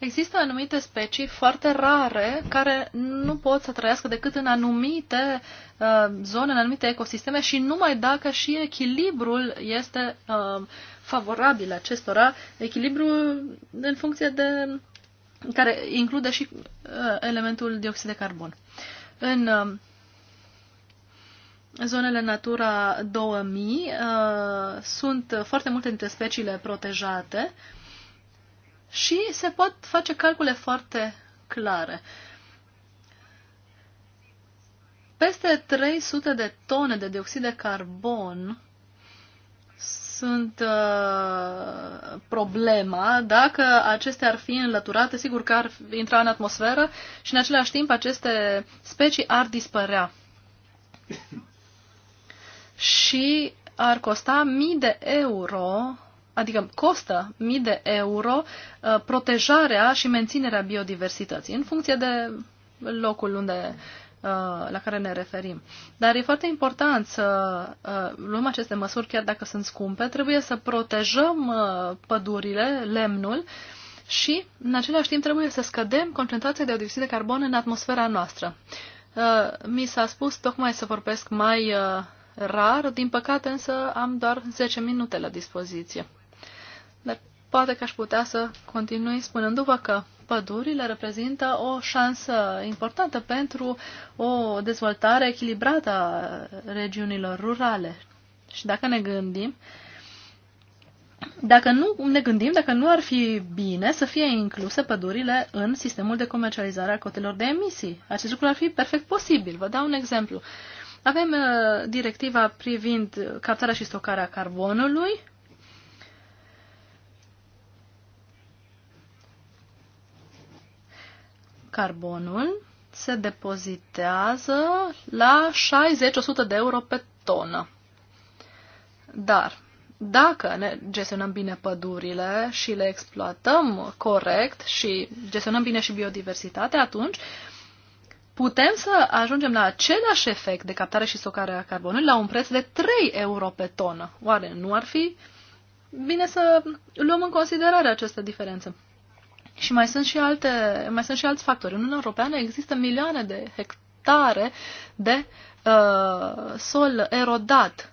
Există anumite specii foarte rare care nu pot să trăiască decât în anumite uh, zone, în anumite ecosisteme și numai dacă și echilibrul este uh, favorabil acestora, echilibrul în funcție de care include și uh, elementul dioxid de carbon. În uh, zonele Natura 2000 uh, sunt foarte multe dintre speciile protejate uh, și se pot face calcule foarte clare. Peste 300 de tone de dioxid de carbon sunt uh, problema. Dacă acestea ar fi înlăturate, sigur că ar intra în atmosferă și în același timp aceste specii ar dispărea. și ar costa mii de euro adică costă mii de euro uh, protejarea și menținerea biodiversității, în funcție de locul unde uh, la care ne referim. Dar e foarte important să uh, luăm aceste măsuri, chiar dacă sunt scumpe, trebuie să protejăm pădurile, lemnul și, în același timp, trebuie să scădem concentrația de dioxid de carbon în atmosfera noastră. Mi s-a spus tocmai să vorbesc mai rar, din păcate însă am doar 10 minute la dispoziție. Dar poate că aș putea să continui spunându-vă că pădurile reprezintă o șansă importantă pentru o dezvoltare echilibrată a regiunilor rurale. Și dacă ne gândim, dacă nu ne gândim dacă nu ar fi bine să fie incluse pădurile în sistemul de comercializare a cotelor de emisii. Acest lucru ar fi perfect posibil. Vă dau un exemplu. Avem uh, directiva privind captarea și stocarea carbonului, carbonul se depozitează la 60-100 de euro pe tonă. Dar dacă ne gestionăm bine pădurile și le exploatăm corect și gestionăm bine și biodiversitatea, atunci putem să ajungem la același efect de captare și stocare a carbonului la un preț de 3 euro pe tonă. Oare nu ar fi bine să luăm în considerare această diferență? Și mai sunt și, alte, mai sunt și alți factori. În Uniunea Europeană există milioane de hectare de uh, sol erodat.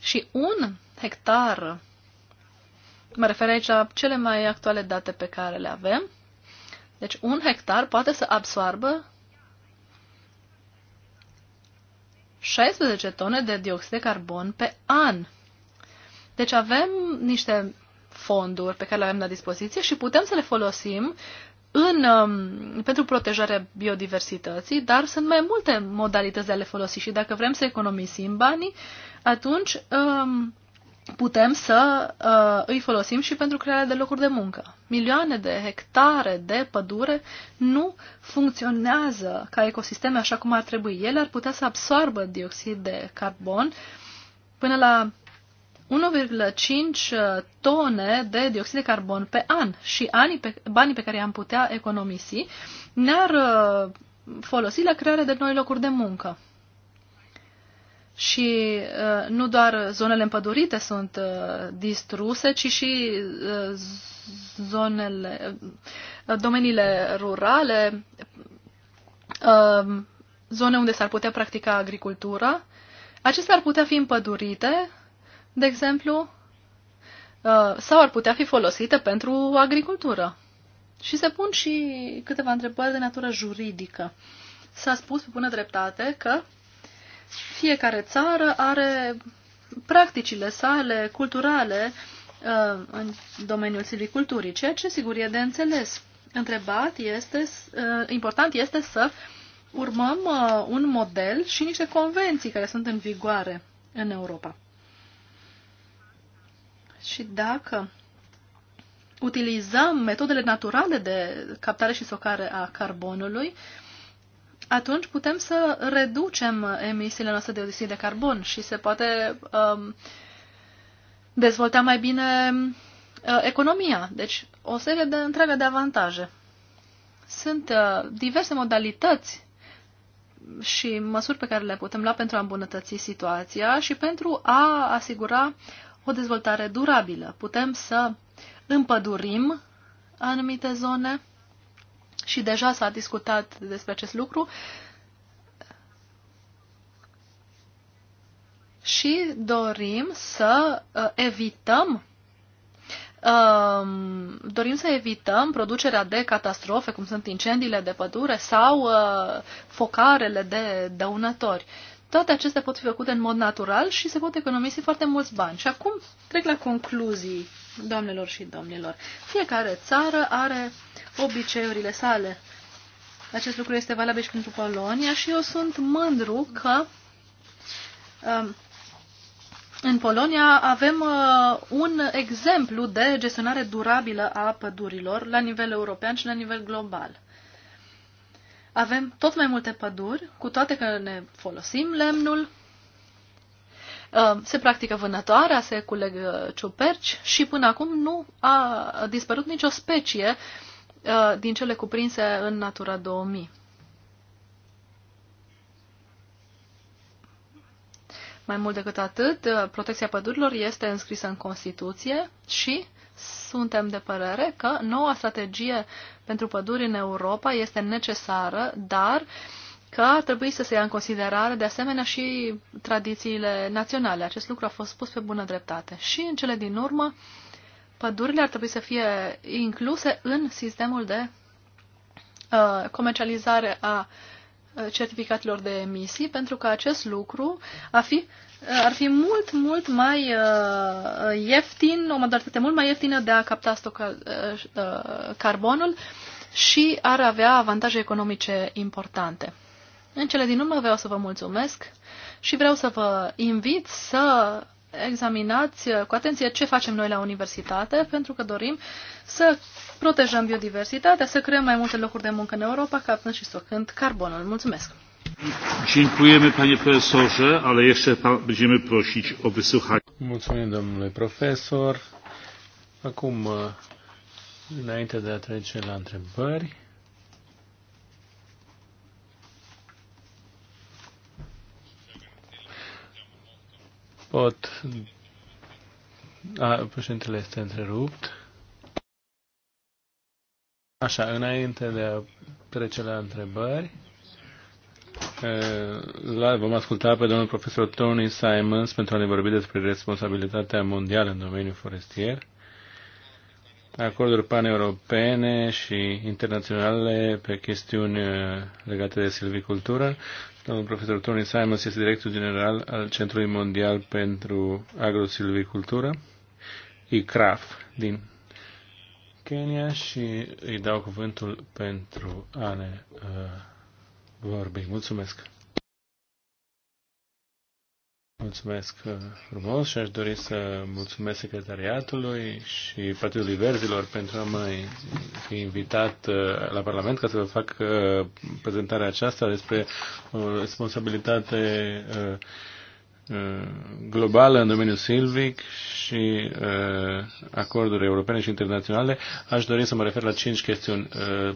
Și un hectar, mă refer aici la cele mai actuale date pe care le avem, deci un hectar poate să absoarbă 16 tone de dioxid de carbon pe an. Deci avem niște fonduri pe care le avem la dispoziție și putem să le folosim în, um, pentru protejarea biodiversității, dar sunt mai multe modalități de a le folosi și dacă vrem să economisim banii, atunci um, putem să uh, îi folosim și pentru crearea de locuri de muncă. Milioane de hectare de pădure nu funcționează ca ecosisteme așa cum ar trebui. Ele ar putea să absorbă dioxid de carbon până la 1,5 uh, tone de dioxid de carbon pe an și anii pe, banii pe care i-am putea economisi ne-ar uh, folosi la crearea de noi locuri de muncă. Și uh, nu doar zonele împădurite sunt distruse, ci și zonele, domeniile rurale, zone unde s-ar putea practica agricultura. Acestea ar putea fi împădurite de exemplu, uh, sau ar putea fi folosite pentru agricultură. Și se pun și câteva întrebări de natură juridică. S-a spus pe bună dreptate că fiecare țară are practicile sale culturale uh, în domeniul silviculturii, ceea ce sigur e de înțeles. Întrebat este, uh, important este să urmăm un model și niște convenții care sunt în vigoare în Europa. Și dacă utilizăm metodele naturale de captare și socare a carbonului, atunci putem să reducem emisiile noastre de oxid de carbon și se poate um, dezvolta mai bine uh, economia. Deci, o serie de întreagă de avantaje. Sunt uh, diverse modalități și măsuri pe care le putem lua pentru a îmbunătăți situația și pentru a asigura o dezvoltare durabilă. Putem să împădurim anumite zone și deja s-a discutat despre acest lucru și dorim să uh, evităm um, dorim să evităm producerea de catastrofe, cum sunt incendiile de pădure sau uh, focarele de dăunători. Toate acestea pot fi făcute în mod natural și se pot economisi foarte mulți bani. Și acum trec la concluzii, doamnelor și domnilor. Fiecare țară are obiceiurile sale. Acest lucru este valabil și pentru Polonia și eu sunt mândru că um, în Polonia avem uh, un exemplu de gestionare durabilă a pădurilor la nivel european și la nivel global avem tot mai multe păduri, cu toate că ne folosim lemnul, uh, se practică vânătoarea, se culeg uh, ciuperci și până acum nu a dispărut nicio specie uh, din cele cuprinse în Natura 2000. Mai mult decât atât, protecția pădurilor este înscrisă în Constituție și suntem de părere că noua strategie pentru păduri în Europa este necesară, dar că ar trebui să se ia în considerare de asemenea și tradițiile naționale. Acest lucru a fost spus pe bună dreptate. Și în cele din urmă, pădurile ar trebui să fie incluse în sistemul de uh, comercializare a uh, certificatelor de emisii, pentru că acest lucru a fi uh, Uh, ar fi mult, mult mai uh, uh ieftin, o modalitate mult mai ieftină de a capta stoca, uh, uh, carbonul și ar avea avantaje economice importante. În cele din urmă vreau să vă mulțumesc și vreau să vă invit să examinați cu atenție ce facem noi la universitate, pentru că dorim să protejăm biodiversitatea, să creăm mai multe locuri de muncă în Europa, captând și stocând carbonul. Mulțumesc! Dziękujemy panie profesorze, ale jeszcze będziemy prosić o wysłuchanie. Mulțumim domnule profesor. Acum, înainte de a trece la întrebări, pot... A, președintele este întrerupt. Așa, înainte de a trece la întrebări, Eh, la, vom asculta pe domnul profesor Tony Simons pentru a ne vorbi despre responsabilitatea mondială în domeniul forestier, acorduri paneuropene și internaționale pe chestiuni eh, legate de silvicultură. Domnul profesor Tony Simons este director general al Centrului Mondial pentru Agrosilvicultură, ICRAF, din Kenya și îi dau cuvântul pentru a ne uh, vorbi. Mulțumesc! Mulțumesc uh, frumos și aș dori să mulțumesc secretariatului și Partidului Verzilor pentru a mai fi invitat uh, la Parlament ca să vă fac uh, prezentarea aceasta despre o responsabilitate Eh, globală în domeniul silvic și uh, acorduri europene și internaționale. Aș dori să mă refer la cinci chestiuni. Uh,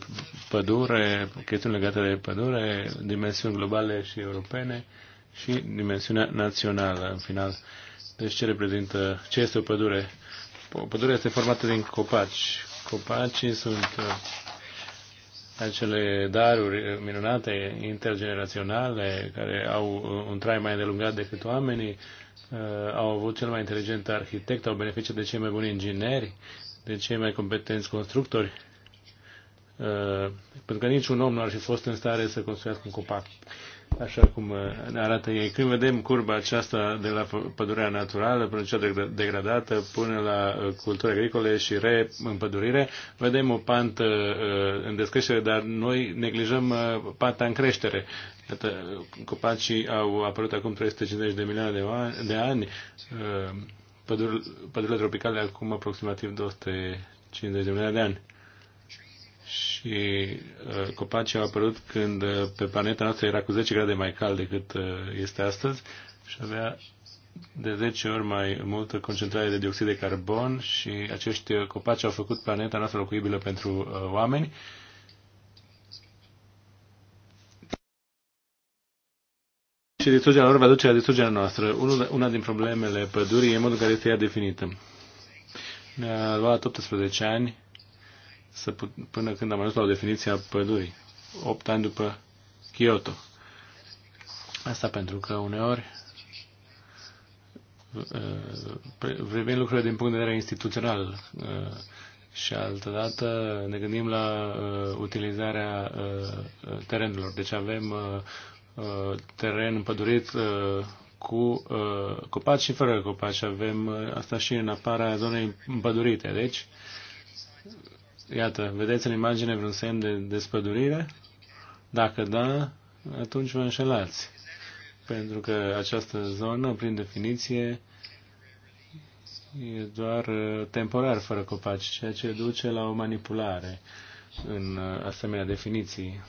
pădure, chestiuni legate de pădure, dimensiuni globale și europene și dimensiunea națională, în final. Deci ce reprezintă, ce este o pădure? O pădure este formată din copaci. Copacii sunt acele daruri minunate intergeneraționale care au un trai mai îndelungat decât oamenii, uh, au avut cel mai inteligent arhitect, au beneficiat de cei mai buni ingineri, de cei mai competenți constructori, uh, pentru că niciun om nu ar fi fost în stare să construiască un copac așa cum uh, ne arată ei. Când vedem curba aceasta de la pădurea naturală până cea degradată până la uh, culturi agricole și reîmpădurire, vedem o pantă uh, în descreștere, dar noi neglijăm panta în creștere. Iată, copacii au apărut acum 350 de milioane ani, de ani, pădurile tropicale acum aproximativ 250 de milioane de ani și uh, copacii au apărut când uh, pe planeta noastră era cu 10 grade mai cald decât uh, este astăzi și avea de 10 ori mai multă concentrare de dioxid de carbon și acești copaci au făcut planeta noastră locuibilă pentru oameni. Și distrugerea lor va duce la distrugerea noastră. Una din problemele pădurii e modul în care este ea definită. Ne-a luat 18 ani să put, până când am ajuns la o definiție a pădurii, 8 ani după Kyoto. Asta pentru că uneori privim uh, uh, lucrurile din punct de vedere instituțional uh, și altădată ne gândim la utilizarea terenurilor. Deci avem teren împădurit cu copaci și fără copaci. Avem asta și în afara zonei împădurite. Deci Iată, vedeți în imagine vreun semn de despădurire? Dacă da, atunci vă înșelați. Pentru că această zonă, prin definiție, e doar uh, temporar fără copaci, ceea ce duce la o manipulare în uh, asemenea definiții.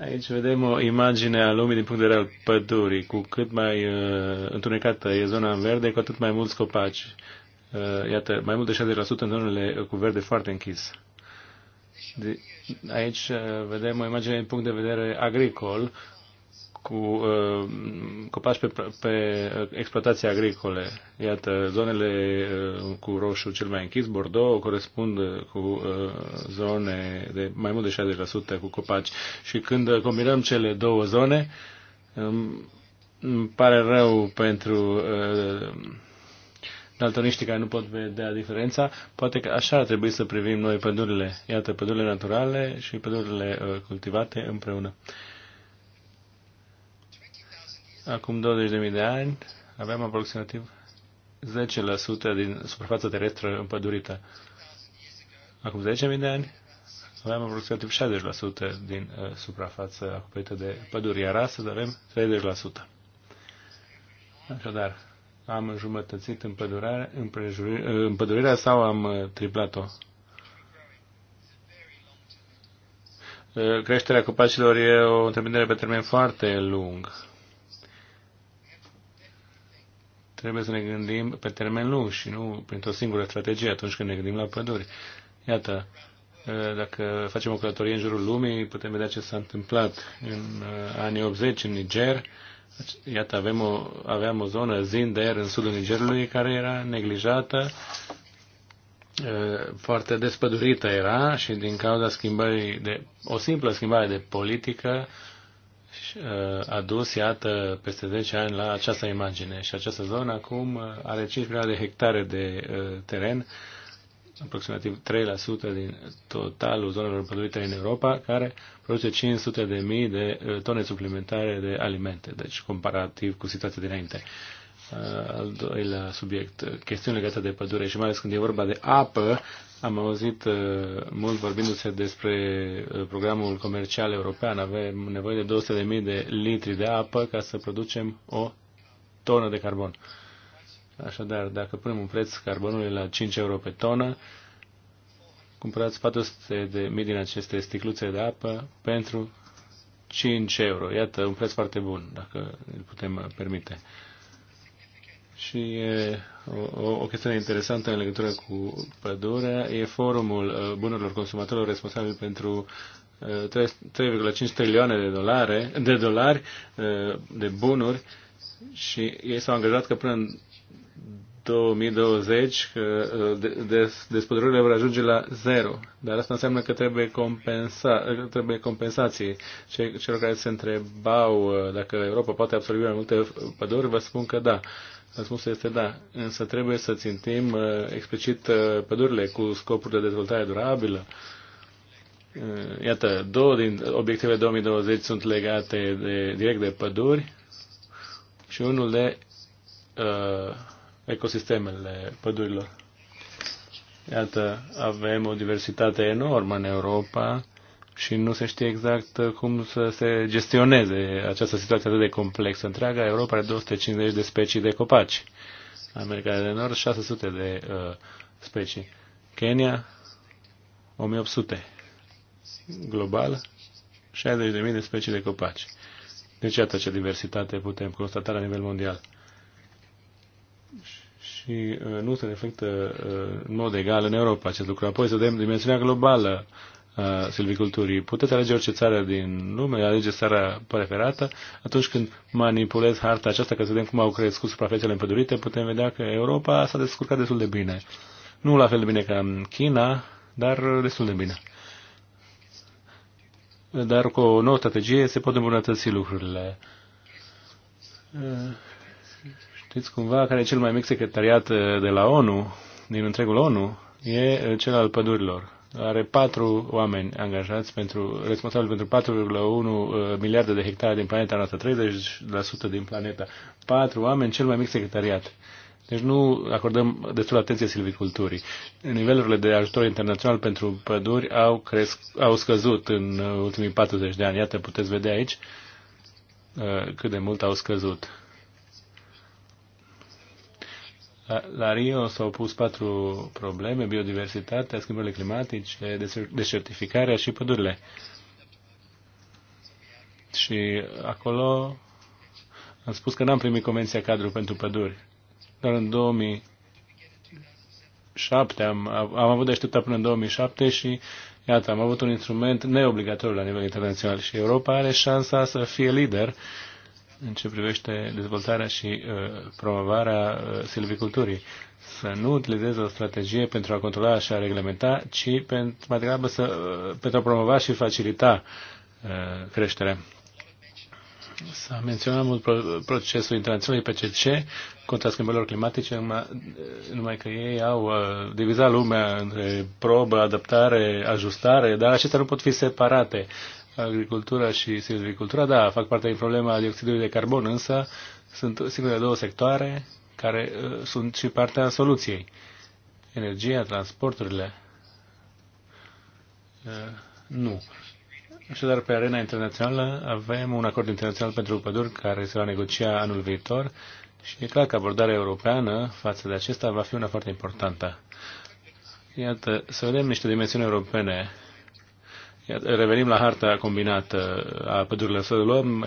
Aici vedem o imagine a lumii din punct de vedere al pădurii. Cu cât mai uh, întunecată e zona în verde, cu atât mai mulți copaci. Uh, iată, mai mult de 60% în zonele cu verde foarte închis. De, aici uh, vedem o imagine din punct de vedere agricol, cu uh, copaci pe, pe exploatații agricole. Iată, zonele uh, cu roșu cel mai închis, Bordeaux, corespund uh, cu uh, zone de mai mult de 60% cu copaci. Și când combinăm cele două zone, um, îmi pare rău pentru uh, daltoniștii care nu pot vedea diferența, poate că așa ar trebui să privim noi pădurile. Iată, pădurile naturale și pădurile uh, cultivate împreună. Acum 20.000 de ani aveam aproximativ 10% din suprafața terestră împădurită. Acum 10.000 de ani avem aproximativ 60% din uh, acoperită de păduri, iar astăzi avem 30%. Așadar, am înjumătățit împădurirea sau am uh, triplat-o? Uh, creșterea copacilor e o întreprindere pe termen foarte lung. Trebuie să ne gândim pe termen lung și nu printr-o singură strategie atunci când ne gândim la păduri. Iată, uh, dacă facem o călătorie în jurul lumii, putem vedea ce s-a întâmplat în anii 80 în Niger, Iată, avem o, aveam o zonă Zinder în sudul Nigerului care era neglijată, foarte despădurită era și din cauza schimbării de, o simplă schimbare de politică a dus, iată, peste 10 ani la această imagine. Și această zonă acum are 5 milioane de hectare de teren aproximativ 3% din totalul zonelor pădurite în Europa, care produce 500.000 de de uh, tone suplimentare de alimente, deci comparativ cu situația dinainte. Uh, al doilea subiect, uh, chestiuni legate de pădure și mai ales când e vorba de apă, am auzit mult vorbindu-se despre programul comercial european. Avem nevoie de 200.000 de litri de apă ca să producem o tonă de carbon. Uh, Așadar, dacă punem un preț carbonului la 5 euro pe tonă, cumpărați 400 de mii din aceste sticluțe de apă pentru 5 euro. Iată, un preț foarte bun, dacă îl putem permite. Și e o, o chestiune interesantă în legătură cu pădurea e forumul uh, bunurilor consumatorilor responsabil pentru 3,5 uh, trilioane de dolari, de dolari uh, de bunuri și ei s-au angajat că până în 2020 că uh, despădurile vor ajunge la zero. Dar asta înseamnă că trebuie, compensa, trebuie compensații. Ce, celor care se întrebau uh, dacă Europa poate absorbi mai multe păduri, vă spun că da. Răspunsul este da, însă trebuie să țintim uh, explicit pădurile cu scopuri de dezvoltare durabilă. Iată, două din obiectivele 2020 sunt legate de, direct de păduri și unul de uh, ecosistemele pădurilor. Iată, avem o diversitate enormă în Europa și nu se știe exact cum să se gestioneze această situație atât de complexă. Întreaga Europa are 250 de specii de copaci. America de Nord 600 de uh, specii. Kenya 1800. Global 60.000 de specii de copaci. Deci iată ce diversitate putem constata la nivel mondial și uh, nu se reflectă uh, în mod egal în Europa acest lucru. Apoi să vedem dimensiunea globală a silviculturii. Puteți alege orice țară din lume, alege țara preferată. Atunci când manipulez harta aceasta, că să vedem cum au crescut suprafețele împădurite, putem vedea că Europa s-a descurcat destul de bine. Nu la fel de bine ca în China, dar destul de bine. Dar cu o nouă strategie se pot îmbunătăți lucrurile. Uh, Știți cumva care e cel mai mic secretariat uh, de la ONU, din întregul ONU? E uh, cel al pădurilor. Are patru oameni angajați pentru, responsabili pentru 4,1 uh, miliarde de hectare din planeta noastră, 30% din planeta. Patru oameni, cel mai mic secretariat. Deci nu acordăm destul atenție silviculturii. Nivelurile de ajutor internațional pentru păduri au, cresc, au scăzut în ultimii 40 de ani. Iată, puteți vedea aici cât de mult au scăzut. La, Rio s-au pus patru probleme, biodiversitatea, schimbările climatice, desertificarea și pădurile. Și acolo am spus că n-am primit Convenția Cadru pentru Păduri. Dar în 2007 am, am avut de așteptat până în 2007 și iată, am avut un instrument neobligatoriu la nivel internațional și Europa are șansa să fie lider uh, în ce privește dezvoltarea și uh, promovarea uh, silviculturii. Să nu utilizeze o strategie pentru a controla și a reglementa, ci pentru, mai degrabă să, uh, pentru a promova și facilita uh, creșterea. S-a menționat mult procesul internațional IPCC contra schimbărilor climatice, numai, uh, numai că ei au uh, divizat lumea între probă, adaptare, ajustare, dar acestea nu pot fi separate agricultura și silvicultura, da, fac parte din problema dioxidului de carbon, însă sunt singurele două sectoare care uh, sunt și partea soluției. Energia, transporturile. Uh, nu. Așadar, pe arena internațională avem un acord internațional pentru păduri care se va negocia anul viitor și e clar că abordarea europeană față de acesta va fi una foarte importantă. Iată, să vedem niște dimensiuni europene Revenim la harta combinată a pădurilor. Să luăm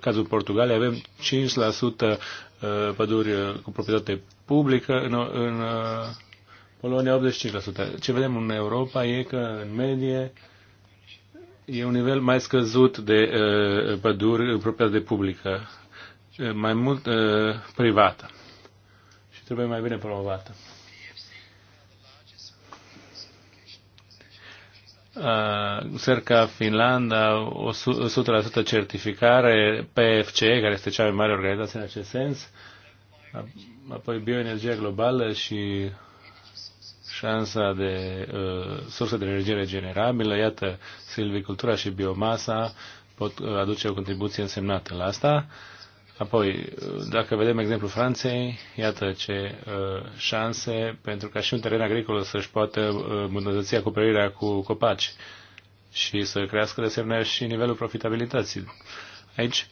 cazul Portugaliei. Avem 5% păduri cu proprietate publică. În, în Polonia 85%. Ce vedem în Europa e că în medie e un nivel mai scăzut de păduri în proprietate publică. Mai mult privată. Și trebuie mai bine promovată. cerca uh, Finlanda o 100% certificare, PFC care este cea mai mare organizație în acest sens, apoi bioenergia globală și șansa de uh, sursă de energie regenerabilă. Iată, silvicultura și biomasa pot uh, aduce o contribuție însemnată la asta. Uh, Apoi, dacă vedem exemplul Franței, iată ce uh, șanse pentru ca și un teren agricol să-și poată uh, îmbunătăți acoperirea cu copaci și să crească de asemenea și nivelul profitabilității. Aici,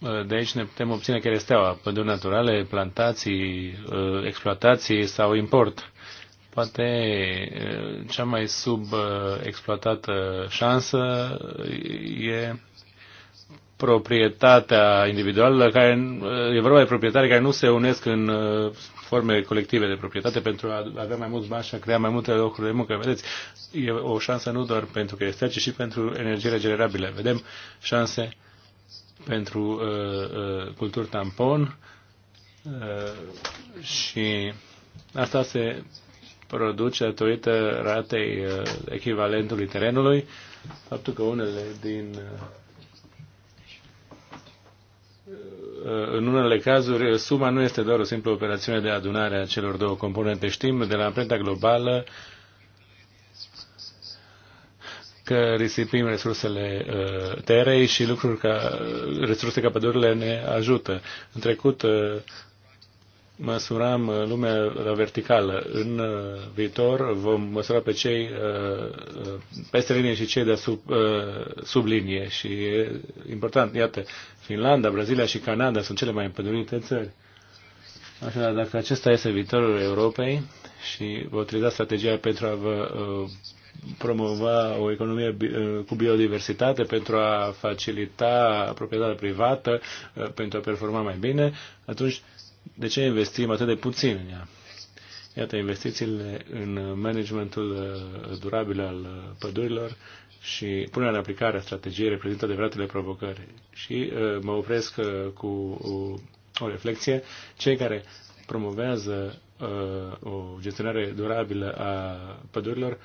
uh, de aici ne putem obține chiar esteaua, păduri naturale, plantații, uh, exploatații sau import. Poate cea mai exploatată șansă e proprietatea individuală, care, e vorba de proprietari care nu se unesc în uh, forme colective de proprietate pentru a avea mai mulți bani și a crea mai multe locuri de muncă. Vedeți, e o șansă nu doar pentru că este, ci și pentru energie regenerabile. Vedem șanse pentru uh, uh, culturi tampon uh, și asta se produce datorită ratei uh, echivalentului terenului, faptul că unele din uh, în unele cazuri, suma nu este doar o simplă operațiune de adunare a celor două componente. Știm de la amprenta globală că risipim resursele uh, terei și lucruri ca resurse ca pădurile ne ajută. În trecut uh, măsuram uh, lumea la verticală. În uh, viitor vom măsura pe cei uh, peste linie și cei de sub, sub linie și e important, iată, Finlanda, Brazilia și Canada sunt cele mai împădurite țări. Așadar, dacă acesta este viitorul Europei și vă utiliza strategia pentru a vă promova o economie cu biodiversitate pentru a facilita proprietatea privată, pentru a performa mai bine, atunci de ce investim atât de puțin în ea? Iată, investițiile în managementul uh, durabil al uh, pădurilor și punerea în aplicare a strategiei reprezintă adevăratele provocări. Și uh, mă opresc cu o reflexie. Cei care promovează o gestionare durabilă a pădurilor,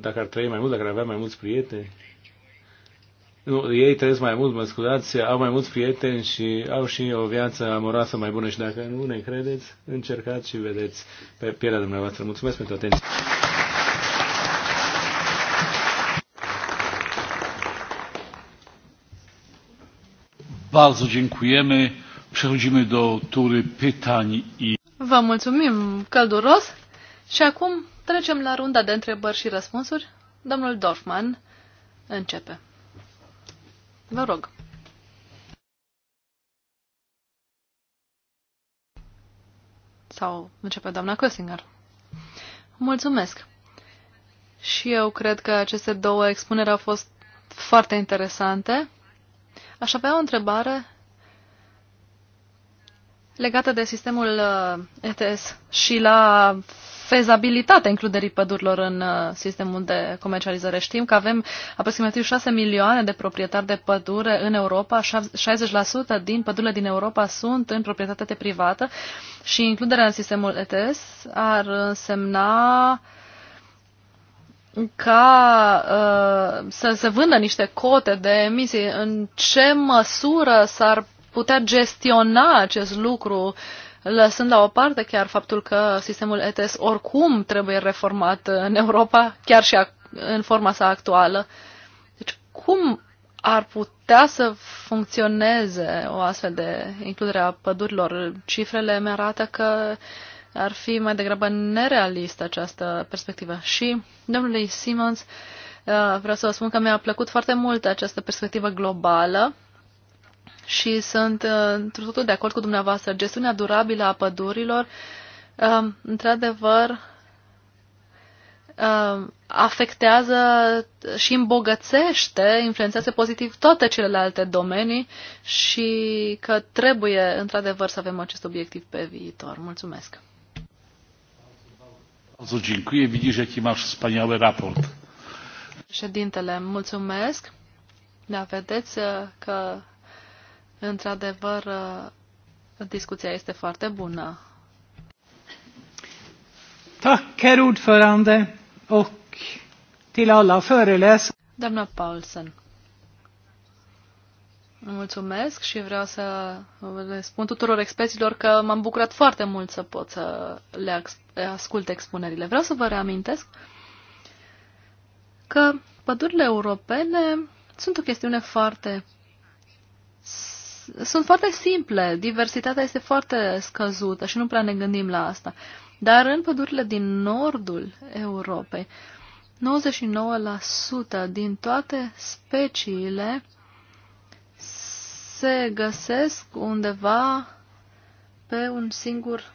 dacă ar trăi mai mult, dacă ar avea mai mulți prieteni, nu, ei trăiesc mai mult, mă scuzați, au mai mulți prieteni și au și o viață amoroasă mai bună și dacă nu ne credeți, încercați și vedeți pe pielea dumneavoastră. Mulțumesc pentru atenție! Bardzo dziękujemy. Przechodzimy do tury pytań i... Vă mulțumim călduros și acum trecem la runda de întrebări și răspunsuri. Domnul Dorfman începe. Vă rog. Sau începe doamna Kössinger. Mulțumesc. Și eu cred că aceste două expuneri au fost foarte interesante. Aș avea o întrebare legată de sistemul uh, ETS și la fezabilitatea includerii pădurilor în uh, sistemul de comercializare. Știm că avem aproximativ 6 milioane de proprietari de pădure în Europa, 60% din pădurile din Europa sunt în proprietate privată și includerea în sistemul ETS ar însemna ca uh, să se vândă niște cote de emisii. În ce măsură s-ar putea gestiona acest lucru uh, lăsând la o parte chiar faptul că sistemul ETS oricum trebuie reformat în Europa, chiar și în forma sa actuală. Deci cum ar putea să funcționeze o astfel de includere a pădurilor? Cifrele mi arată că ar fi mai degrabă nerealistă această perspectivă. Și, domnului Simons, uh, vreau să vă spun că mi-a plăcut foarte mult această perspectivă globală și sunt uh, într totul de acord cu dumneavoastră. Gestiunea durabilă a pădurilor, um, într-adevăr, um, afectează și îmbogățește, influențează pozitiv toate celelalte domenii și că trebuie, într-adevăr, să avem acest obiectiv pe viitor. Mulțumesc! Bardzo dziękuję. Widzisz, jaki masz wspaniały raport. Przewodniczący, mulțumesc. Da, vedeți uh, că Într-adevăr, ă, discuția este foarte bună. Tack, herr ordförande, och till alla föreläsare. Doamna Paulsen, mulțumesc și vreau să le spun tuturor experților că m-am bucurat foarte mult să pot să le ascult expunerile. Vreau să vă reamintesc că pădurile europene sunt o chestiune foarte sunt foarte simple. Diversitatea este foarte scăzută și nu prea ne gândim la asta. Dar în pădurile din nordul Europei, 99% din toate speciile se găsesc undeva pe un singur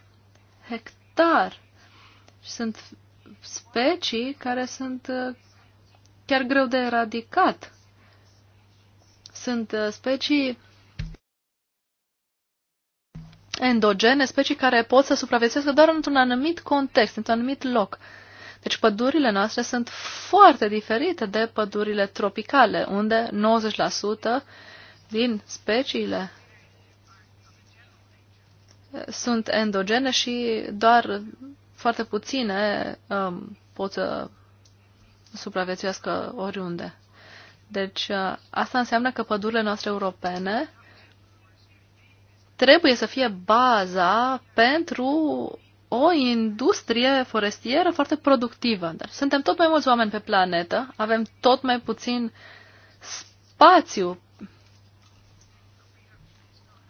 hectar. Și sunt specii care sunt uh, chiar greu de eradicat. Sunt uh, specii endogene, specii care pot să supraviețuiască doar într-un anumit context, într-un anumit loc. Deci pădurile noastre sunt foarte diferite de pădurile tropicale, unde 90% din speciile sunt endogene și doar foarte puține um, pot să supraviețuiască oriunde. Deci uh, asta înseamnă că pădurile noastre europene trebuie să fie baza pentru o industrie forestieră foarte productivă. Dar suntem tot mai mulți oameni pe planetă, avem tot mai puțin spațiu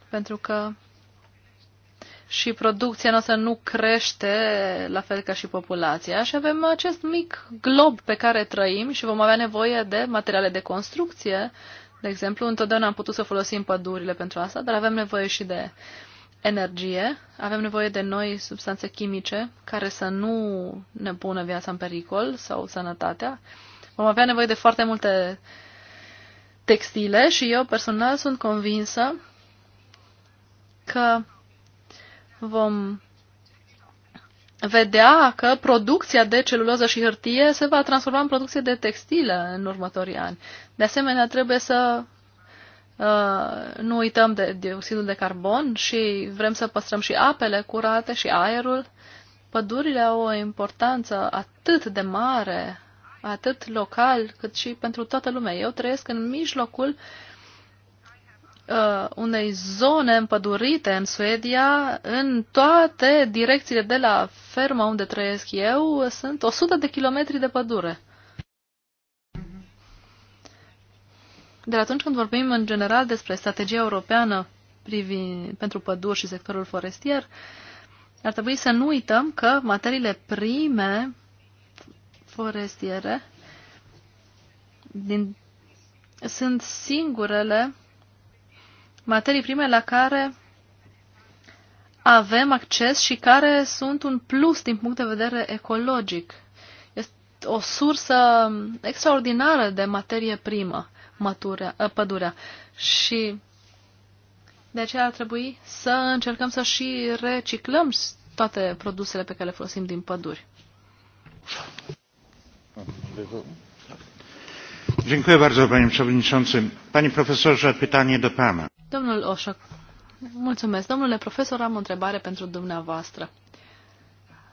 pentru că și producția noastră nu crește la fel ca și populația și avem acest mic glob pe care trăim și vom avea nevoie de materiale de construcție uh, de exemplu, întotdeauna am putut să folosim pădurile pentru asta, dar avem nevoie și de energie, avem nevoie de noi substanțe chimice care să nu ne pună viața în pericol sau sănătatea. Vom avea nevoie de foarte multe textile și eu personal sunt convinsă că vom vedea că producția de celuloză și hârtie se va transforma în producție de textilă în următorii ani. De asemenea, trebuie să uh, nu uităm de dioxidul de carbon și vrem să păstrăm și apele curate și aerul. Pădurile au o importanță atât de mare, atât local, cât și pentru toată lumea. Eu trăiesc în mijlocul uh, uh, unei zone împădurite în Suedia, în toate direcțiile de la ferma unde trăiesc eu, sunt 100 de kilometri de pădure. De atunci când vorbim în general despre strategia europeană privind, pentru păduri și sectorul forestier, ar trebui să nu uităm că materiile prime forestiere din, sunt singurele materii prime la care avem acces și care sunt un plus din punct de vedere ecologic. Este o sursă extraordinară de materie primă, măturea, ă, pădurea. Și de aceea ar trebui să încercăm să și reciclăm toate produsele pe care le folosim din păduri. Ah, Dziękuję bardzo, Domnule profesor, am o întrebare pentru dumneavoastră.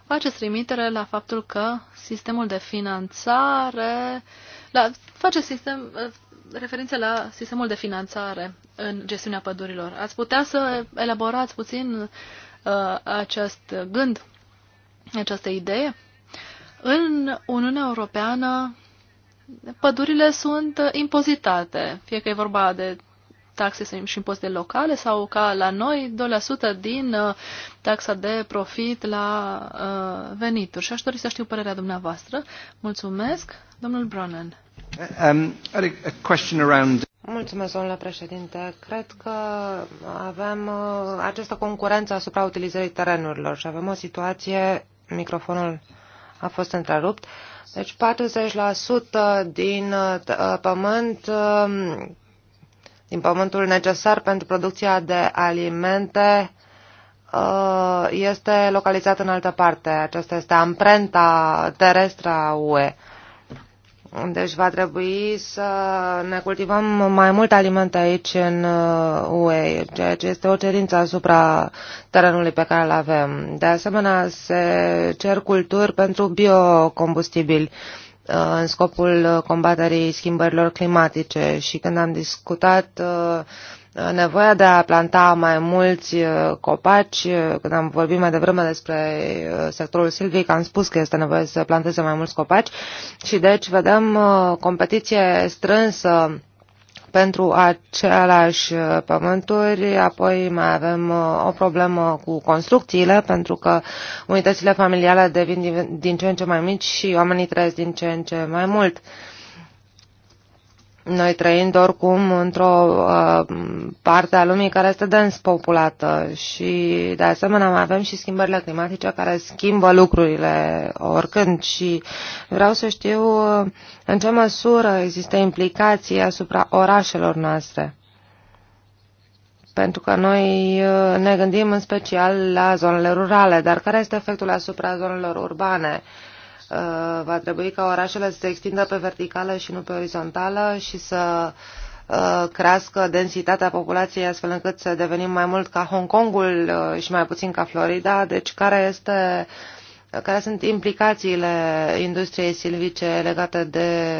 Faceți trimitere la faptul că sistemul de finanțare, la, face sistem, referință la sistemul de finanțare în gestiunea pădurilor. Ați putea să elaborați puțin uh, acest gând, această idee? În Uniunea Europeană pădurile sunt uh, impozitate, fie că e vorba de taxe și impozite locale sau ca la noi 2% din uh, taxa de profit la uh, venituri. Și aș dori să știu părerea dumneavoastră. Mulțumesc, domnul Bronen. Um, Mulțumesc, domnule președinte. Cred că avem această concurență asupra utilizării terenurilor și avem o situație, microfonul a fost întrerupt, uh, deci 40% din uh, pământ, um, din pământul necesar pentru producția de alimente uh, este localizat în altă parte. Aceasta este amprenta terestră a UE. Deci va trebui să ne cultivăm mai mult aliment aici în UE, uh, ceea ce este o cerință asupra terenului pe care îl avem. De asemenea, se cer culturi pentru biocombustibili Uh, în scopul uh, combaterii schimbărilor climatice și când am discutat uh, nevoia de a planta mai mulți copaci, când am vorbit mai devreme despre sectorul silvic, am spus că este nevoie să planteze mai mulți copaci și deci vedem competiție strânsă pentru aceleași uh, pământuri, apoi mai avem uh, o problemă cu construcțiile, pentru că unitățile familiale devin din ce în ce mai mici și oamenii trăiesc din ce în ce mai mult. Noi trăind oricum într-o uh, parte a lumii care este dens populată și de asemenea mai avem și schimbările climatice care schimbă lucrurile oricând și vreau să știu uh, în ce măsură există implicații asupra orașelor noastre. Pentru că noi uh, ne gândim în special la zonele rurale, dar care este efectul asupra zonelor urbane? Uh, Uh, va trebui ca orașele să se extindă pe verticală și nu pe orizontală și să uh, crească densitatea populației astfel încât să devenim mai mult ca Hong Kongul uh, și mai puțin ca Florida. Deci care este care sunt implicațiile industriei silvice legate de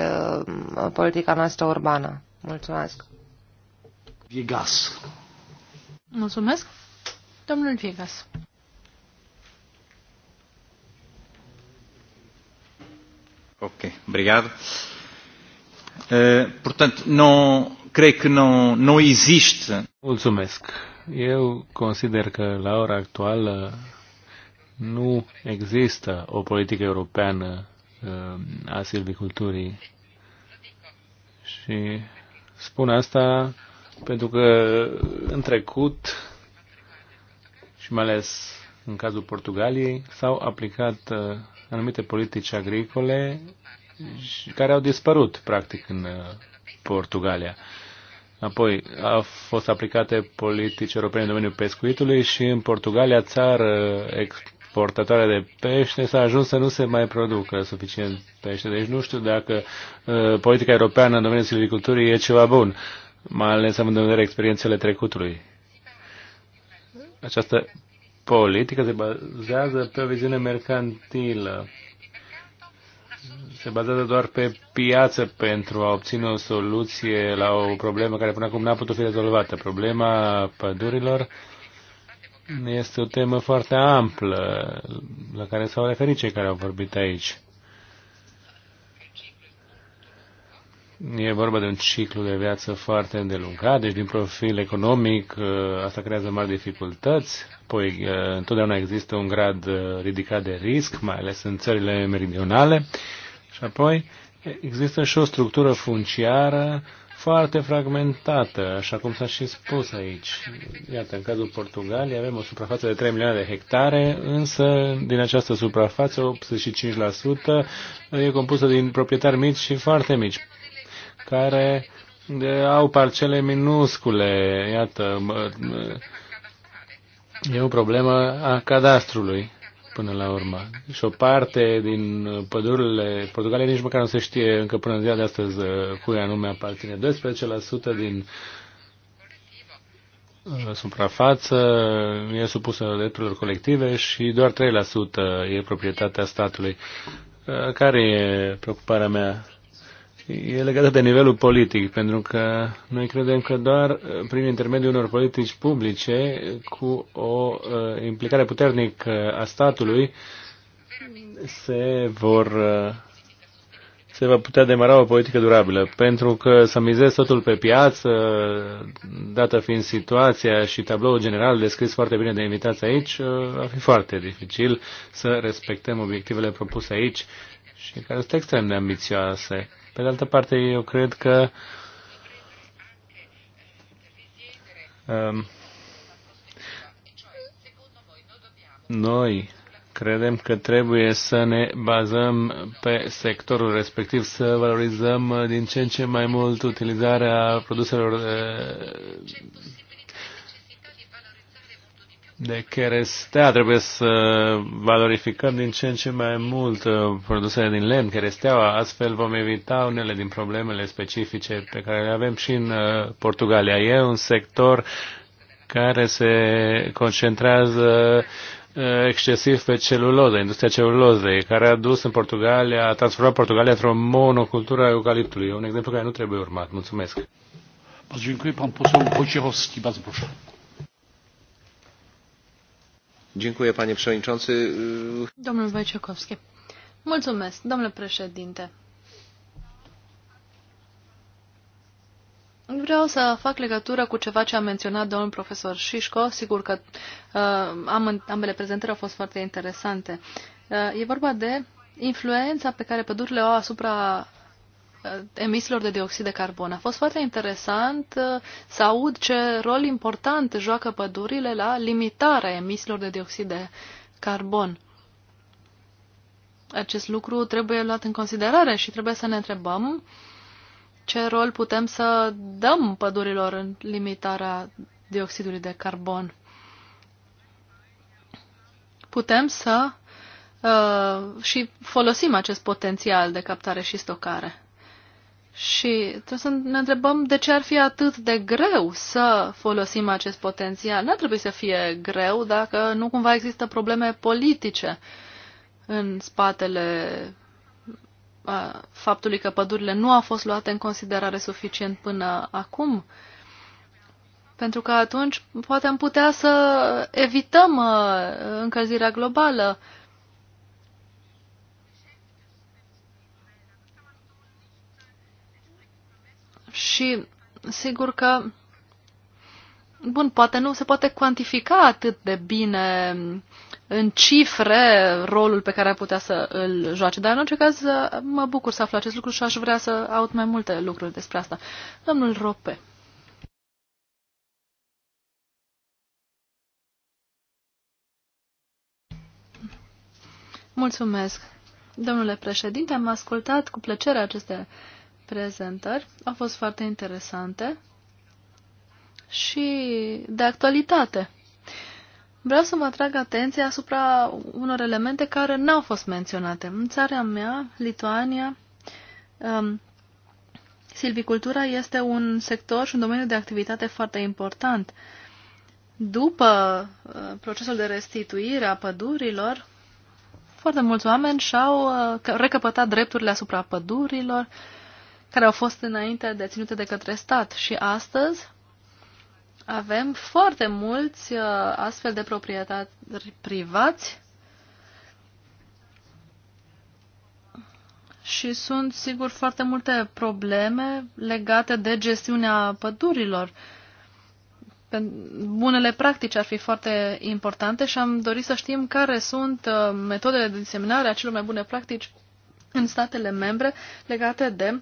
politica noastră urbană? Mulțumesc. Vigas. Mulțumesc. Domnul Vigas. Ok, obrigado. Uh, portanto, não, creio que não, não existe. Mulțumesc. Eu consider că la ora actuală nu există o politică europeană eh, a silviculturii. Și spun asta pentru că în trecut și mai ales în cazul Portugaliei s-au aplicat eh, anumite politici agricole care au dispărut, practic, în uh, Portugalia. Apoi au fost aplicate politici europene în domeniul pescuitului și în Portugalia, țară exportatoare de pește, s-a ajuns să nu se mai producă suficient pește. Deci nu știu dacă uh, politica europeană în domeniul silviculturii e ceva bun, mai ales în vedere experiențele trecutului. Această politică se bazează pe o viziune mercantilă. Se bazează doar pe piață pentru a obține o soluție la o problemă care până acum n-a putut fi rezolvată. Problema pădurilor este o temă foarte amplă la care s-au referit cei care au vorbit aici. E vorba de un ciclu de viață foarte îndelungat, deci din profil economic uh, asta creează mari dificultăți, apoi uh, întotdeauna există un grad uh, ridicat de risc, mai ales în țările meridionale, și apoi există și o structură funciară foarte fragmentată, așa cum s-a și spus aici. Iată, în cazul Portugaliei avem o suprafață de 3 milioane de hectare, însă din această suprafață 85% e compusă din proprietari mici și foarte mici care au parcele minuscule. Iată, e o problemă a cadastrului până la urmă. Și o parte din pădurile Portugaliei nici măcar nu se știe încă până în ziua de astăzi uh, cui anume aparține. 12% din uh, suprafață e supusă drepturilor colective și doar 3% e proprietatea statului. Uh, care e preocuparea mea? e legată de nivelul politic, pentru că noi credem că doar uh, prin intermediul unor politici publice, cu o uh, implicare puternică a statului, se vor uh, se va putea demara o politică durabilă, pentru că să mizez totul pe piață, dată fiind situația și tabloul general descris foarte bine de invitați aici, va fi foarte dificil să respectăm obiectivele propuse aici și care sunt extrem de ambițioase. Pe de altă parte, eu cred că um, noi credem că trebuie să ne bazăm pe sectorul respectiv, să valorizăm uh, din ce în ce mai mult utilizarea produselor uh, de cherestea. Trebuie să valorificăm din ce în ce mai mult uh, produsele din lemn, cheresteaua, astfel vom evita unele din problemele specifice pe care le avem și în uh, Portugalia. E un sector care se concentrează uh, excesiv pe celuloză, industria celulozei, care a dus în Portugalia, a transformat Portugalia într-o monocultură a eucaliptului. E un exemplu care nu trebuie urmat. Mulțumesc. Mulțumesc, pan poseł Wojciechowski. Bardzo proszę. Domnul Wojciechowski. Mulțumesc, domnule președinte. Vreau să fac legătură cu ceva ce a menționat domnul profesor Șișco. Sigur că uh, am, ambele prezentări au fost foarte interesante. Uh, e vorba de influența pe care pădurile o au asupra Uh, emisiilor de dioxid de carbon. A fost foarte interesant uh, să aud ce rol important joacă pădurile la limitarea emisiilor de dioxid de carbon. Acest lucru trebuie luat în considerare și trebuie să ne întrebăm ce rol putem să dăm pădurilor în limitarea dioxidului de carbon. Putem să uh, și folosim acest potențial de captare și stocare. Și trebuie să ne întrebăm de ce ar fi atât de greu să folosim acest potențial. Nu ar trebui să fie greu dacă nu cumva există probleme politice în spatele a, faptului că pădurile nu au fost luate în considerare suficient până acum. Pentru că atunci poate am putea să evităm încălzirea globală. și sigur că, bun, poate nu se poate cuantifica atât de bine în cifre rolul pe care ar putea să îl joace, dar în orice caz mă bucur să aflu acest lucru și aș vrea să aud mai multe lucruri despre asta. Domnul Rope. Mulțumesc. Domnule președinte, am ascultat cu plăcere aceste prezentări. Au fost foarte interesante și de actualitate. Vreau să mă atrag atenția asupra unor elemente care n-au fost menționate. În țara mea, Lituania, um, silvicultura este un sector și un domeniu de activitate foarte important. După uh, procesul de restituire a pădurilor, foarte mulți oameni și-au uh, recăpătat drepturile asupra pădurilor, uh, care au fost înainte deținute de către stat și astăzi avem foarte mulți uh, astfel de proprietari privați și sunt, sigur, foarte multe probleme legate de gestiunea pădurilor. Bunele practici ar fi foarte importante și am dorit să știm care sunt uh, metodele de diseminare a celor mai bune practici în statele membre legate de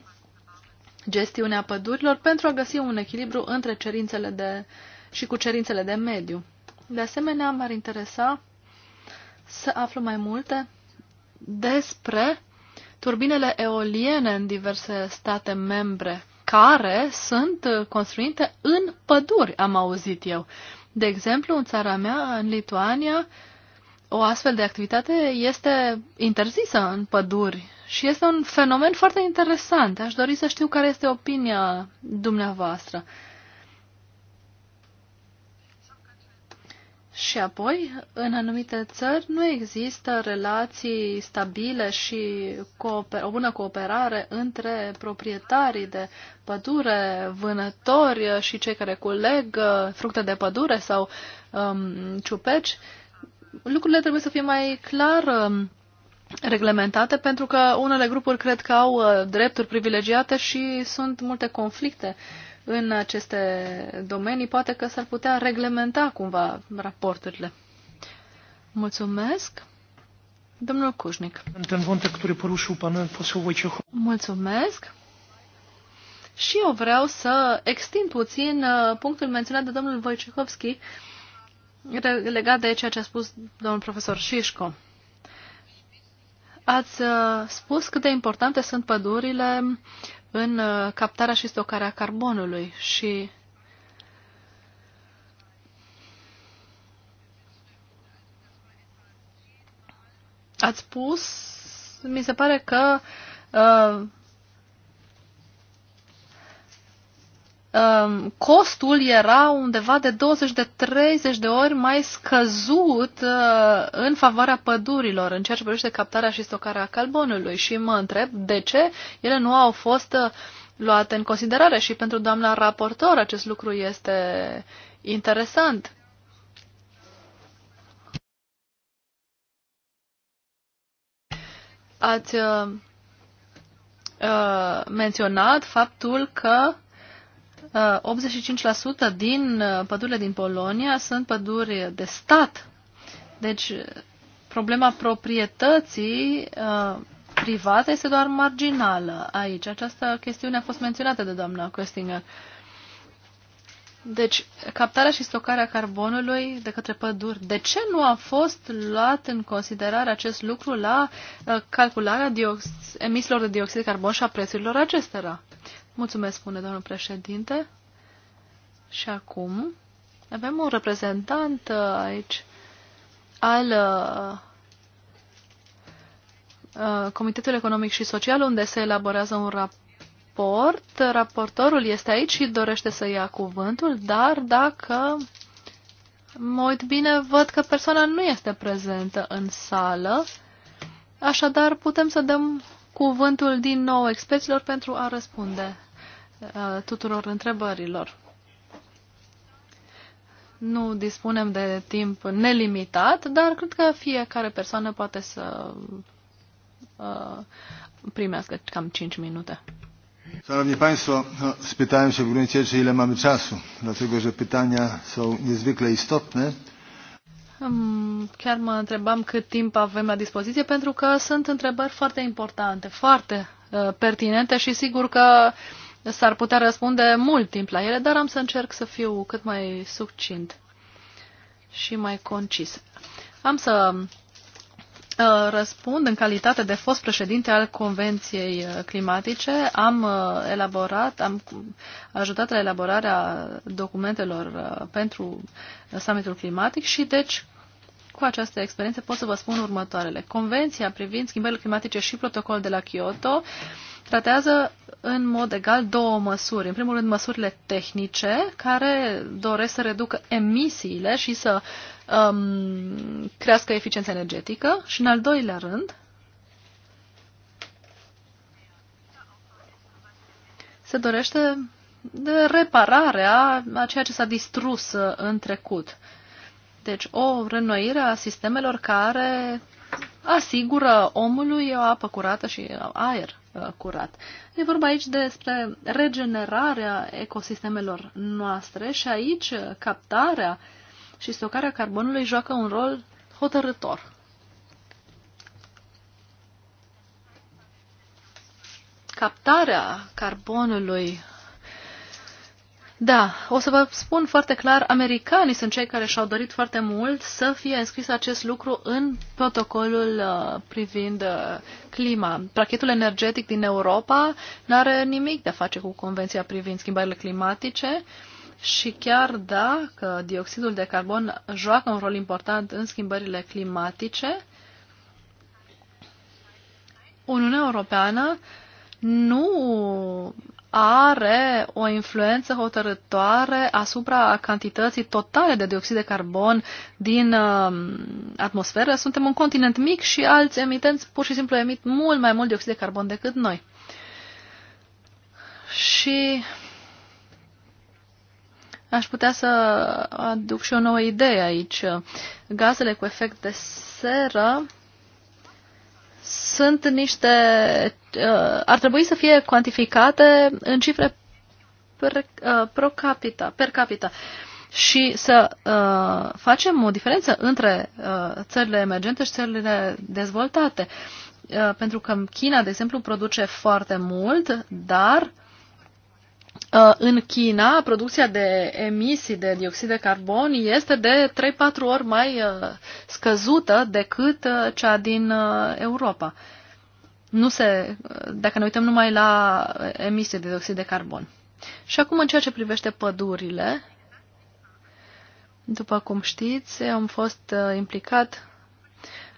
gestiunea pădurilor pentru a găsi un echilibru între cerințele de, și cu cerințele de mediu. De asemenea, m-ar interesa să aflu mai multe despre turbinele eoliene în diverse state membre care sunt construite în păduri, am auzit eu. De exemplu, în țara mea, în Lituania, o astfel de activitate este interzisă în păduri și este un fenomen foarte interesant. Aș dori să știu care este opinia dumneavoastră. Și apoi, în anumite țări nu există relații stabile și o bună cooperare între proprietarii de pădure, vânători și cei care culeg uh, fructe de pădure sau um, ciupeci. Lucrurile trebuie să fie mai clar um, reglementate pentru că unele grupuri cred că au uh, drepturi privilegiate și sunt multe conflicte în aceste domenii. Poate că s-ar putea reglementa cumva raporturile. Mulțumesc. Domnul Cușnic. Mulțumesc. Și eu vreau să extind puțin uh, punctul menționat de domnul Wojciechowski legat de ceea ce a spus domnul profesor Șișco. Ați uh, spus cât de importante sunt pădurile în uh, captarea și stocarea carbonului și ați spus, mi se pare că uh, Um, costul era undeva de 20 de 30 de ori mai scăzut uh, în favoarea pădurilor în ceea ce privește captarea și stocarea carbonului și mă întreb de ce ele nu au fost uh, luate în considerare și pentru doamna raportor acest lucru este interesant. Ați uh, uh menționat faptul că uh, 85% uh, din uh, pădurile din Polonia sunt păduri de stat. Deci uh, problema proprietății private este doar marginală aici. Această chestiune a fost menționată de doamna Köstinger. Deci, captarea și stocarea carbonului de către păduri. De ce nu a fost luat în considerare acest lucru la calcularea emisiilor de dioxid de carbon și a prețurilor acestora? Mulțumesc, spune domnul președinte. Și acum avem un reprezentant uh, aici al uh, uh, Comitetul Economic și Social, unde se elaborează un raport. Raportorul este aici și dorește să ia cuvântul, dar dacă mă uit bine, văd că persoana nu este prezentă în sală, așadar putem să dăm cuvântul din nou experților pentru a răspunde uh, tuturor întrebărilor. Nu dispunem de timp nelimitat, dar cred că fiecare persoană poate să uh, primească cam 5 minute. Szanowni Państwo, spytałem się w gruncie czy ile mamy czasu, dlatego że pytania są niezwykle istotne. Chiar mă întrebam cât timp avem la dispoziție, pentru că sunt întrebări foarte importante, foarte uh, pertinente și sigur că s-ar putea răspunde mult timp la ele, dar am să încerc să fiu cât mai succint și mai concis. Am să Uh, răspund în calitate de fost președinte al Convenției uh, Climatice. Am uh, elaborat, am ajutat la elaborarea documentelor pentru summitul climatic și deci cu această experiență pot să vă spun următoarele. Convenția privind schimbările climatice și protocolul de la Kyoto tratează în mod egal două măsuri. În primul rând, măsurile tehnice, care doresc să reducă emisiile și să uh, um, crească eficiența energetică și, în al doilea rând, se dorește de repararea a ceea ce s-a distrus uh, în trecut. Deci o renoire a sistemelor care asigură omului o apă curată și aer uh, curat. E vorba aici despre regenerarea ecosistemelor noastre și aici captarea uh, și stocarea carbonului joacă un rol hotărător. Captarea carbonului da, o să vă spun foarte clar, americanii sunt cei care și-au dorit foarte mult să fie înscris acest lucru în protocolul uh, privind uh, clima. Prachetul energetic din Europa nu are nimic de a face cu Convenția privind schimbările climatice. Uh, și chiar dacă dioxidul de carbon joacă un rol important în schimbările climatice, Uniunea Europeană nu are o influență hotărătoare asupra cantității totale de dioxid de carbon din uh, atmosferă. Suntem un continent mic și alți emitenți pur și simplu emit mult mai mult dioxid de carbon decât noi. Și Aș putea să aduc și o nouă idee aici. Gazele cu efect de seră sunt niște. Uh, ar trebui să fie cuantificate în cifre per, uh, pro capita, per capita și să uh, facem o diferență între țările emergente și țările dezvoltate. pentru că China, de exemplu, produce foarte mult, dar uh, Uh, în China, producția de emisii de dioxid de carbon este de 3-4 ori mai uh, scăzută decât uh, cea din Europa. Nu se, dacă ne uităm numai la emisii de dioxid de carbon. Și acum, în ceea ce privește pădurile, după cum știți, am fost implicat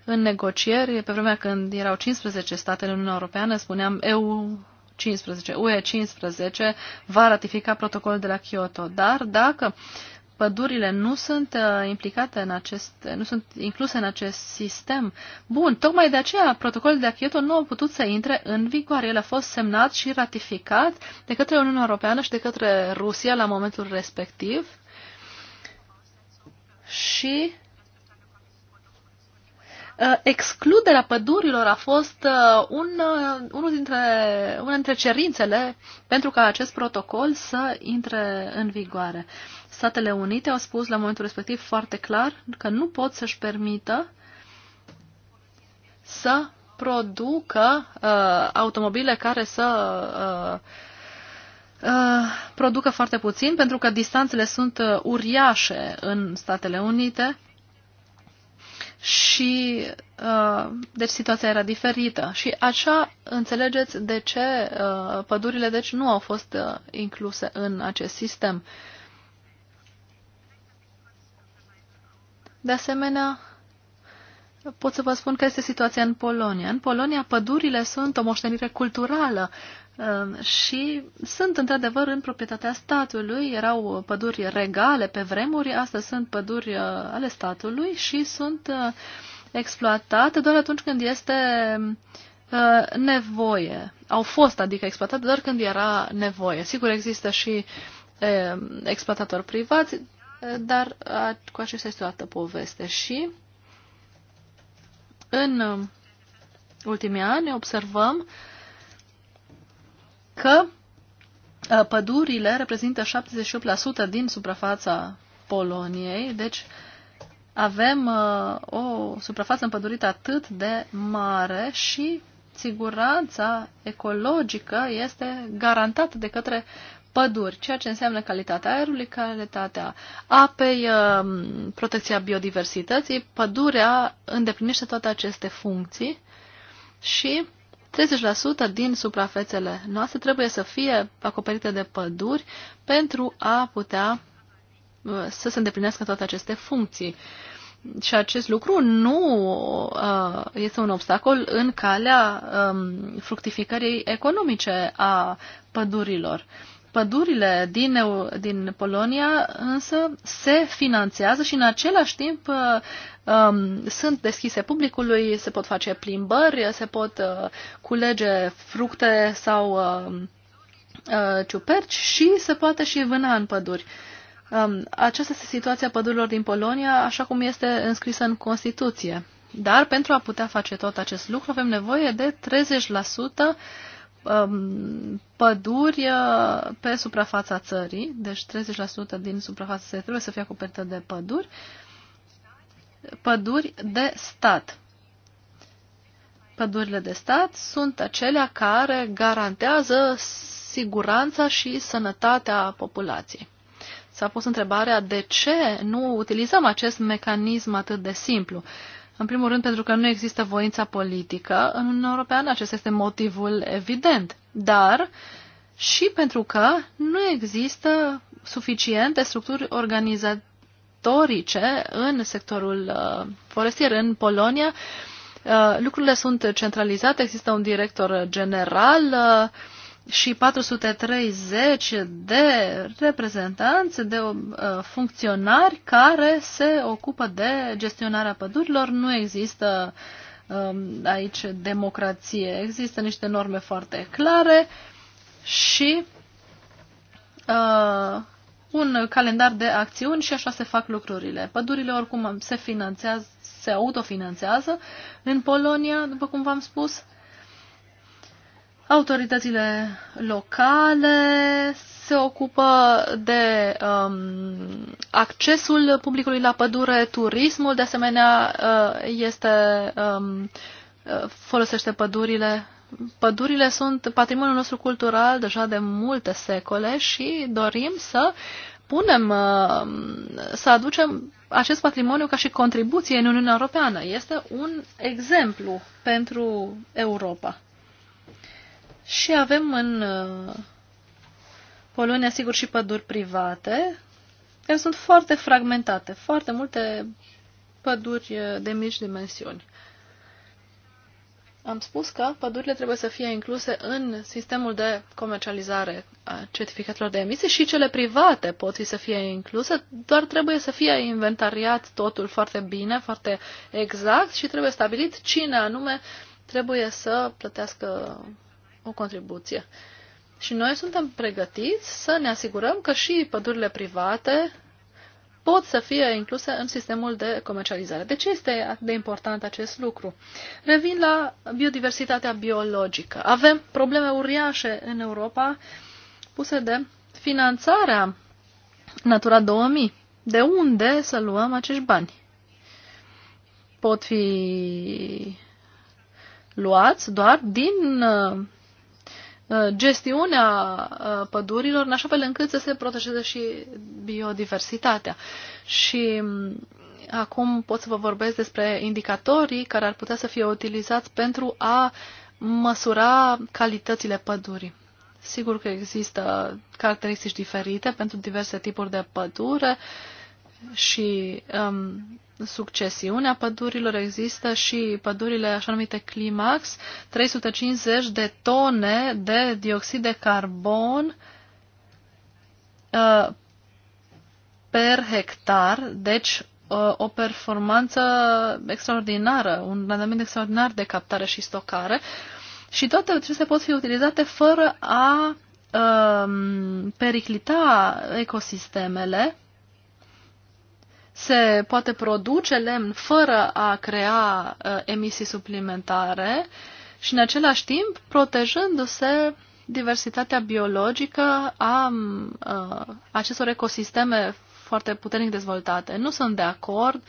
în negocieri. Pe vremea când erau 15 state în Uniunea Europeană, spuneam eu 15, UE 15 va ratifica protocolul de la Kyoto, dar dacă pădurile nu sunt uh, implicate în acest, nu sunt incluse în acest sistem. Bun, tocmai de aceea protocolul de la Kyoto nu a putut să intre în vigoare. El a fost semnat și ratificat de către Uniunea Europeană și de către Rusia la momentul respectiv. Și Uh, excluderea pădurilor a fost uh, un, uh, unul dintre, una dintre cerințele pentru ca acest protocol să intre în vigoare. Statele Unite au spus la momentul respectiv foarte clar că nu pot să-și permită să producă uh, automobile care să uh, producă foarte puțin, pentru că distanțele sunt uriașe în Statele Unite și uh, deci situația era diferită. Și așa înțelegeți de ce uh, pădurile deci nu au fost uh, incluse în acest sistem. De asemenea, pot să vă spun că este situația în Polonia. În Polonia, pădurile sunt o moștenire culturală Ehm, și sunt într-adevăr în proprietatea statului, erau păduri regale pe vremuri, astăzi sunt păduri eh, ale statului și sunt eh, exploatate doar atunci când este eh, nevoie. Au fost, adică, exploatate doar când era nevoie. Sigur, există și exploatatori privați, dar cu aceasta este o altă poveste. Și în ultimii ani observăm uh, că ă, pădurile reprezintă 78% din suprafața Poloniei, deci avem ă, o suprafață împădurită atât de mare și siguranța ecologică este garantată de către păduri, ceea ce înseamnă calitatea aerului, calitatea apei, ă, protecția biodiversității. Pădurea îndeplinește toate aceste funcții și 30% din suprafețele noastre trebuie să fie acoperite de păduri pentru a putea uh, să se îndeplinească toate aceste funcții. Și acest lucru nu uh, este un obstacol în calea um, fructificării economice a pădurilor. Pădurile din, din Polonia însă se finanțează și în același timp uh, um, sunt deschise publicului, se pot face plimbări, se pot uh, culege fructe sau uh, uh, ciuperci și se poate și vâna în păduri. Um, aceasta este situația pădurilor din Polonia, așa cum este înscrisă în Constituție. Dar pentru a putea face tot acest lucru avem nevoie de 30% Um, păduri uh, pe suprafața țării, deci 30% din suprafața țării trebuie să fie acoperită de păduri, păduri de stat. Pădurile de stat sunt acelea care garantează siguranța și sănătatea populației. S-a pus întrebarea de ce nu utilizăm acest mecanism atât de simplu. Uh, în primul rând pentru că nu există voința politică în Uniunea Europeană, acesta este motivul evident, dar și pentru că nu există suficiente structuri organizatorice în sectorul uh, forestier în Polonia. Uh, lucrurile sunt centralizate, există un director general, uh, și 430 de reprezentanți, de uh, funcționari care se ocupă de gestionarea pădurilor. Nu există um, aici democrație. Există niște norme foarte clare și uh, un calendar de acțiuni și așa se fac lucrurile. Pădurile oricum se finanțează, se autofinanțează în Polonia, după cum v-am spus, Autoritățile locale se ocupă de um, accesul publicului la pădure, turismul de asemenea uh, este, um, uh, folosește pădurile. Pădurile sunt patrimoniul nostru cultural deja de multe secole și dorim să punem, uh, să aducem acest patrimoniu ca și contribuție în Uniunea Europeană. Este un exemplu pentru Europa. Și avem în uh, Polonia, sigur, și păduri private, care sunt foarte fragmentate, foarte multe păduri uh, de mici dimensiuni. Am spus că pădurile trebuie să fie incluse în sistemul de comercializare a certificatelor de emisie și cele private pot fi să fie incluse, doar trebuie să fie inventariat totul foarte bine, foarte exact și trebuie stabilit cine anume trebuie să plătească o contribuție. Și noi suntem pregătiți să ne asigurăm că și pădurile private pot să fie incluse în sistemul de comercializare. De ce este de important acest lucru? Revin la biodiversitatea biologică. Avem probleme uriașe în Europa puse de finanțarea Natura 2000. De unde să luăm acești bani? Pot fi luați doar din uh, Uh, gestiunea uh, pădurilor în așa fel încât să se protejeze și biodiversitatea. Și mm, acum pot să vă vorbesc despre indicatorii care ar putea să fie utilizați pentru a măsura calitățile pădurii. Sigur că există caracteristici diferite pentru diverse tipuri de pădure și um, succesiunea pădurilor există și pădurile așa numite climax, 350 de tone de dioxid de carbon uh, per hectar, deci uh, o performanță extraordinară, un randament extraordinar de captare și stocare. Și toate acestea pot fi utilizate fără a um, periclita ecosistemele, se poate produce lemn fără a crea uh, emisii suplimentare și în același timp protejându-se diversitatea biologică a uh, acestor ecosisteme foarte puternic dezvoltate. Nu sunt de acord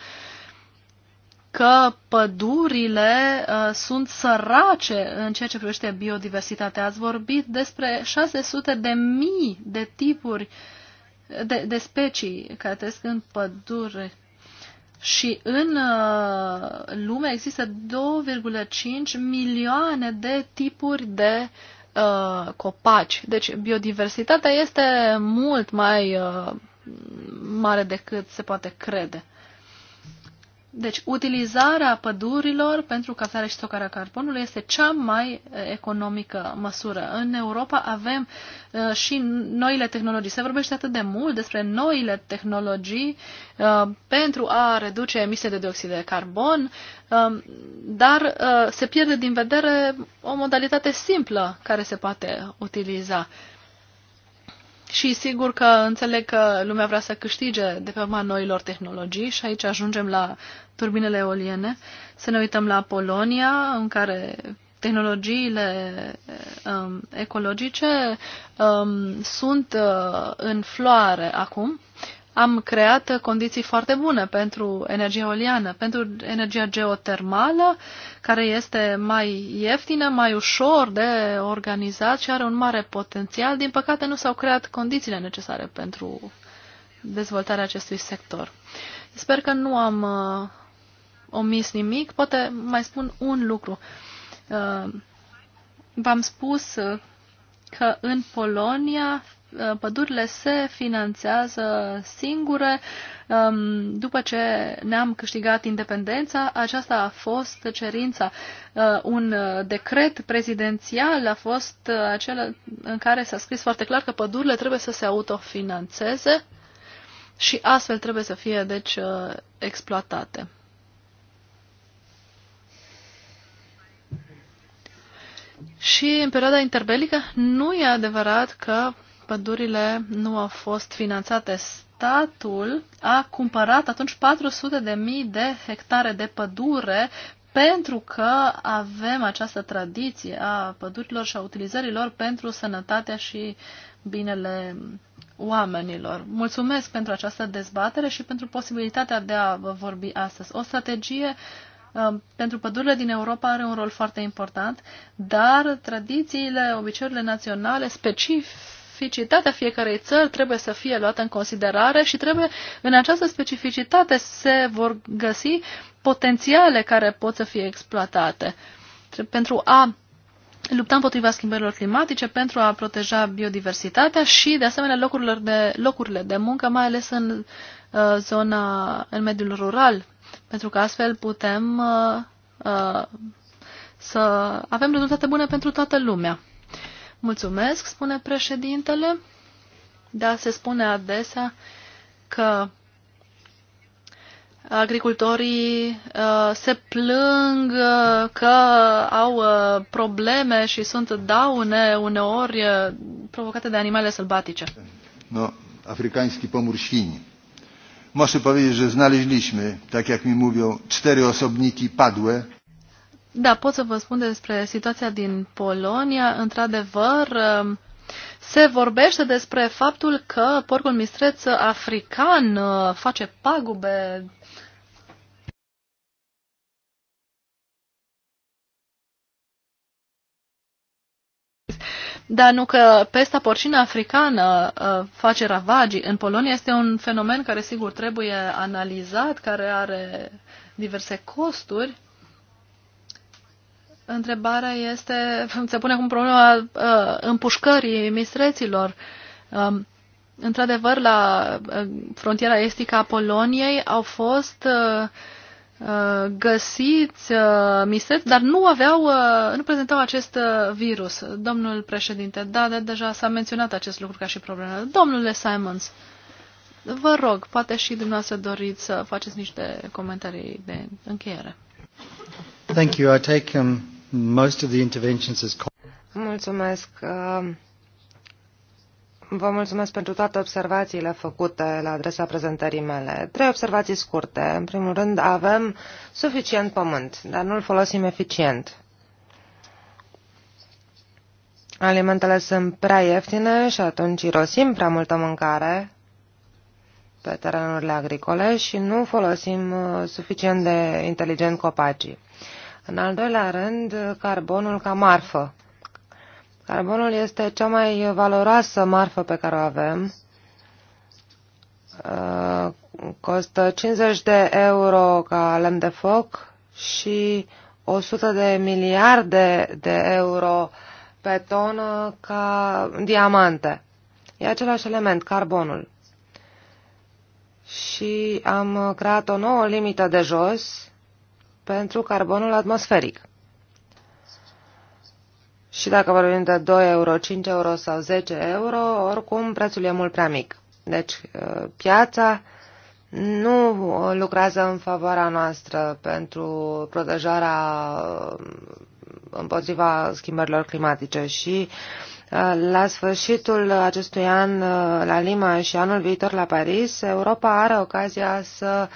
că pădurile uh, sunt sărace în ceea ce privește biodiversitatea. Ați vorbit despre 600 de mii de tipuri uh, de, de specii care trăiesc în pădure. Și în uh, lume există 2,5 milioane de tipuri de uh, copaci. Deci biodiversitatea este mult mai uh, mare decât se poate crede. Deci, utilizarea pădurilor pentru captare și stocarea carbonului este cea mai eh, economică măsură. În Europa avem uh, și noile tehnologii. Se vorbește atât de mult despre noile tehnologii uh, pentru a reduce emisiile de dioxid de carbon, uh, dar se pierde din vedere o modalitate simplă care se poate utiliza. Și sigur că înțeleg că lumea vrea să câștige de pe urma noilor tehnologii și aici ajungem la turbinele eoliene. Să ne uităm la Polonia, în care tehnologiile um, ecologice um, sunt uh, în floare acum am creat condiții foarte bune pentru energia eoliană, pentru energia geotermală, care este mai ieftină, mai ușor de organizat și are un mare potențial. Din păcate, nu s-au creat condițiile necesare pentru dezvoltarea acestui sector. Sper că nu am uh, omis nimic. Poate mai spun un lucru. Uh, v-am spus uh, că în Polonia Uh, pădurile se finanțează singure. Um, după ce ne-am câștigat independența, aceasta a fost cerința. Uh, un uh, decret prezidențial a fost acel în care s-a scris foarte clar că pădurile trebuie să se autofinanțeze și astfel trebuie să fie, deci, exploatate. Și în perioada interbelică nu e adevărat că pădurile nu au fost finanțate, statul a cumpărat atunci 400 de mii de hectare de pădure pentru că avem această tradiție a pădurilor și a utilizărilor pentru sănătatea și binele oamenilor. Mulțumesc pentru această dezbatere și pentru posibilitatea de a vă vorbi astăzi. O strategie um, pentru pădurile din Europa are un rol foarte important, dar tradițiile, obiceiurile naționale specifice specificitatea fiecarei țări trebuie să fie luată în considerare și trebuie în această specificitate se vor găsi potențiale care pot să fie exploatate pentru a lupta împotriva schimbărilor climatice, pentru a proteja biodiversitatea și, de asemenea, locurile de, locurile de muncă, mai ales în uh, zona, în mediul rural, pentru că astfel putem uh, uh, să avem rezultate bune pentru toată lumea. Mulțumesc, spune președintele. Da, se spune adesea că agricultorii uh, se plâng uh, că au uh, probleme și sunt daune uneori uh, provocate de animale sălbatice. No, pomurșini. pomorświni. Muszę powiedzieć, că znaleźliśmy, tak jak mi mówią, cztery osobniki padłe. Da, pot să vă spun despre situația din Polonia. Într-adevăr, um, se vorbește despre faptul că porcul mistreț african uh, face pagube Dar nu că pesta porcină africană uh, face ravagii în Polonia este un fenomen care sigur trebuie analizat, care are diverse costuri. Întrebarea este, se pune acum problema uh, împușcării mistreților. Um, Într-adevăr, la uh, frontiera estică a Poloniei au fost uh, uh, găsiți uh, mistreți, dar nu aveau, uh, nu prezentau acest uh, virus. Domnul președinte, da, de, deja s-a menționat acest lucru ca și problemă. Domnule Simons, vă rog, poate și dumneavoastră doriți să faceți niște comentarii de încheiere. Thank you. I take um, Most of the interventions as Mulțumesc. Uh, vă mulțumesc pentru toate observațiile făcute la adresa prezentării mele. Trei observații scurte. În primul rând, avem suficient pământ, dar nu-l folosim eficient. Alimentele sunt prea ieftine și atunci irosim prea multă mâncare pe terenurile agricole și nu folosim uh, suficient de inteligent copacii. În al doilea rând, carbonul ca marfă. Carbonul este cea mai valoroasă marfă pe care o avem. Uh, costă 50 de euro ca lemn de foc și 100 de miliarde de euro pe tonă ca diamante. E același element, carbonul. Și am creat o nouă limită de jos pentru carbonul atmosferic. Și dacă vorbim de 2 euro, 5 euro sau 10 euro, oricum prețul e mult prea mic. Deci uh, piața nu lucrează în favoarea noastră pentru protejarea uh, împotriva schimbărilor climatice și uh, la sfârșitul acestui an la Lima și anul viitor la Paris, Europa are ocazia să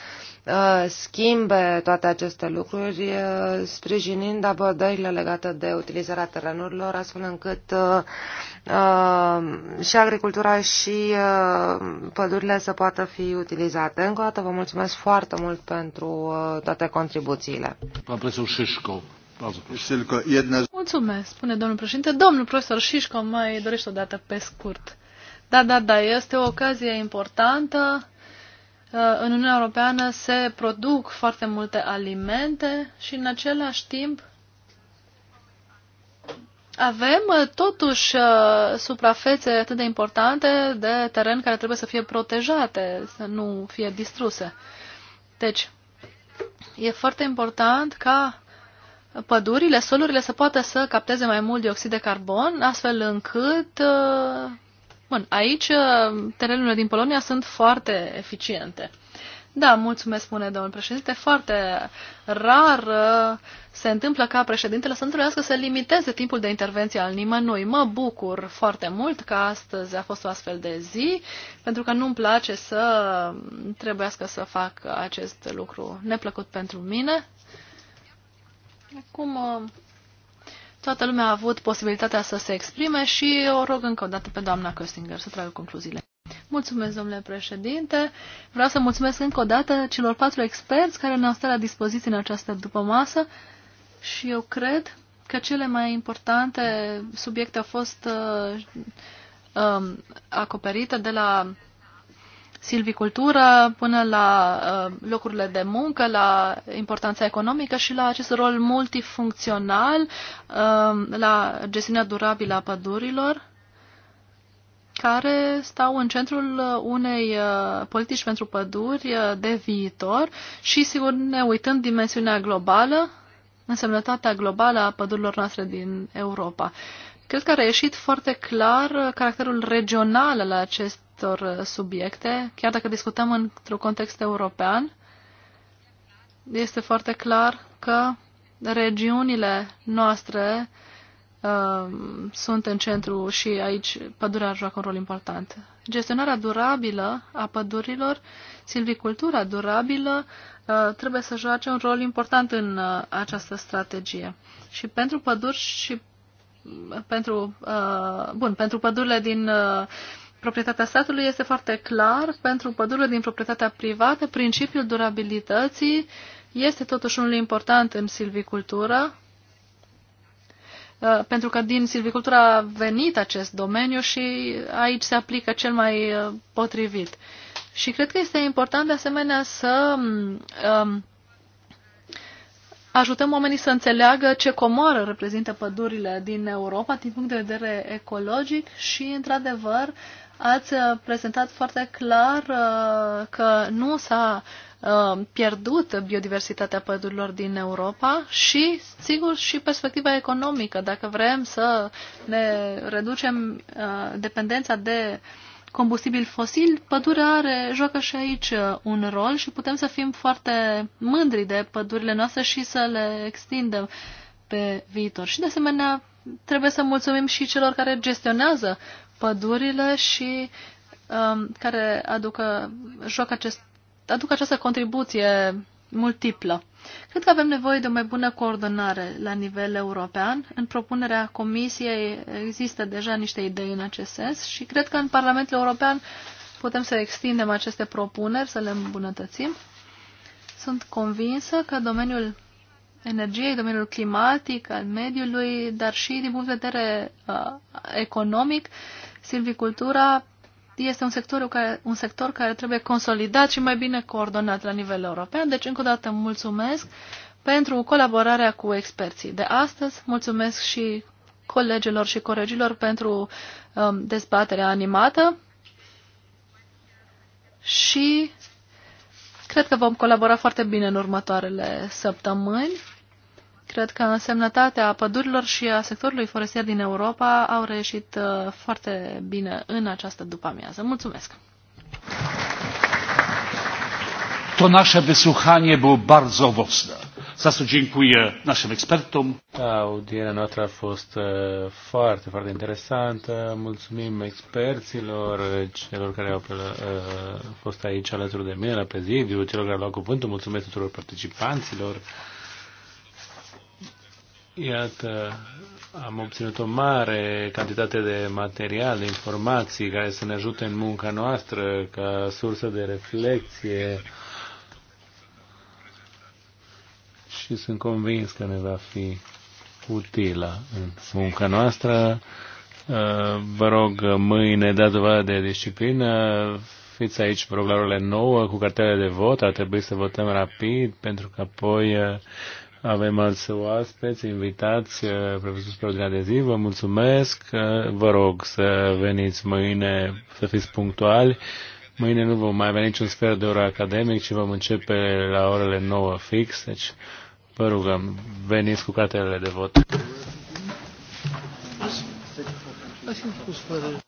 Uh, schimbe toate aceste lucruri, uh, sprijinind abordările legate de utilizarea terenurilor, astfel încât uh, și agricultura și pădurile să poată fi utilizate. Încă o dată vă mulțumesc foarte mult pentru toate contribuțiile. Mulțumesc, spune domnul președinte. Domnul profesor Șișco mai dorește o dată pe scurt. Da, da, da, este o ocazie importantă Uh, în Uniunea Europeană se produc foarte multe alimente și în același timp avem uh, totuși uh, suprafețe atât de importante de teren care trebuie să fie protejate, să nu fie distruse. Deci, e foarte important ca pădurile, solurile să poată să capteze mai mult dioxid de carbon, astfel încât Bun, aici uh, terenurile din Polonia sunt foarte eficiente. Da, mulțumesc, spune domnul președinte. Foarte rar uh, se întâmplă ca președintele să întâlnească să limiteze timpul de intervenție al nimănui. Mă bucur foarte mult că astăzi a fost o astfel de zi, pentru că nu-mi place să trebuiască să fac acest lucru neplăcut pentru mine. Acum uh, Toată lumea a avut posibilitatea să se exprime și o rog încă o dată pe doamna Köstinger să tragă concluziile. Mulțumesc, domnule președinte. Vreau să mulțumesc încă o dată celor patru experți care ne-au stat la dispoziție în această dupămasă și eu cred că cele mai importante subiecte au fost uh, um, acoperite de la silvicultură până la uh, locurile de muncă, la importanța economică și la acest rol multifuncțional, uh, la gestiunea durabilă a pădurilor, care stau în centrul unei uh, politici pentru păduri de viitor și, sigur, ne uitând dimensiunea globală, însemnătatea globală a pădurilor noastre din Europa. Cred că a reieșit foarte clar caracterul regional al, acest, acestor uh, subiecte, chiar dacă discutăm într-un context european, este foarte clar că regiunile noastre uh, sunt în centru și aici pădurea joacă un rol important. Gestionarea durabilă a pădurilor, silvicultura durabilă, uh, trebuie să joace un rol important în uh, această strategie. Și pentru păduri și uh, pentru, uh, bun, pentru pădurile din uh, proprietatea statului este foarte clar. Pentru pădurile din proprietatea privată, principiul durabilității este totuși unul important în silvicultură, uh, pentru că din silvicultură a venit acest domeniu și aici se aplică cel mai uh, potrivit. Și cred că este important de asemenea să um, ajutăm oamenii să înțeleagă ce comoară reprezintă pădurile din Europa din punct de vedere ecologic și, într-adevăr, ați uh, prezentat foarte clar uh, că nu s-a uh, pierdut biodiversitatea pădurilor din Europa și, sigur, și perspectiva economică. Dacă vrem să ne reducem dependența de combustibil fosil, pădurea are, joacă și aici un rol și putem să fim foarte mândri de pădurile noastre și să le extindem pe viitor. Și, de asemenea, trebuie să mulțumim și celor care gestionează pădurile și um, care aducă, joacă acest, aducă această contribuție multiplă. Cred că avem nevoie de o mai bună coordonare la nivel european. În propunerea Comisiei există deja niște idei în acest sens și cred că în Parlamentul European putem să extindem aceste propuneri, să le îmbunătățim. Sunt convinsă că domeniul energiei, domeniul climatic, al mediului, dar și din punct de vedere uh, economic, uh, Silvicultura este un sector, care, un sector care trebuie consolidat și mai bine coordonat la nivel european. Deci, încă o dată, mulțumesc pentru colaborarea cu experții de astăzi. Mulțumesc și colegilor și colegilor pentru um, dezbaterea animată și cred că vom colabora foarte bine în următoarele săptămâni. Cred că însemnătatea pădurilor și a sectorului forestier din Europa au reușit uh, foarte bine în această după-amiază. Mulțumesc! To nasze wysłuchanie było bardzo owocne. Za co dziękuję naszym ekspertom. Audierea noastră a fost foarte, foarte interesantă. Mulțumim eksperților, celor care au fost aici alături de mine la prezidiu, celor care au luat cuvântul. Mulțumesc tuturor participanților. Iată, am obținut o mare cantitate de material, de informații care să ne ajute în munca noastră ca sursă de reflexie și sunt convins că ne va fi utilă în munca noastră. Uh, vă rog, mâine dați dovadă de disciplină, fiți aici, vă rog, la orele 9 cu cartele de vot, ar trebui să votăm rapid pentru că apoi uh, avem alți oaspeți, invitați, uh, profesor spre de zi. Vă mulțumesc. Uh, vă rog să veniți mâine, să fiți punctuali. Mâine nu vom mai avea niciun sfert de oră academic, ci vom începe la orele 9 fix. Deci vă rugăm, veniți cu cartelele de vot. Așa,